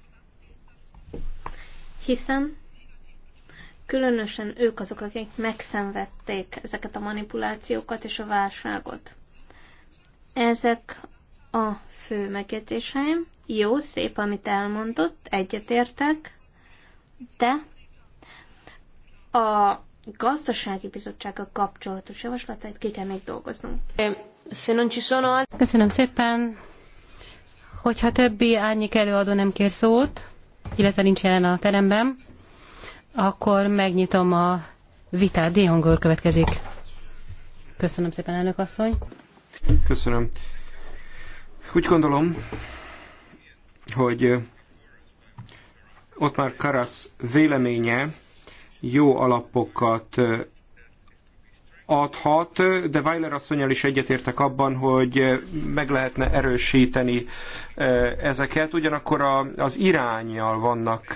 hiszen különösen ők azok, akik megszenvedték ezeket a manipulációkat és a válságot. Ezek a fő megjegyzéseim. Jó, szép, amit elmondott, egyetértek, de a gazdasági bizottsággal kapcsolatos javaslatait ki kell még dolgoznunk. Köszönöm szépen. Hogyha többi árnyék előadó nem kér szót, illetve nincs jelen a teremben, akkor megnyitom a vitát. Dion következik. Köszönöm szépen, elnök asszony. Köszönöm. Úgy gondolom, hogy ott már Karasz véleménye jó alapokat adhat, de Weiler asszonyal is egyetértek abban, hogy meg lehetne erősíteni ezeket, ugyanakkor az irányjal vannak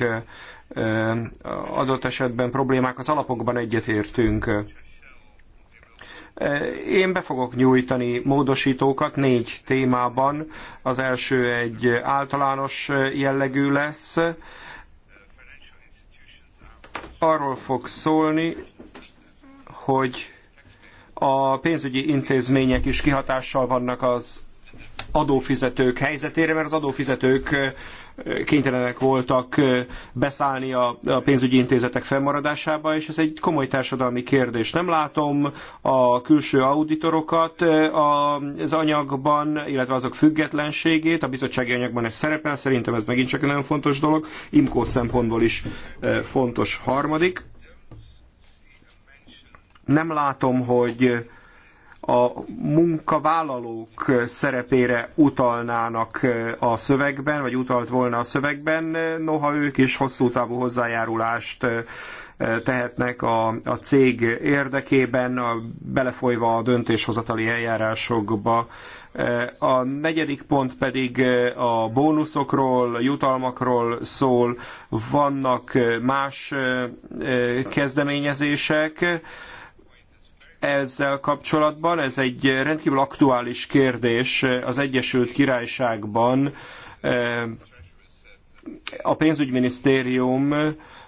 adott esetben problémák, az alapokban egyetértünk. Én be fogok nyújtani módosítókat négy témában. Az első egy általános jellegű lesz. Arról fog szólni, hogy a pénzügyi intézmények is kihatással vannak az adófizetők helyzetére, mert az adófizetők kénytelenek voltak beszállni a, pénzügyi intézetek fennmaradásába, és ez egy komoly társadalmi kérdés. Nem látom a külső auditorokat az anyagban, illetve azok függetlenségét, a bizottsági anyagban ez szerepel, szerintem ez megint csak egy nagyon fontos dolog, IMCO szempontból is fontos harmadik. Nem látom, hogy a munkavállalók szerepére utalnának a szövegben, vagy utalt volna a szövegben, noha ők is hosszú távú hozzájárulást tehetnek a, a cég érdekében, a, belefolyva a döntéshozatali eljárásokba. A negyedik pont pedig a bónuszokról, jutalmakról szól, vannak más kezdeményezések, ezzel kapcsolatban. Ez egy rendkívül aktuális kérdés az Egyesült Királyságban. Eh, a pénzügyminisztérium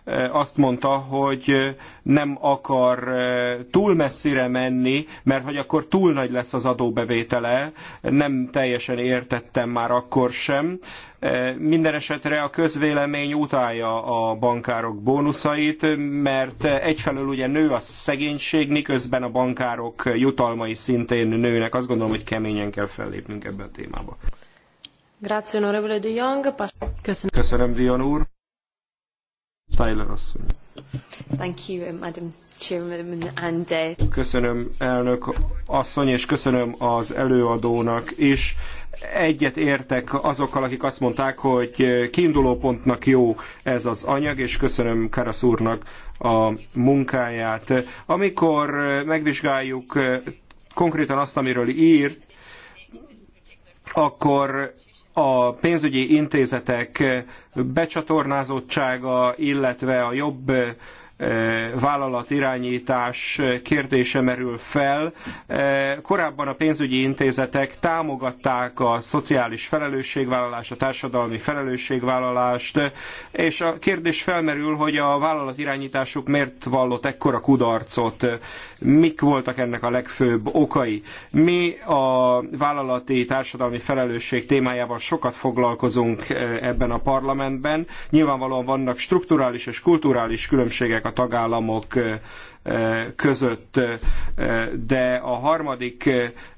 Eh, azt mondta, hogy eh, nem akar eh, túl messzire menni, mert hogy akkor túl nagy lesz az adóbevétele. Nem teljesen értettem már akkor sem. Minden esetre a közvélemény utálja a bankárok bónuszait, mert egyfelől ugye nő a szegénység, miközben a bankárok jutalmai szintén nőnek. Azt gondolom, hogy keményen kell fellépnünk ebben a de Köszönöm, Köszönöm Dion úr. Tyler asszony. Thank you, uh, Madam Chairman, and... Uh, köszönöm elnök asszony, és köszönöm az előadónak is egyet értek azokkal, akik azt mondták, hogy kiindulópontnak jó ez az anyag, és köszönöm Karasz úrnak a munkáját. Amikor megvizsgáljuk uh, konkrétan azt, amiről írt, akkor a pénzügyi intézetek becsatornázottsága, illetve a jobb E, vállalatirányítás kérdése merül fel. E, korábban a pénzügyi intézetek támogatták a szociális felelősségvállalást, a társadalmi felelősségvállalást, és a kérdés felmerül, hogy a vállalatirányításuk miért vallott ekkora kudarcot, mik voltak ennek a legfőbb okai. Mi a vállalati társadalmi felelősség témájával sokat foglalkozunk e, ebben a parlamentben. Nyilvánvalóan vannak strukturális és kulturális különbségek a a tagállamok között, de a harmadik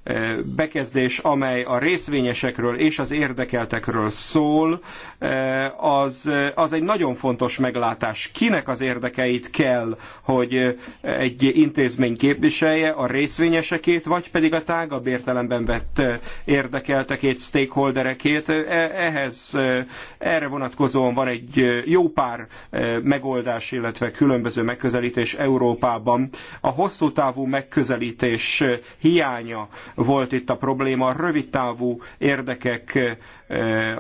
eh, bekezdés, amely a részvényesekről és az érdekeltekről szól, eh, az, az egy nagyon fontos meglátás. Kinek az érdekeit kell, hogy eh, egy intézmény képviselje, a részvényesekét, vagy pedig a tágabb értelemben vett érdekeltekét, stakeholderekét. E, ehhez, erre vonatkozóan van egy jó pár megoldás, illetve különböző megközelítés Európában Európában. A hosszú távú megközelítés hiánya volt itt a probléma, a rövid távú érdekek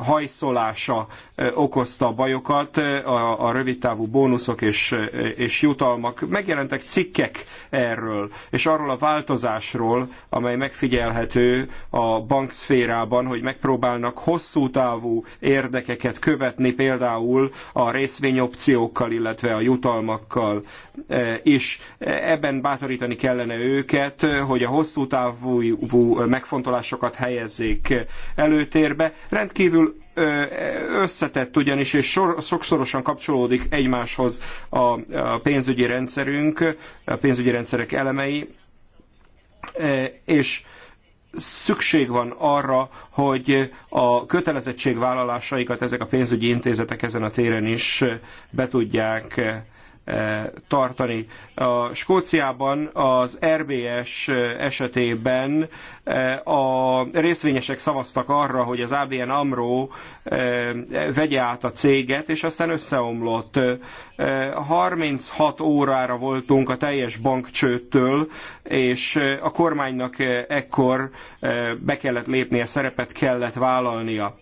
hajszolása okozta a bajokat, a, a rövidtávú bónuszok és, és jutalmak. Megjelentek cikkek erről, és arról a változásról, amely megfigyelhető a bankszférában, hogy megpróbálnak hosszú távú érdekeket követni, például a részvényopciókkal, illetve a jutalmakkal is. Ebben bátorítani kellene őket, hogy a hosszú távú megfontolásokat helyezzék előtérbe. Rendkívül összetett ugyanis, és sor, sokszorosan kapcsolódik egymáshoz a, a pénzügyi rendszerünk, a pénzügyi rendszerek elemei, és szükség van arra, hogy a kötelezettségvállalásaikat ezek a pénzügyi intézetek ezen a téren is be tudják tartani. A Skóciában az RBS esetében a részvényesek szavaztak arra, hogy az ABN AMRO e, vegye át a céget, és aztán összeomlott. 36 e, órára voltunk a teljes bankcsőttől, és e, a kormánynak ekkor be kellett lépnie, szerepet kellett vállalnia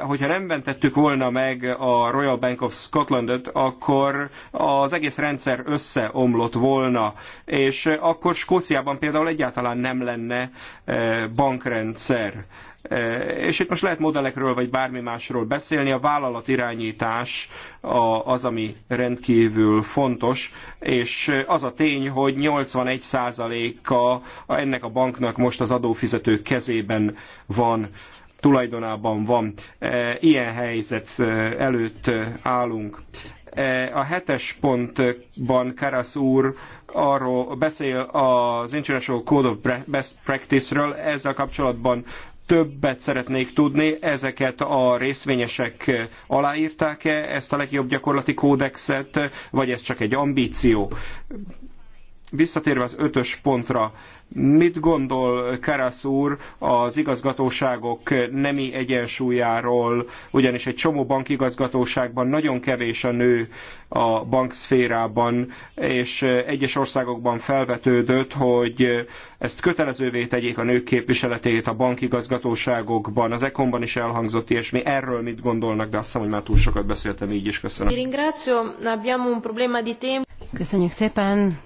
hogyha nem mentettük volna meg a Royal Bank of scotland Scotland-ot, akkor az egész rendszer összeomlott volna, és akkor Skóciában például egyáltalán nem lenne Eh, bankrendszer. Eh, és itt most lehet modellekről vagy bármi másról beszélni, a vállalatirányítás az, ami rendkívül fontos, és az a tény, hogy 81%-a ennek a banknak most az adófizetők kezében van tulajdonában van. Eh, ilyen helyzet előtt állunk. E, a hetes pontban Karasz úr arról beszél az International Code of Best Practice-ről, ezzel kapcsolatban többet szeretnék tudni, ezeket a részvényesek aláírták-e ezt a legjobb gyakorlati kódexet, vagy ez csak egy ambíció? Visszatérve az ötös pontra, Mit gondol Karasz úr az igazgatóságok nemi egyensúlyáról, ugyanis egy csomó bankigazgatóságban nagyon kevés a nő a bankszférában, és egyes országokban felvetődött, hogy ezt kötelezővé tegyék a nők képviseletét a bankigazgatóságokban. Az Ekonban is elhangzott ilyesmi. Erről mit gondolnak, de azt hiszem, hogy már túl sokat beszéltem így is. Köszönöm. Köszönjük szépen.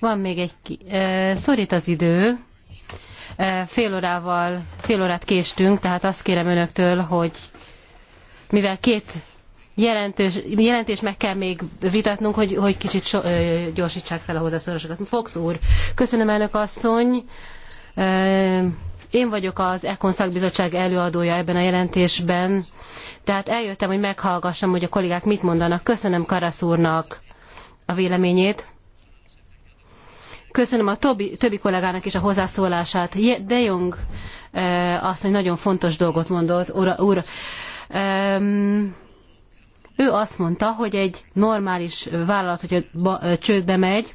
Van még egy... Szorít az idő. Fél órával, fél órát késtünk, tehát azt kérem önöktől, hogy mivel két jelentős, jelentést meg kell még vitatnunk, hogy, hogy kicsit so, gyorsítsák fel a hozzászólásokat. Fox úr, köszönöm elnök asszony. Ö, én vagyok az Ekon szakbizottság előadója ebben a jelentésben, tehát eljöttem, hogy meghallgassam, hogy a kollégák mit mondanak. Köszönöm Karasz úrnak a véleményét. Köszönöm a többi, többi kollégának is a hozzászólását. De Jong azt, hogy nagyon fontos dolgot mondott, ura, úr Um, ő azt mondta, hogy egy normális vállalat, hogyha csődbe megy,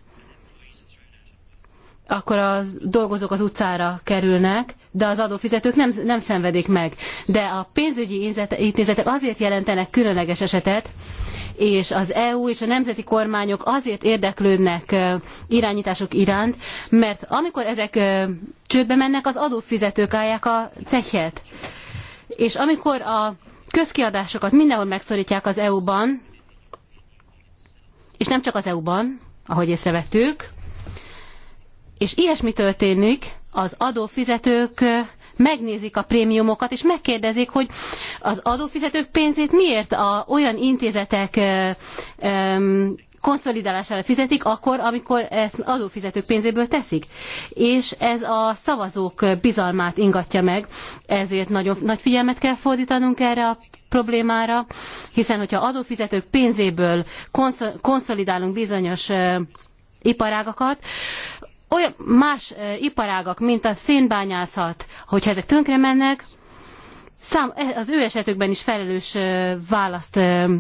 akkor a dolgozók az utcára kerülnek, de az adófizetők nem, nem szenvedik meg. De a pénzügyi intézetek azért jelentenek különleges esetet, és az EU és a nemzeti kormányok azért érdeklődnek irányítások iránt, mert amikor ezek csődbe mennek, az adófizetők állják a cehet. És amikor a közkiadásokat mindenhol megszorítják az EU-ban, és nem csak az EU-ban, ahogy észrevettük, és ilyesmi történik, az adófizetők megnézik a prémiumokat, és megkérdezik, hogy az adófizetők pénzét miért a, olyan intézetek ö, ö, konszolidálására fizetik, akkor, amikor ezt adófizetők pénzéből teszik. És ez a szavazók bizalmát ingatja meg, ezért nagyon nagy figyelmet kell fordítanunk erre a problémára, hiszen hogyha adófizetők pénzéből konszolidálunk bizonyos iparágakat, olyan más iparágak, mint a szénbányászat, hogyha ezek tönkre mennek, szám, e, az ő esetükben is felelős választ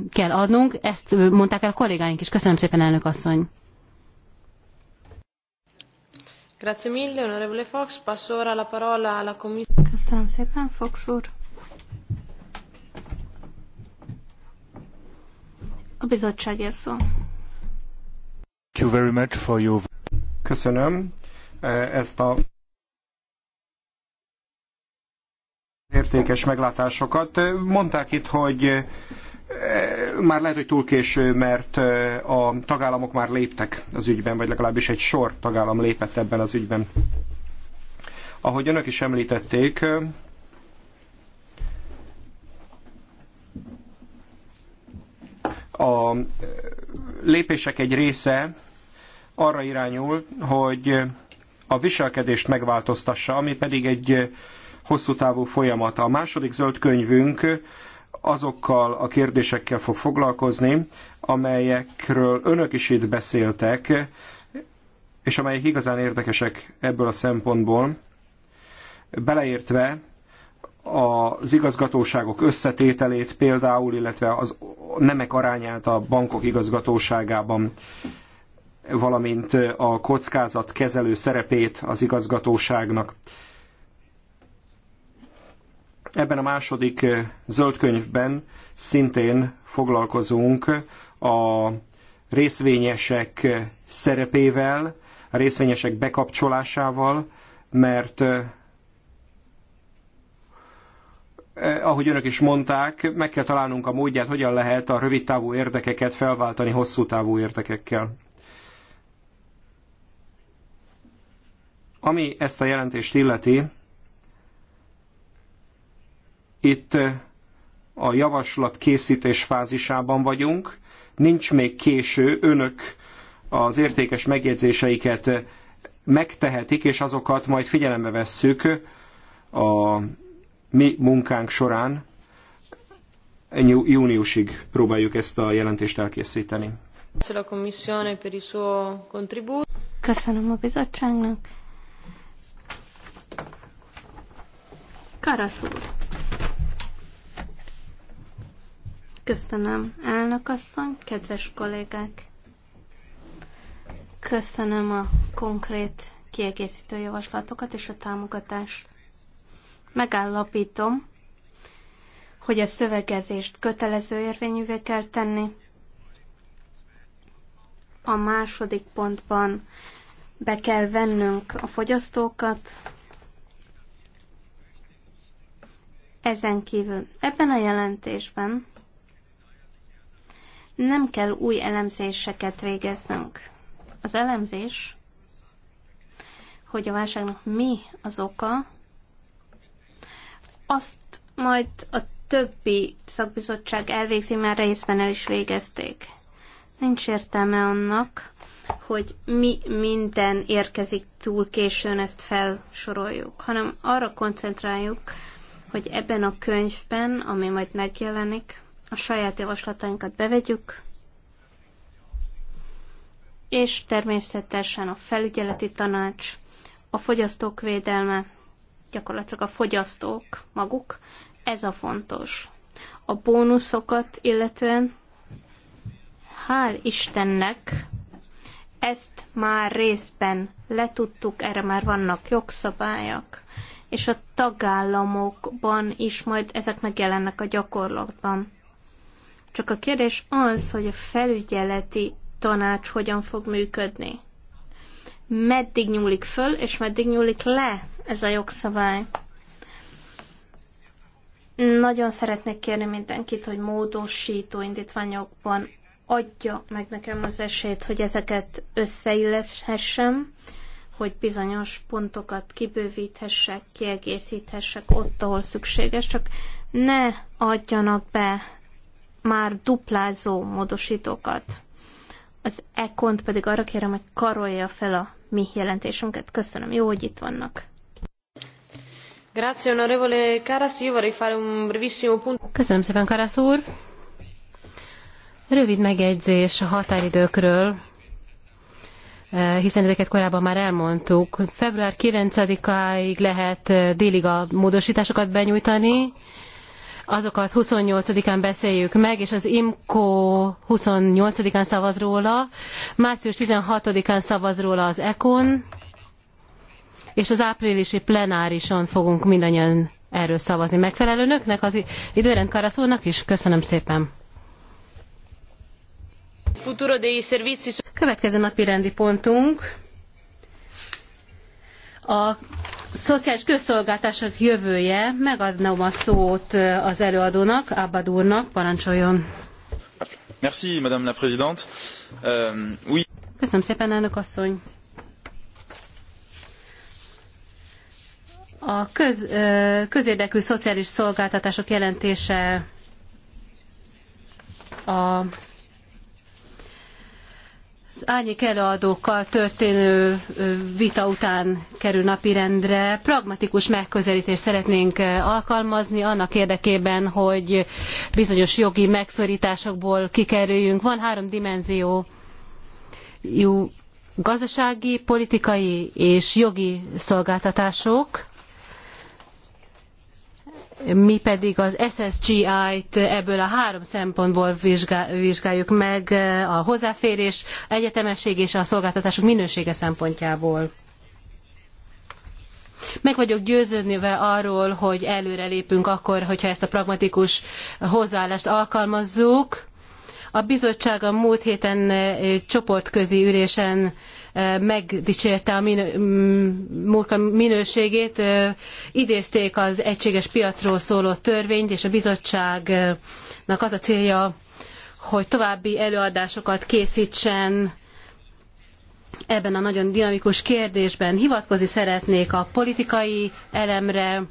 kell adnunk, ezt mondták el a kollégáink is. Köszönöm szépen, elnök asszony. Grazie mille, onorevole Fox. Passo ora la parola alla Commissione. Köszönöm szépen, Fox úr. A bizottság szó. Thank you very much for your... Köszönöm e, ezt a értékes meglátásokat. Mondták itt, hogy e, már lehet, hogy túl késő, mert e, a tagállamok már léptek az ügyben, vagy legalábbis egy sor tagállam lépett ebben az ügyben. Ahogy önök is említették, a lépések egy része arra irányul, hogy a viselkedést megváltoztassa, ami pedig egy hosszú távú folyamat. A második zöld könyvünk azokkal a kérdésekkel fog foglalkozni, amelyekről önök is itt beszéltek, és amelyek igazán érdekesek ebből a szempontból, beleértve az igazgatóságok összetételét például, illetve az nemek arányát a bankok igazgatóságában valamint a kockázat kezelő szerepét az igazgatóságnak. Ebben a második eh, zöldkönyvben szintén foglalkozunk a részvényesek eh, szerepével, a részvényesek bekapcsolásával, mert eh, ahogy önök is mondták, meg kell találnunk a módját, hogyan lehet a rövidtávú érdekeket felváltani hosszú távú érdekekkel. Ami ezt a jelentést illeti, itt a javaslat készítés fázisában vagyunk, nincs még késő, önök az értékes megjegyzéseiket megtehetik, és azokat majd figyelembe vesszük a mi munkánk során. Júniusig próbáljuk ezt a jelentést elkészíteni. Köszönöm a bizottságnak Karasz Köszönöm, elnök asszony, kedves kollégák. Köszönöm a konkrét kiegészítő javaslatokat és a támogatást. Megállapítom, hogy a szövegezést kötelező érvényűvé kell tenni. A második pontban be kell vennünk a fogyasztókat, Ezen kívül ebben a jelentésben nem kell új elemzéseket végeznünk. Az elemzés, hogy a válságnak mi az oka, azt majd a többi szakbizottság elvégzi, már részben el is végezték. Nincs értelme annak, hogy mi minden érkezik túl későn, ezt felsoroljuk, hanem arra koncentráljuk, hogy ebben a könyvben, ami majd megjelenik, a saját javaslatainkat bevegyük, és természetesen a felügyeleti tanács, a fogyasztók védelme, gyakorlatilag a fogyasztók maguk, ez a fontos. A bónuszokat illetően, hál' Istennek, ezt már részben letudtuk, erre már vannak jogszabályok, és a tagállamokban is majd ezek megjelennek a gyakorlatban. Csak a kérdés az, hogy a felügyeleti tanács hogyan fog működni. Meddig nyúlik föl, és meddig nyúlik le ez a jogszabály. Nagyon szeretnék kérni mindenkit, hogy módosító indítványokban adja meg nekem az esélyt, hogy ezeket összeilleshessem, hogy bizonyos pontokat kibővíthessek, kiegészíthessek ott, ahol szükséges, csak ne adjanak be már duplázó módosítókat. Az ekont pedig arra kérem, hogy karolja fel a mi jelentésünket. Köszönöm, jó, hogy itt vannak. Grazie, onorevole Karas. Io vorrei fare un brevissimo punto. Köszönöm szépen, Karasz úr. Rövid megjegyzés a határidőkről, eh, hiszen ezeket korábban már elmondtuk. Február 9-áig lehet eh, délig a módosításokat benyújtani, azokat 28-án beszéljük meg, és az IMCO 28-án szavaz róla, március 16-án szavaz róla az ECON, és az áprilisi plenárison fogunk mindannyian erről szavazni. Megfelelőnöknek az időrend Karaszónak is? Köszönöm szépen! Futuro dei servizi... Következő napi rendi pontunk a szociális közszolgáltások jövője. Megadnám a szót eh, az előadónak, Abad úrnak, parancsoljon. Merci, Madame la Présidente. Um, oui. Köszönöm szépen, elnök asszony. A köz, eh, közérdekű szociális szolgáltatások jelentése a az árnyék előadókkal történő vita után kerül napirendre. Pragmatikus megközelítést szeretnénk alkalmazni annak érdekében, hogy bizonyos jogi megszorításokból kikerüljünk. Van három dimenzió gazdasági, politikai és jogi szolgáltatások mi pedig az SSGI-t ebből a három szempontból vizsgáljuk meg, eh, a hozzáférés, egyetemesség és a szolgáltatások minősége szempontjából. Meg vagyok győződve arról, hogy előrelépünk akkor, hogyha ezt a pragmatikus hozzáállást alkalmazzuk, a bizottság a múlt héten e, csoportközi ülésen e, megdicsérte a munka minőségét, e, idézték az egységes piacról szóló törvényt, és a bizottságnak az a célja, hogy további előadásokat készítsen ebben a nagyon dinamikus kérdésben. Hivatkozni szeretnék a politikai elemre,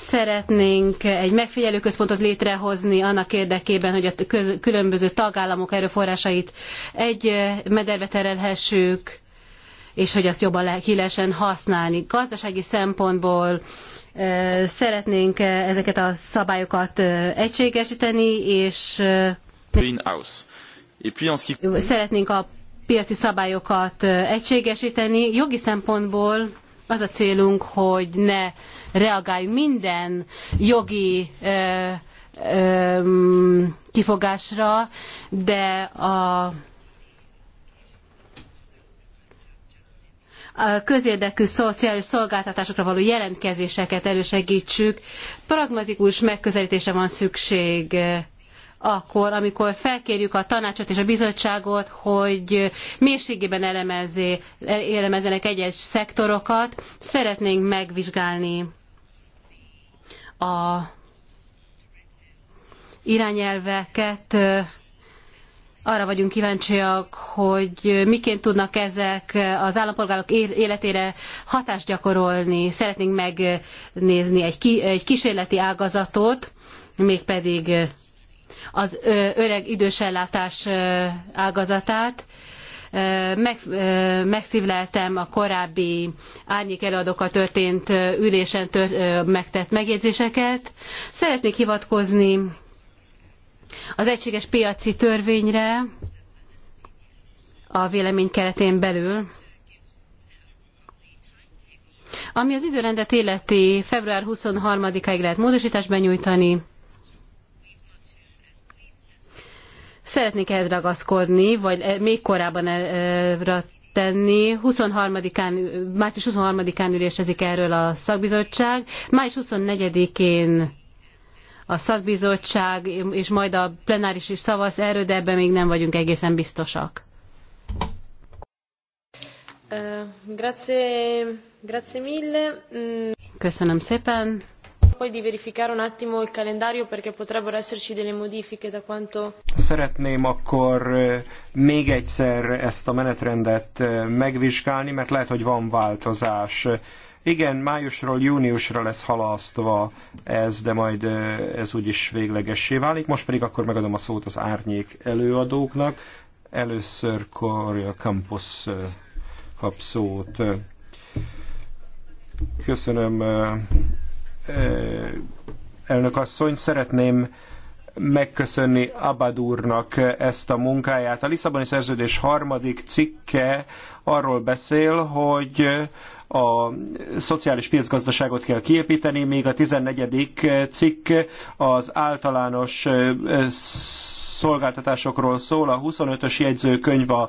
Szeretnénk egy megfigyelőközpontot létrehozni annak érdekében, hogy a különböző tagállamok erőforrásait egy mederbe terelhessük, és hogy azt jobban ki lehessen használni. Gazdasági szempontból szeretnénk ezeket a szabályokat egységesíteni, és szeretnénk a piaci szabályokat egységesíteni. Jogi szempontból az a célunk, hogy ne reagáljunk minden jogi ö, ö, kifogásra, de a a közérdekű szociális szolgáltatásokra való jelentkezéseket elősegítsük. Pragmatikus megközelítésre van szükség akkor, amikor felkérjük a tanácsot és a bizottságot, hogy mélységében elemezzenek egyes szektorokat, szeretnénk megvizsgálni a irányelveket, arra vagyunk kíváncsiak, hogy miként tudnak ezek az állampolgárok életére hatást gyakorolni. Szeretnénk megnézni egy, ki, egy kísérleti ágazatot, mégpedig az öreg idősellátás ágazatát. Meg, megszívleltem a korábbi árnyék előadókkal történt ülésen tört, megtett megjegyzéseket. Szeretnék hivatkozni az egységes piaci törvényre a vélemény keretén belül. Ami az időrendet illeti, február 23-áig lehet módosítást benyújtani, Szeretnék ehhez ragaszkodni, vagy e, még korábban erre e, tenni. 23-án, március 23-án ülésezik erről a szakbizottság. Május 24-én a szakbizottság, és majd a plenáris is szavaz erről, de ebben még nem vagyunk egészen biztosak. Eh, grazie, grazie mille. Mm. Köszönöm szépen poi di verificare un attimo il calendario perché potrebbero esserci delle modifiche da quanto... Szeretném akkor eh, még egyszer ezt a menetrendet eh, megvizsgálni, mert lehet, hogy van változás. Igen, májusról júniusra lesz halasztva ez, de majd eh, ez úgyis véglegessé válik. Most pedig akkor megadom a szót az árnyék előadóknak. Először Coria Campus kap szót. Köszönöm, elnök asszony, szeretném megköszönni Abad úrnak ezt a munkáját. A Lisszaboni Szerződés harmadik cikke arról beszél, hogy a szociális piacgazdaságot kell kiépíteni, még a 14. cikk az általános szolgáltatásokról szól, a 25-ös jegyzőkönyv a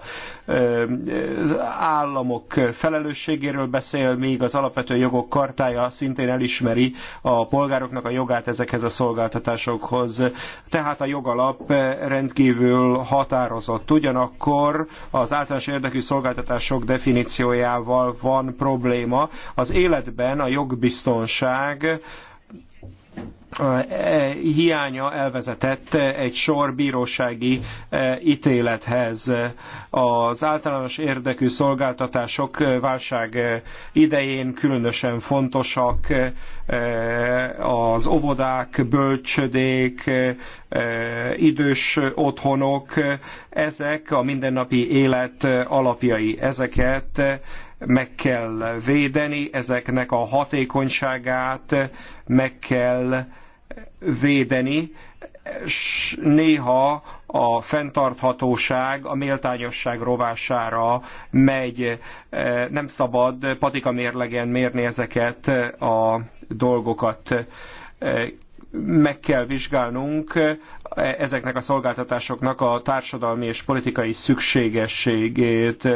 államok felelősségéről beszél, míg az alapvető jogok kartája szintén elismeri a polgároknak a jogát ezekhez a szolgáltatásokhoz. Tehát a jogalap rendkívül határozott. Ugyanakkor az általános érdekű szolgáltatások definíciójával van probléma. Az életben a jogbiztonság E, hiánya elvezetett egy sor bírósági e, ítélethez. Az általános érdekű szolgáltatások válság e, idején különösen fontosak az óvodák, bölcsödék, idős otthonok, ezek a mindennapi élet alapjai. Ezeket meg kell védeni, ezeknek a hatékonyságát meg kell védeni, és néha a fenntarthatóság a méltányosság rovására megy. E, nem szabad patika mérlegen mérni ezeket a dolgokat. E, meg kell vizsgálnunk E, ezeknek a szolgáltatásoknak a társadalmi és politikai szükségességét.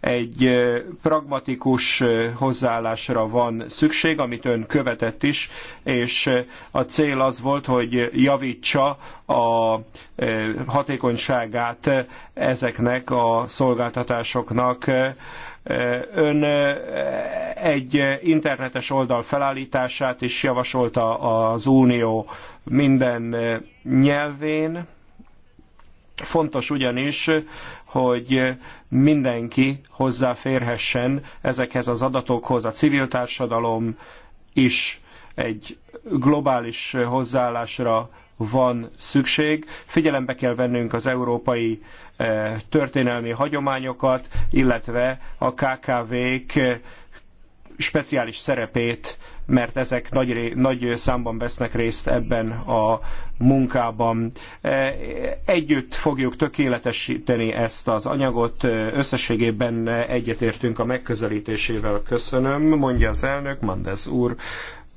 Egy e, pragmatikus e, hozzáállásra van szükség, amit ön követett is, és a cél az volt, hogy javítsa a hatékonyságát ezeknek a szolgáltatásoknak Ön egy internetes oldal felállítását is javasolta az Unió minden nyelvén. Fontos ugyanis, hogy mindenki hozzáférhessen ezekhez az adatokhoz, a civil társadalom is egy globális hozzáállásra van szükség. Figyelembe kell vennünk az európai eh, történelmi hagyományokat, illetve a KKV-k eh, speciális szerepét, mert ezek nagy, nagy számban vesznek részt ebben a munkában. Eh, együtt fogjuk tökéletesíteni ezt az anyagot, összességében egyetértünk a megközelítésével. Köszönöm, mondja az elnök, Mandez úr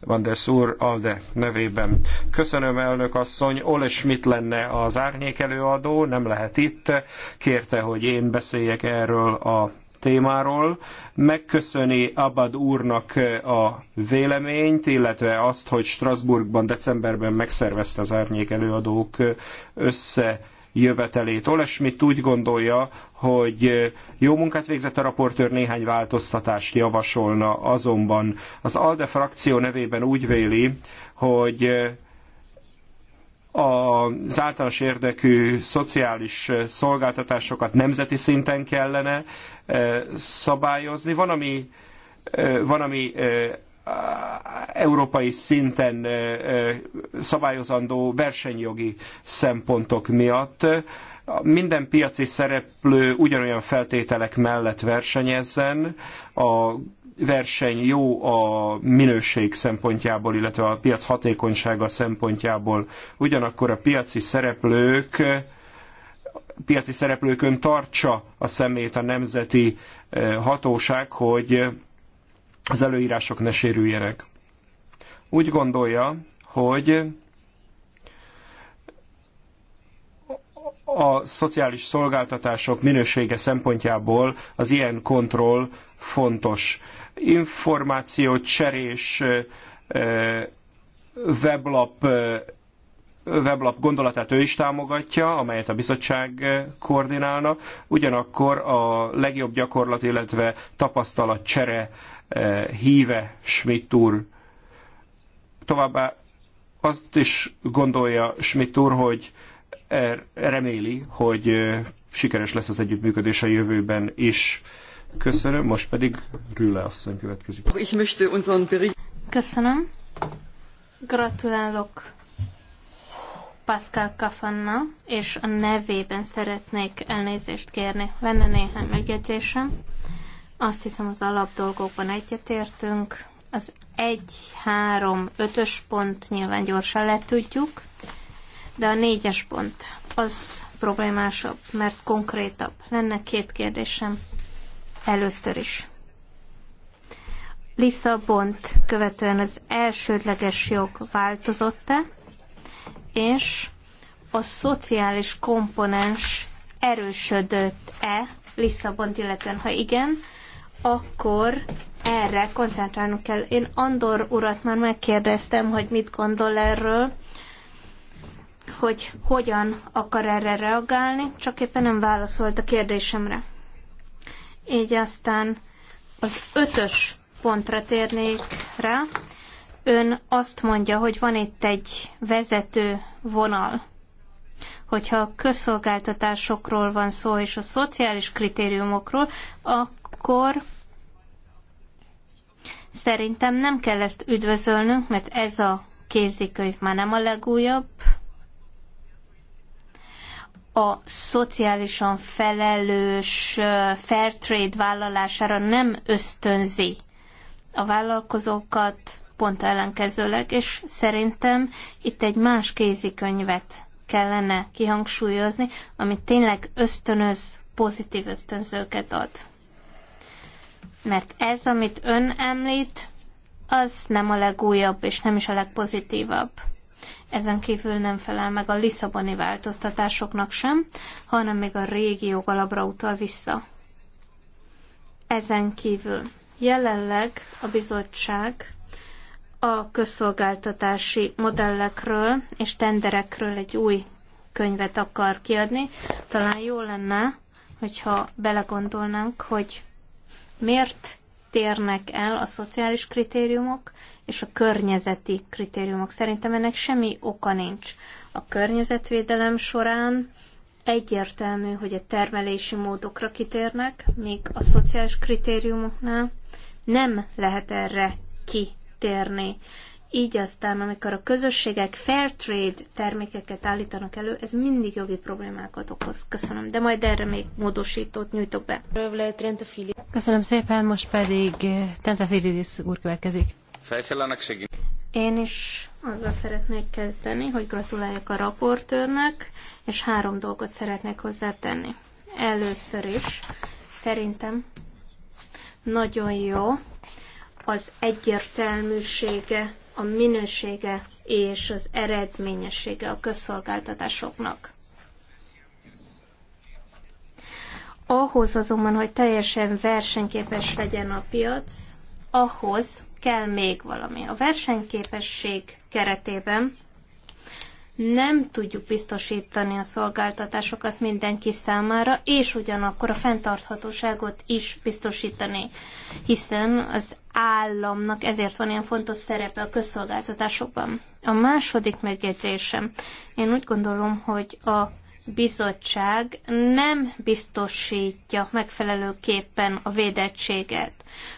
der úr Alde nevében. Köszönöm, elnök asszony. Ole Schmidt lenne az árnyékelőadó, nem lehet itt. Kérte, hogy én beszéljek erről a témáról. Megköszöni Abad úrnak a véleményt, illetve azt, hogy Strasbourgban decemberben megszervezte az árnyék előadók össze jövetelét. Olesmit úgy gondolja, hogy jó munkát végzett a raportőr, néhány változtatást javasolna, azonban az ALDE frakció nevében úgy véli, hogy az általános érdekű szociális szolgáltatásokat nemzeti szinten kellene eh, szabályozni. Van, ami eh, van, ami eh, európai szinten szabályozandó versenyjogi szempontok miatt minden piaci szereplő ugyanolyan feltételek mellett versenyezzen, a verseny jó a minőség szempontjából, illetve a piac hatékonysága szempontjából. Ugyanakkor a piaci szereplők piaci szereplőkön tartsa a szemét a nemzeti hatóság, hogy az előírások ne sérüljenek. Úgy gondolja, hogy a szociális szolgáltatások minősége szempontjából az ilyen kontroll fontos. Információ, cserés, weblap, weblap gondolatát ő is támogatja, amelyet a bizottság koordinálna, ugyanakkor a legjobb gyakorlat, illetve tapasztalat csere Eh, híve Schmidt úr. Továbbá azt is gondolja Schmidt úr, hogy eh, reméli, hogy eh, sikeres lesz az együttműködés a jövőben is. Köszönöm, most pedig Rüle asszony következik. Köszönöm. Gratulálok Pascal Kafanna, és a nevében szeretnék elnézést kérni. Lenne néhány megjegyzésem. Azt hiszem az alapdolgokban egyetértünk. Az 1, 3, 5-ös pont nyilván gyorsan letudjuk, de a 4-es pont az problémásabb, mert konkrétabb. Lenne két kérdésem. Először is. Lisszabont követően az elsődleges jog változott-e, és a szociális komponens erősödött-e Lisszabont, illetően ha igen, akkor erre koncentrálnunk kell. Én Andor urat már megkérdeztem, hogy mit gondol erről, hogy hogyan akar erre reagálni, csak éppen nem válaszolt a kérdésemre. Így aztán az ötös pontra térnék rá. Ön azt mondja, hogy van itt egy vezető vonal. Hogyha a közszolgáltatásokról van szó és a szociális kritériumokról, a akkor szerintem nem kell ezt üdvözölnünk, mert ez a kézikönyv már nem a legújabb. A szociálisan felelős fair trade vállalására nem ösztönzi a vállalkozókat, pont ellenkezőleg, és szerintem itt egy más kézikönyvet kellene kihangsúlyozni, ami tényleg ösztönöz, pozitív ösztönzőket ad. Mert ez, amit ön említ, az nem a legújabb, és nem is a legpozitívabb. Ezen kívül nem felel meg a Lisszaboni változtatásoknak sem, hanem még a régi jogalapra utal vissza. Ezen kívül jelenleg a bizottság a közszolgáltatási modellekről és tenderekről egy új könyvet akar kiadni. Talán jó lenne, hogyha belegondolnánk, hogy miért térnek el a szociális kritériumok és a környezeti kritériumok. Szerintem ennek semmi oka nincs. A környezetvédelem során egyértelmű, hogy a termelési módokra kitérnek, még a szociális kritériumoknál nem lehet erre kitérni. Így aztán, amikor a közösségek fair trade termékeket állítanak elő, ez mindig jogi problémákat okoz. Köszönöm, de majd erre még módosítót nyújtok be. Köszönöm szépen, most pedig Tenta Filidis úr következik. Én is azzal szeretnék kezdeni, hogy gratuláljak a raportőrnek, és három dolgot szeretnék hozzátenni. Először is szerintem nagyon jó az egyértelműsége a minősége és az eredményessége a közszolgáltatásoknak. Ahhoz azonban, hogy teljesen versenyképes legyen a piac, ahhoz kell még valami. A versenyképesség keretében nem tudjuk biztosítani a szolgáltatásokat mindenki számára, és ugyanakkor a fenntarthatóságot is biztosítani, hiszen az államnak ezért van ilyen fontos szerepe a közszolgáltatásokban. A második megjegyzésem. Én úgy gondolom, hogy a bizottság nem biztosítja megfelelőképpen a védettséget.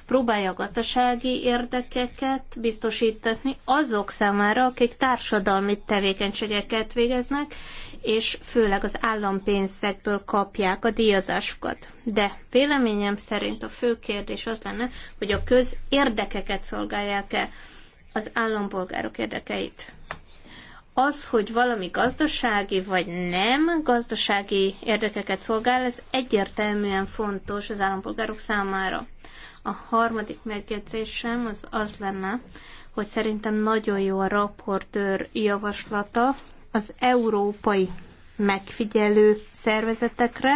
Próbálja a gazdasági érdekeket biztosítani azok számára, akik társadalmi tevékenységeket végeznek, és főleg az állampénzekből kapják a díjazásukat. De véleményem szerint a fő kérdés az lenne, hogy a közérdekeket szolgálják-e az állampolgárok érdekeit az, hogy valami gazdasági vagy nem gazdasági érdekeket szolgál, ez egyértelműen fontos az állampolgárok számára. A harmadik megjegyzésem az az lenne, hogy szerintem nagyon jó a raportőr javaslata az európai megfigyelő szervezetekre,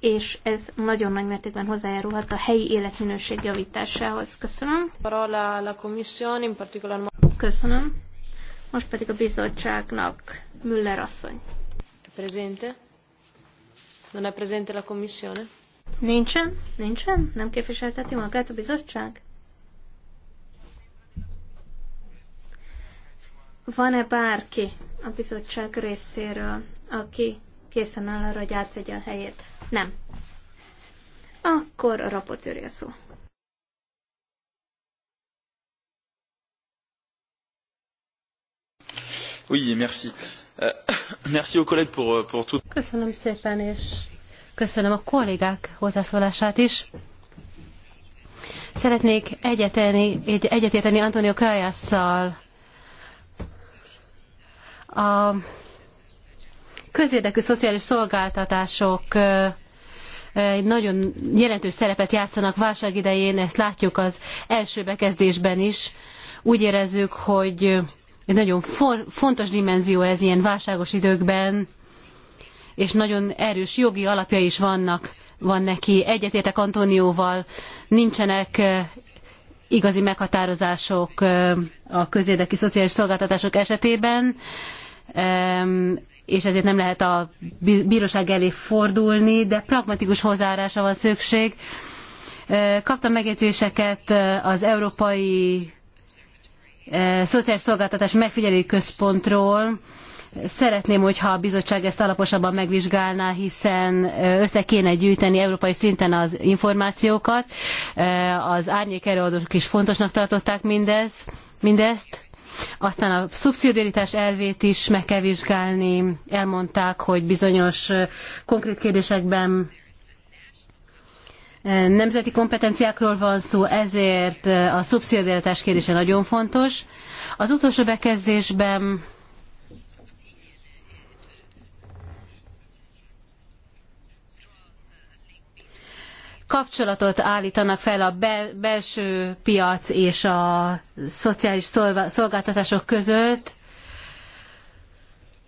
és ez nagyon nagy mértékben hozzájárulhat a helyi életminőség javításához. Köszönöm. Köszönöm. Most pedig a bizottságnak Müller asszony. Presente? Non è presente la commissione? Nincsen, nincsen, nem képviselteti magát a bizottság. Van-e bárki a bizottság részéről, aki készen áll arra, hogy átvegye a helyét? Nem. Akkor a raportőri szó. Oui, merci. Euh, merci aux collègues pour, euh, pour tout. Köszönöm szépen, és köszönöm a kollégák hozzászólását is. Szeretnék egyetérteni, egyetérteni Antonio Krajásszal. A közérdekű szociális szolgáltatások nagyon jelentős szerepet játszanak válság idején, ezt látjuk az első bekezdésben is. Úgy érezzük, hogy egy nagyon for, fontos dimenzió ez ilyen válságos időkben, és nagyon erős jogi alapja is vannak, van neki. Egyetértek Antónióval, nincsenek eh, igazi meghatározások eh, a közérdekű szociális szolgáltatások esetében, és ezért nem lehet a bíróság elé fordulni, de pragmatikus hozzáállása van szükség. Eh, kaptam megjegyzéseket az európai E, szociális Szolgáltatás Megfigyelői Központról. Szeretném, hogyha a bizottság ezt alaposabban megvizsgálná, hiszen e, össze kéne gyűjteni európai szinten az információkat. E, az árnyék előadók is fontosnak tartották mindez, mindezt. Aztán a szubszidiaritás elvét is meg kell vizsgálni. Elmondták, hogy bizonyos konkrét kérdésekben Eh, nemzeti kompetenciákról van szó, ezért eh, a szubszidiaritás kérdése nagyon fontos. Az utolsó bekezdésben kapcsolatot állítanak fel a belső piac és a szociális szolgáltatások között.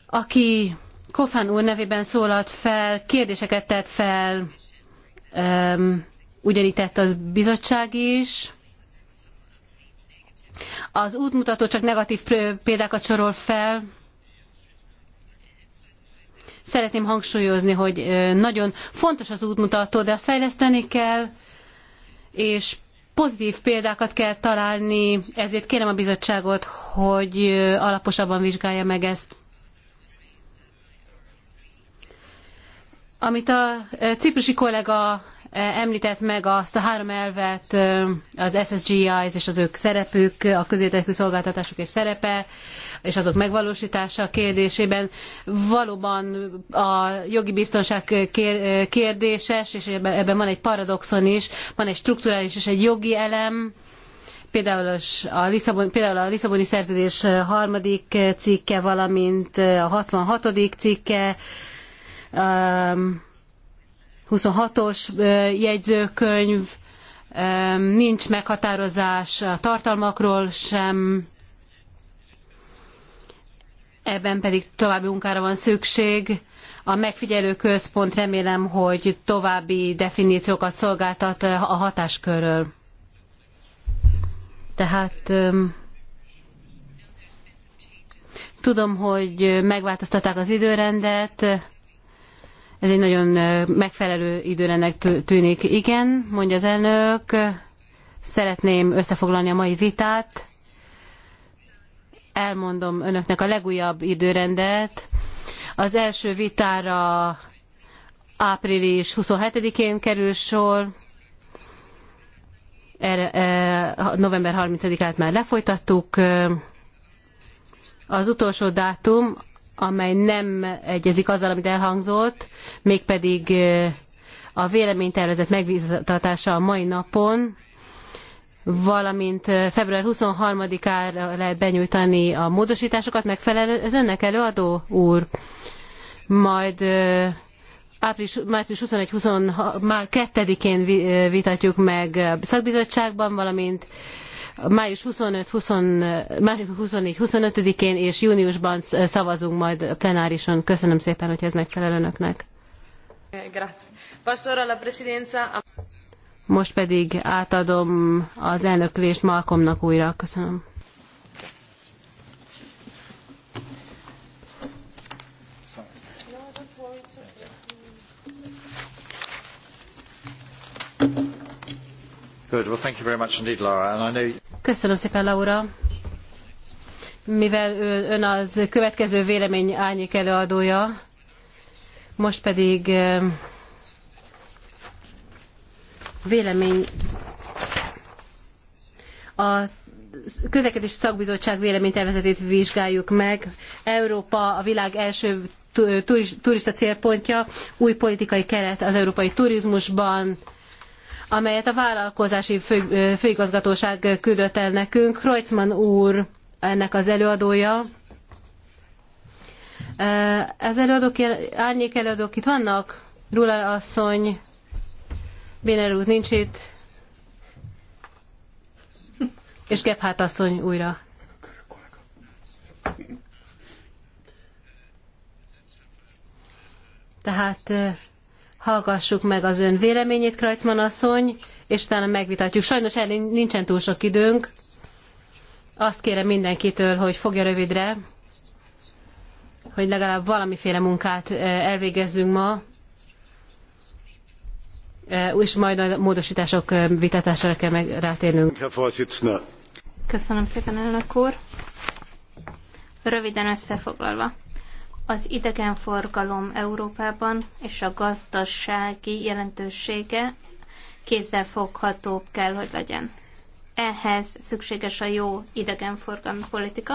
Aki Kofán úr nevében szólalt fel, kérdéseket tett fel ugyanígy tett az bizottság is. Az útmutató csak negatív példákat sorol fel. Szeretném hangsúlyozni, hogy nagyon fontos az útmutató, de azt fejleszteni kell, és pozitív példákat kell találni, ezért kérem a bizottságot, hogy alaposabban vizsgálja meg ezt. Amit a e, ciprusi kollega e, említett meg azt a három elvet, e, az SSGIs és az ők szerepük, a közérdekű szolgáltatások és szerepe, és azok megvalósítása kérdésében valóban a jogi biztonság kérdéses, és ebben van egy paradoxon is, van egy strukturális és egy jogi elem, Például a, Lisszabon, például a Lisszaboni szerződés harmadik cikke, valamint a 66. cikke, 26-os jegyzőkönyv, nincs meghatározás a tartalmakról sem, ebben pedig további munkára van szükség. A megfigyelő központ remélem, hogy további definíciókat szolgáltat a hatáskörről. Tehát tudom, hogy megváltoztatták az időrendet, ez egy nagyon megfelelő időrendnek tűnik. Igen, mondja az elnök, szeretném összefoglalni a mai vitát. Elmondom önöknek a legújabb időrendet. Az első vitára április 27-én kerül sor, erre, november 30-át már lefolytattuk. Az utolsó dátum amely nem egyezik azzal, amit elhangzott, mégpedig a véleménytervezet megvizsgatása a mai napon, valamint február 23-ára lehet benyújtani a módosításokat. Megfelel ez önnek előadó úr? Majd április, március 21-22-én vitatjuk meg szakbizottságban, valamint május 24-25-én és júniusban szavazunk majd a plenárison. Köszönöm szépen, hogy ez megfelel önöknek. Most pedig átadom az elnöklést Malcolmnak újra. Köszönöm. Köszönöm szépen, Laura. Mivel ön az következő vélemény árnyék előadója, most pedig vélemény a közlekedési szakbizottság véleménytervezetét vizsgáljuk meg. Európa a világ első turista célpontja, új politikai keret az európai turizmusban, amelyet a vállalkozási fő, főigazgatóság küldött el nekünk. Kreutzmann úr ennek az előadója. Az előadók, árnyék előadók itt vannak? Rula asszony, Béner úr nincs itt, és Gebhardt asszony újra. Tehát hallgassuk meg az ön véleményét, Krajcman asszony, és utána megvitatjuk. Sajnos el nincsen túl sok időnk. Azt kérem mindenkitől, hogy fogja rövidre, hogy legalább valamiféle munkát eh, elvégezzünk ma, eh, és majd a módosítások eh, vitatására kell meg rátérnünk. Köszönöm szépen, elnök úr. Röviden összefoglalva az idegenforgalom Európában és a gazdasági jelentősége kézzelfoghatóbb kell, hogy legyen. Ehhez szükséges a jó idegenforgalmi politika.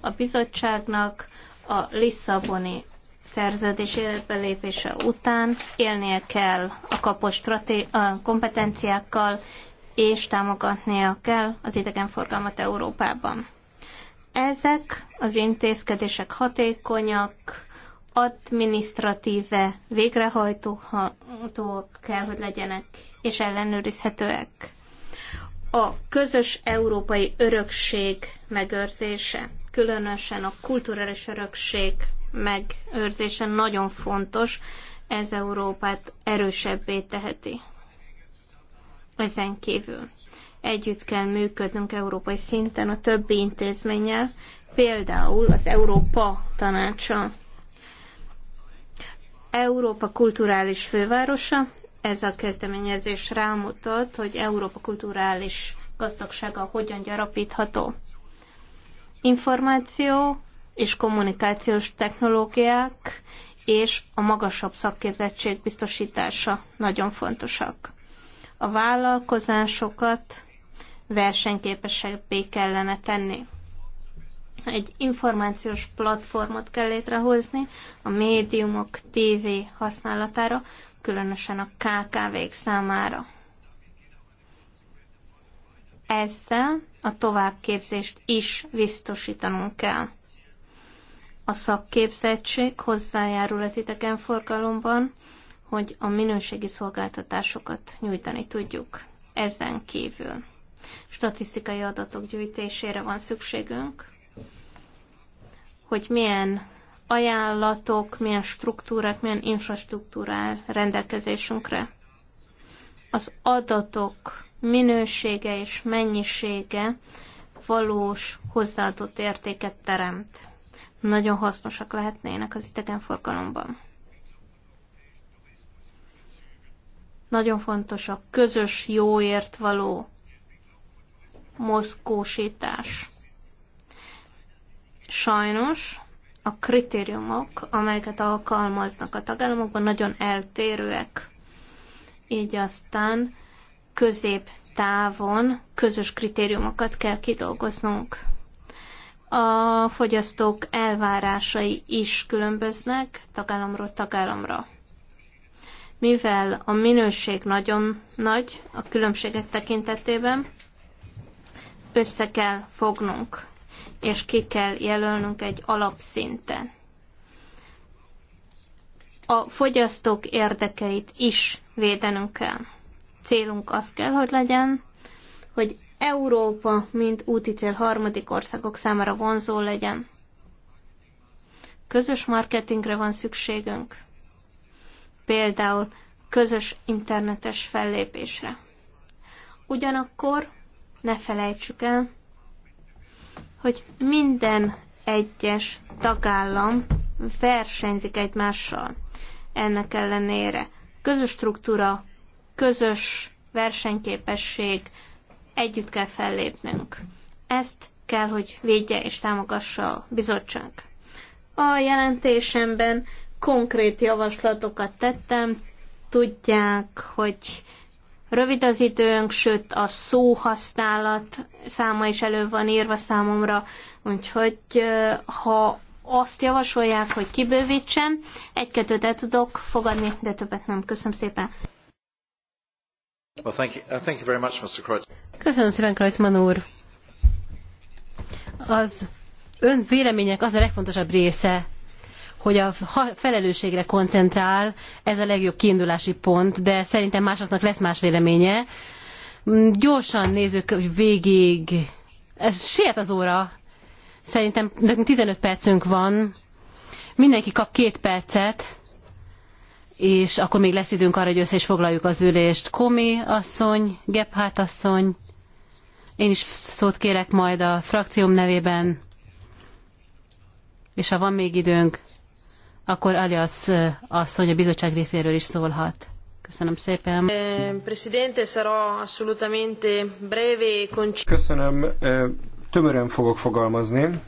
A bizottságnak a Lisszaboni szerződés életbelépése után élnie kell a kapott kompetenciákkal, és támogatnia kell az idegenforgalmat Európában. Ezek az intézkedések hatékonyak, administratíve végrehajtóak kell, hogy legyenek, és ellenőrizhetőek. A közös európai örökség megőrzése, különösen a kulturális örökség megőrzése nagyon fontos, ez Európát erősebbé teheti. Ezen kívül Együtt kell működnünk európai szinten a többi intézménnyel, például az Európa tanácsa. Európa kulturális fővárosa, ez a kezdeményezés rámutat, hogy Európa kulturális gazdagsága hogyan gyarapítható. Információ és kommunikációs technológiák és a magasabb szakképzettség biztosítása nagyon fontosak. A vállalkozásokat versenyképesebbé kellene tenni. Egy információs platformot kell létrehozni a médiumok TV használatára, különösen a KKV-k számára. Ezzel a továbbképzést is biztosítanunk kell. A szakképzettség hozzájárul az idegenforgalomban, hogy a minőségi szolgáltatásokat nyújtani tudjuk ezen kívül statisztikai adatok gyűjtésére van szükségünk, hogy milyen ajánlatok, milyen struktúrák, milyen infrastruktúrál rendelkezésünkre. Az adatok minősége és mennyisége valós hozzáadott értéket teremt. Nagyon hasznosak lehetnének az idegenforgalomban. Nagyon fontos a közös jóért való mozgósítás. Sajnos a kritériumok, amelyeket alkalmaznak a tagállamokban, nagyon eltérőek. Így aztán középtávon közös kritériumokat kell kidolgoznunk. A fogyasztók elvárásai is különböznek tagállamról tagállamra. Mivel a minőség nagyon nagy a különbségek tekintetében, össze kell fognunk, és ki kell jelölnünk egy alapszinten. A fogyasztók érdekeit is védenünk kell. Célunk az kell, hogy legyen, hogy Európa, mint úti cél harmadik országok számára vonzó legyen. Közös marketingre van szükségünk. Például közös internetes fellépésre. Ugyanakkor ne felejtsük el, hogy minden egyes tagállam versenyzik egymással. Ennek ellenére közös struktúra, közös versenyképesség, együtt kell fellépnünk. Ezt kell, hogy védje és támogassa a bizottság. A jelentésemben konkrét javaslatokat tettem, tudják, hogy Rövid az időnk, sőt a szóhasználat száma is elő van írva számomra, úgyhogy ha azt javasolják, hogy kibővítsem, egy-kettőt el tudok fogadni, de többet nem. Köszönöm szépen. Well, thank you. Uh, thank you very much, Mr. Köszönöm szépen, Kreutzmann úr. Az ön vélemények az a legfontosabb része hogy a felelősségre koncentrál, ez a legjobb kiindulási pont, de szerintem másoknak lesz más véleménye. Mm, gyorsan nézzük végig. Siet az óra. Szerintem 15 percünk van. Mindenki kap két percet és akkor még lesz időnk arra, hogy össze is foglaljuk az ülést. Komi asszony, Gebhardt asszony, én is szót kérek majd a frakcióm nevében, és ha van még időnk, akkor Aliasz asszony a bizottság részéről is szólhat. Köszönöm szépen. Eh, Presidente, sarò assolutamente breve e conc- Köszönöm, eh, tömören fogok fogalmazni.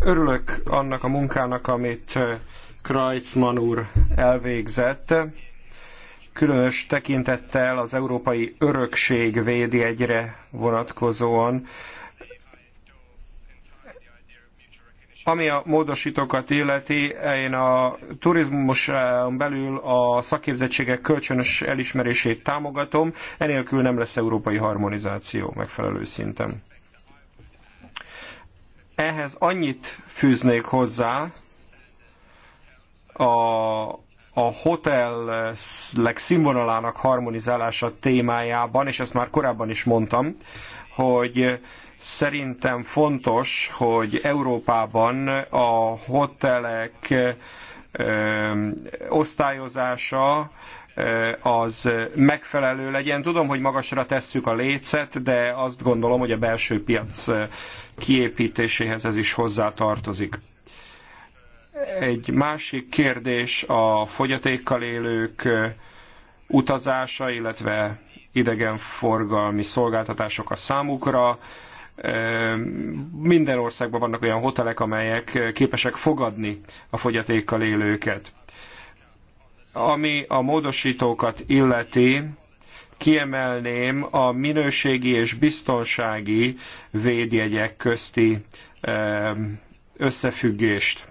Örülök annak a munkának, amit eh, Kreitzmann úr elvégzett. Különös tekintettel az európai örökség védi egyre vonatkozóan Ami a módosítókat illeti, én a turizmuson belül a szakképzettségek kölcsönös elismerését támogatom, enélkül nem lesz európai harmonizáció megfelelő szinten. Ehhez annyit fűznék hozzá, a, a hotellek színvonalának harmonizálása témájában, és ezt már korábban is mondtam, hogy Szerintem fontos, hogy Európában a hotelek osztályozása az megfelelő legyen. Tudom, hogy magasra tesszük a lécet, de azt gondolom, hogy a belső piac kiépítéséhez ez is hozzá tartozik. Egy másik kérdés a fogyatékkal élők utazása, illetve idegenforgalmi szolgáltatások a számukra. Ehm, minden országban vannak olyan hotelek, amelyek eh, képesek fogadni a fogyatékkal élőket. Ami a módosítókat illeti, kiemelném a minőségi és biztonsági védjegyek közti ehm, összefüggést.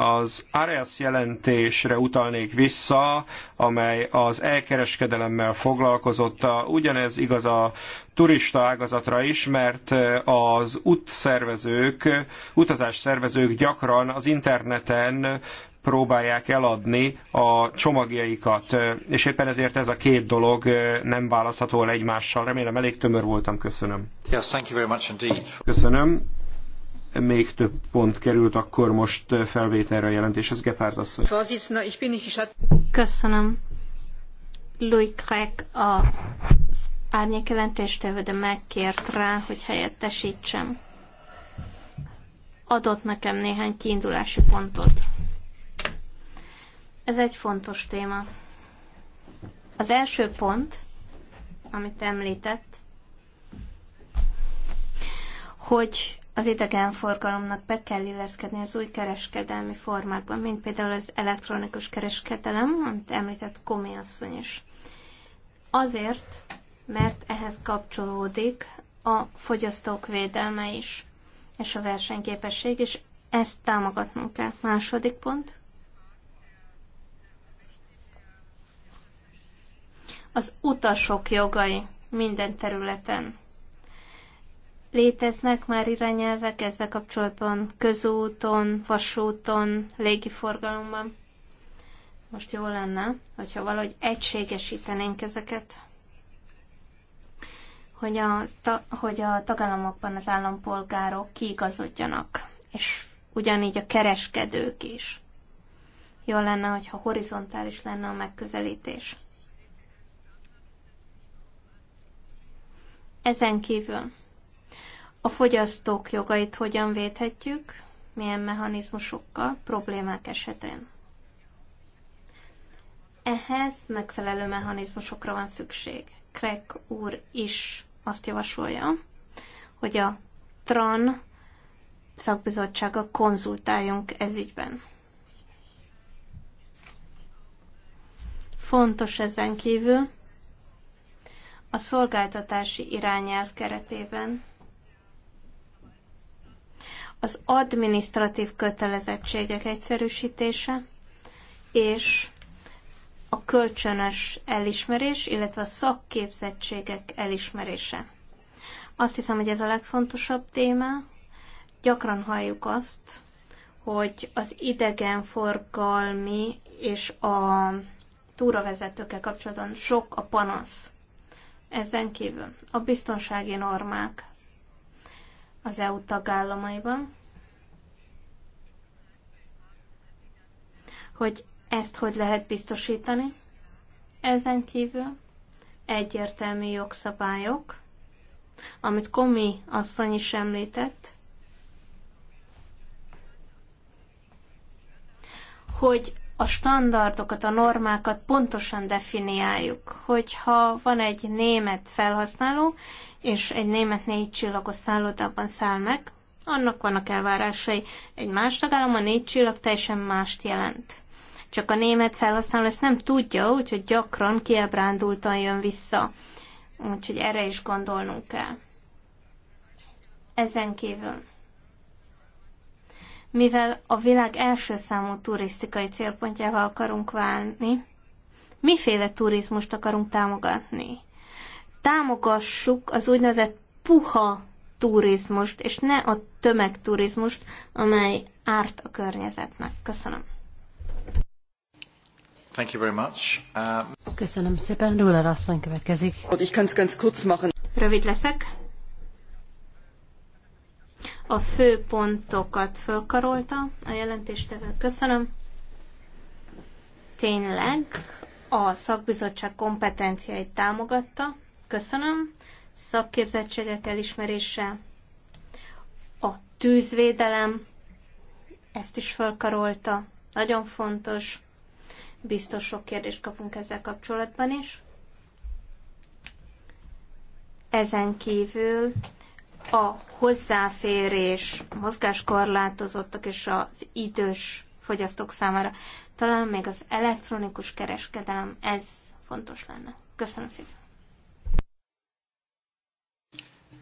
Az Arias jelentésre utalnék vissza, amely az elkereskedelemmel foglalkozott. Ugyanez igaz a turista ágazatra is, mert az útszervezők, utazásszervezők gyakran az interneten próbálják eladni a csomagjaikat, és éppen ezért ez a két dolog nem választható el egymással. Remélem elég tömör voltam, köszönöm. Yes, thank you very much indeed. Köszönöm még több pont került akkor most felvételre a jelentéshez. Gepárd asszony. Köszönöm. Louis Craig a árnyék jelentéstevő, de megkért rá, hogy helyettesítsem. Adott nekem néhány kiindulási pontot. Ez egy fontos téma. Az első pont, amit említett, hogy az idegenforgalomnak be kell illeszkedni az új kereskedelmi formákban, mint például az elektronikus kereskedelem, amit említett Komi asszony is. Azért, mert ehhez kapcsolódik a fogyasztók védelme is, és a versenyképesség, és ezt támogatnunk kell. Második pont. Az utasok jogai minden területen Léteznek már irányelvek ezzel kapcsolatban közúton, vasúton, légiforgalomban? Most jó lenne, hogyha valahogy egységesítenénk ezeket, hogy a, ta, hogy a tagállamokban az állampolgárok kiigazodjanak, és ugyanígy a kereskedők is. Jó lenne, hogyha horizontális lenne a megközelítés. Ezen kívül a fogyasztók jogait hogyan védhetjük, milyen mechanizmusokkal, problémák esetén. Ehhez megfelelő mechanizmusokra van szükség. Craig úr is azt javasolja, hogy a TRAN szakbizottsága konzultáljunk ez ügyben. Fontos ezen kívül a szolgáltatási irányelv keretében az administratív kötelezettségek egyszerűsítése és a kölcsönös elismerés, illetve a szakképzettségek elismerése. Azt hiszem, hogy ez a legfontosabb téma. Gyakran halljuk azt, hogy az idegenforgalmi és a túravezetőkkel kapcsolatban sok a panasz. Ezen kívül a biztonsági normák, az EU tagállamaiban, hogy ezt hogy lehet biztosítani. Ezen kívül egyértelmű jogszabályok, amit Komi asszony is említett, hogy a standardokat, a normákat pontosan definiáljuk. Hogyha van egy német felhasználó, és egy német négy csillagos szállodában száll meg, annak vannak elvárásai. Egy más tagállam a négy csillag teljesen mást jelent. Csak a német felhasználó ezt nem tudja, úgyhogy gyakran kiebrándultan jön vissza. Úgyhogy erre is gondolnunk kell. Ezen kívül. Mivel a világ első számú turisztikai célpontjával akarunk válni, miféle turizmust akarunk támogatni? támogassuk az úgynevezett puha turizmust, és ne a tömegturizmust, amely árt a környezetnek. Köszönöm. Thank you very much. Uh, Köszönöm szépen. Ruller asszony következik. Ich kann's ganz kurz machen. Rövid leszek. A fő pontokat fölkarolta a jelentéstevő. Köszönöm. Tényleg a szakbizottság kompetenciáit támogatta, Köszönöm. Szakképzettségek elismerése, a tűzvédelem, ezt is felkarolta, nagyon fontos. Biztos sok kérdést kapunk ezzel kapcsolatban is. Ezen kívül a hozzáférés, a mozgáskorlátozottak és az idős fogyasztók számára. Talán még az elektronikus kereskedelem, ez fontos lenne. Köszönöm szépen!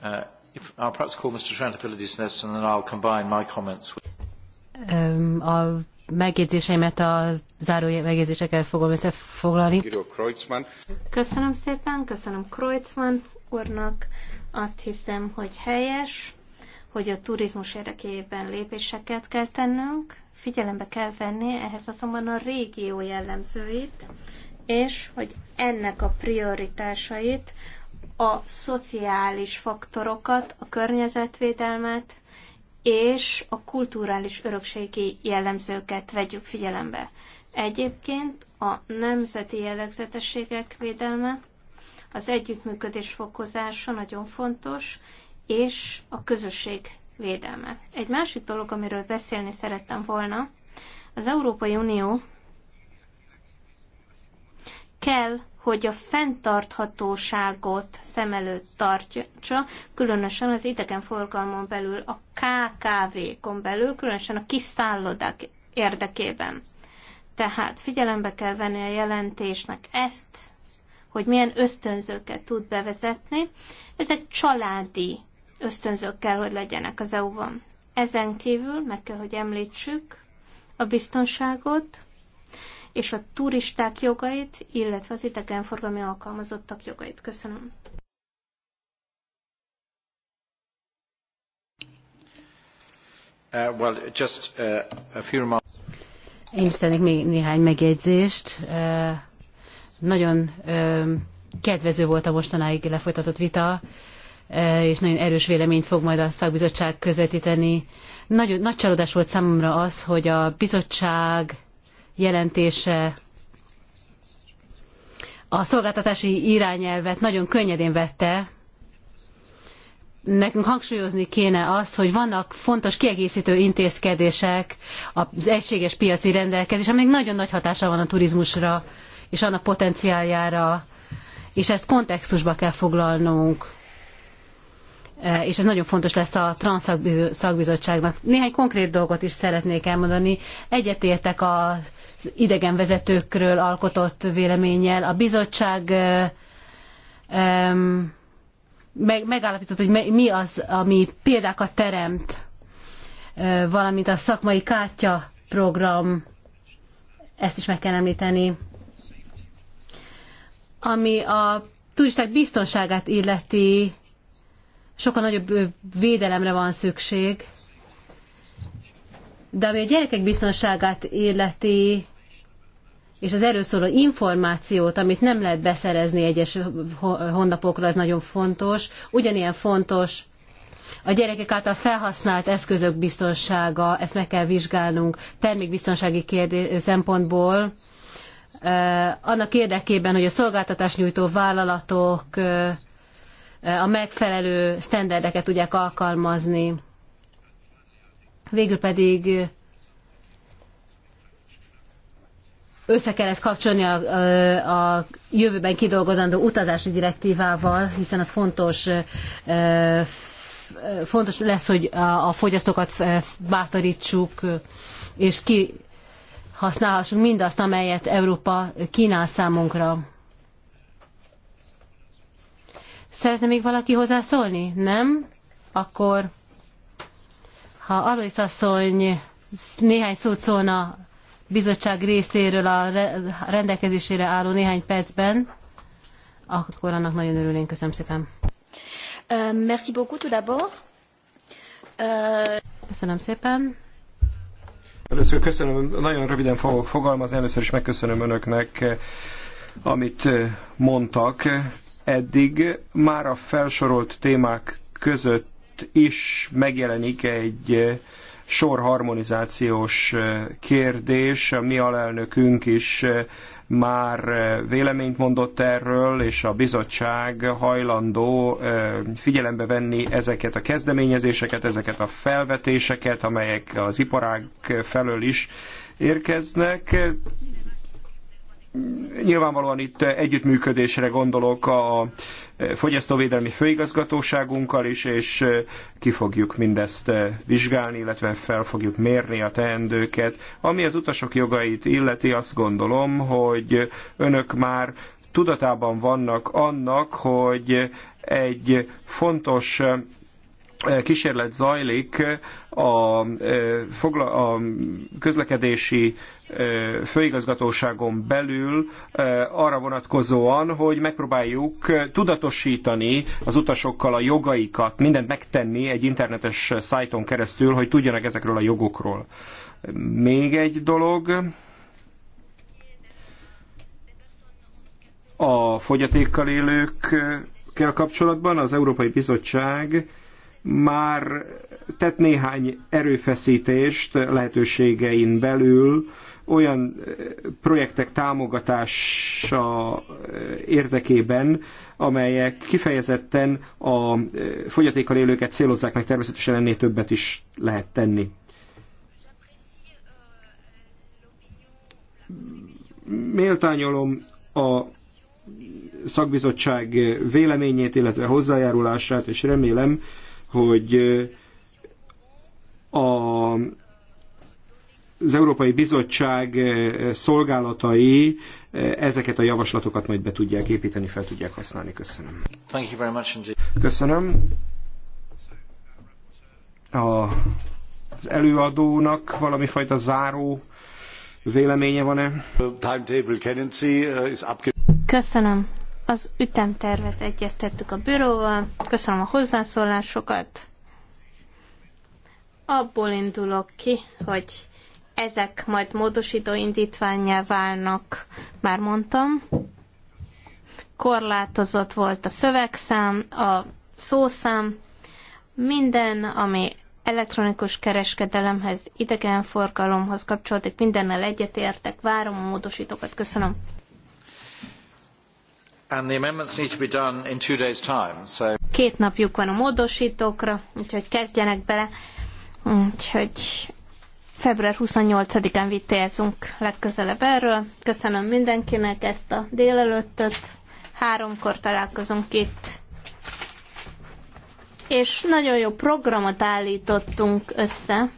Uh, if, I'll perhaps call Mr. Trantafilides next and then I'll combine my comments. With... Um, a megjegyzéseimet a záró megjegyzésekkel fogom összefoglalni. Köszönöm szépen, köszönöm Kreutzmann úrnak. Azt hiszem, hogy helyes, hogy a turizmus érdekében lépéseket kell tennünk, figyelembe kell venni ehhez azonban a régió jellemzőit, és hogy ennek a prioritásait a szociális faktorokat, a környezetvédelmet és a kulturális örökségi jellemzőket vegyük figyelembe. Egyébként a nemzeti jellegzetességek védelme, az együttműködés fokozása nagyon fontos, és a közösség védelme. Egy másik dolog, amiről beszélni szerettem volna, az Európai Unió kell hogy a fenntarthatóságot szem előtt tartsa, különösen az idegenforgalmon belül, a KKV-kon belül, különösen a kiszállodák érdekében. Tehát figyelembe kell venni a jelentésnek ezt, hogy milyen ösztönzőket tud bevezetni. Ezek családi ösztönzők kell, hogy legyenek az EU-ban. Ezen kívül meg kell, hogy említsük a biztonságot, és a turisták jogait, illetve az idegenforgalmi alkalmazottak jogait. Köszönöm. Uh, well, just, uh, a few remarks. Én is tennék még néhány megjegyzést. Uh, nagyon um, kedvező volt a mostanáig lefolytatott vita, uh, és nagyon erős véleményt fog majd a szakbizottság közvetíteni. Nagy, nagy csalódás volt számomra az, hogy a bizottság jelentése a szolgáltatási irányelvet nagyon könnyedén vette, nekünk hangsúlyozni kéne azt, hogy vannak fontos kiegészítő intézkedések az egységes piaci rendelkezés, aminek nagyon nagy hatása van a turizmusra és annak potenciáljára, és ezt kontextusba kell foglalnunk. E, és ez nagyon fontos lesz a Transzakbizottságnak. Néhány konkrét dolgot is szeretnék elmondani. Egyetértek az idegenvezetőkről alkotott véleménnyel. A bizottság e, meg, megállapított, hogy mi az, ami példákat teremt, e, valamint a szakmai kártya program, ezt is meg kell említeni, ami a turisták biztonságát illeti, sokkal nagyobb védelemre van szükség. De ami a gyerekek biztonságát illeti, és az erről szóló információt, amit nem lehet beszerezni egyes honlapokra, az nagyon fontos. Ugyanilyen fontos a gyerekek által felhasznált eszközök biztonsága, ezt meg kell vizsgálnunk termékbiztonsági kérdés, szempontból, annak érdekében, hogy a szolgáltatásnyújtó vállalatok a megfelelő sztenderdeket tudják alkalmazni. Végül pedig össze kell ezt kapcsolni a, a jövőben kidolgozandó utazási direktívával, hiszen az fontos fontos lesz, hogy a fogyasztókat bátorítsuk, és használhassunk mindazt, amelyet Európa kínál számunkra. Szeretne még valaki hozzászólni? Nem? Akkor, ha Alois asszony néhány szót szólna bizottság részéről a rendelkezésére álló néhány percben, akkor annak nagyon örülnénk. Köszönöm szépen. Merci beaucoup tout d'abord. Köszönöm szépen. Először köszönöm, nagyon röviden fogok fogalmazni, először is megköszönöm önöknek, amit mondtak eddig már a felsorolt témák között is megjelenik egy eh, sor harmonizációs eh, kérdés. A mi alelnökünk is eh, már véleményt mondott erről, és a bizottság hajlandó figyelembe venni ezeket a kezdeményezéseket, ezeket a felvetéseket, amelyek az iparág felől is érkeznek. Nyilvánvalóan itt együttműködésre gondolok a fogyasztóvédelmi főigazgatóságunkkal is, és ki fogjuk mindezt vizsgálni, illetve fel fogjuk mérni a teendőket. Ami az utasok jogait illeti, azt gondolom, hogy önök már tudatában vannak annak, hogy egy fontos kísérlet zajlik a, a közlekedési főigazgatóságon belül arra vonatkozóan, hogy megpróbáljuk tudatosítani az utasokkal a jogaikat, mindent megtenni egy internetes szájton keresztül, hogy tudjanak ezekről a jogokról. Még egy dolog, a fogyatékkal élőkkel kapcsolatban az Európai Bizottság már tett néhány erőfeszítést lehetőségein belül olyan projektek támogatása érdekében, amelyek kifejezetten a fogyatékkal élőket célozzák meg, természetesen ennél többet is lehet tenni. Méltányolom a szakbizottság véleményét, illetve hozzájárulását, és remélem, hogy a az Európai Bizottság eh, szolgálatai eh, ezeket a javaslatokat majd be tudják építeni, fel tudják használni. Köszönöm. Thank you very much Köszönöm. A, az előadónak valami fajta záró véleménye van-e? Eh, Köszönöm. Az ütemtervet egyeztettük a büróval. Köszönöm a hozzászólásokat abból indulok ki, hogy ezek majd módosító indítványjá válnak, már mondtam. Korlátozott volt a szövegszám, a szószám, minden, ami elektronikus kereskedelemhez, idegenforgalomhoz kapcsolódik, mindennel egyetértek, várom a módosítókat, köszönöm. And the amendments need to be done in two days time, so... Két napjuk van a módosítókra, úgyhogy kezdjenek bele. Úgyhogy Február 28-án vitézünk legközelebb erről. Köszönöm mindenkinek ezt a délelőttöt. Háromkor találkozunk itt. És nagyon jó programot állítottunk össze.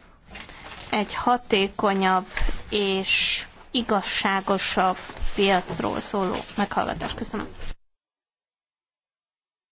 Egy hatékonyabb és igazságosabb piacról szóló meghallgatás. Köszönöm.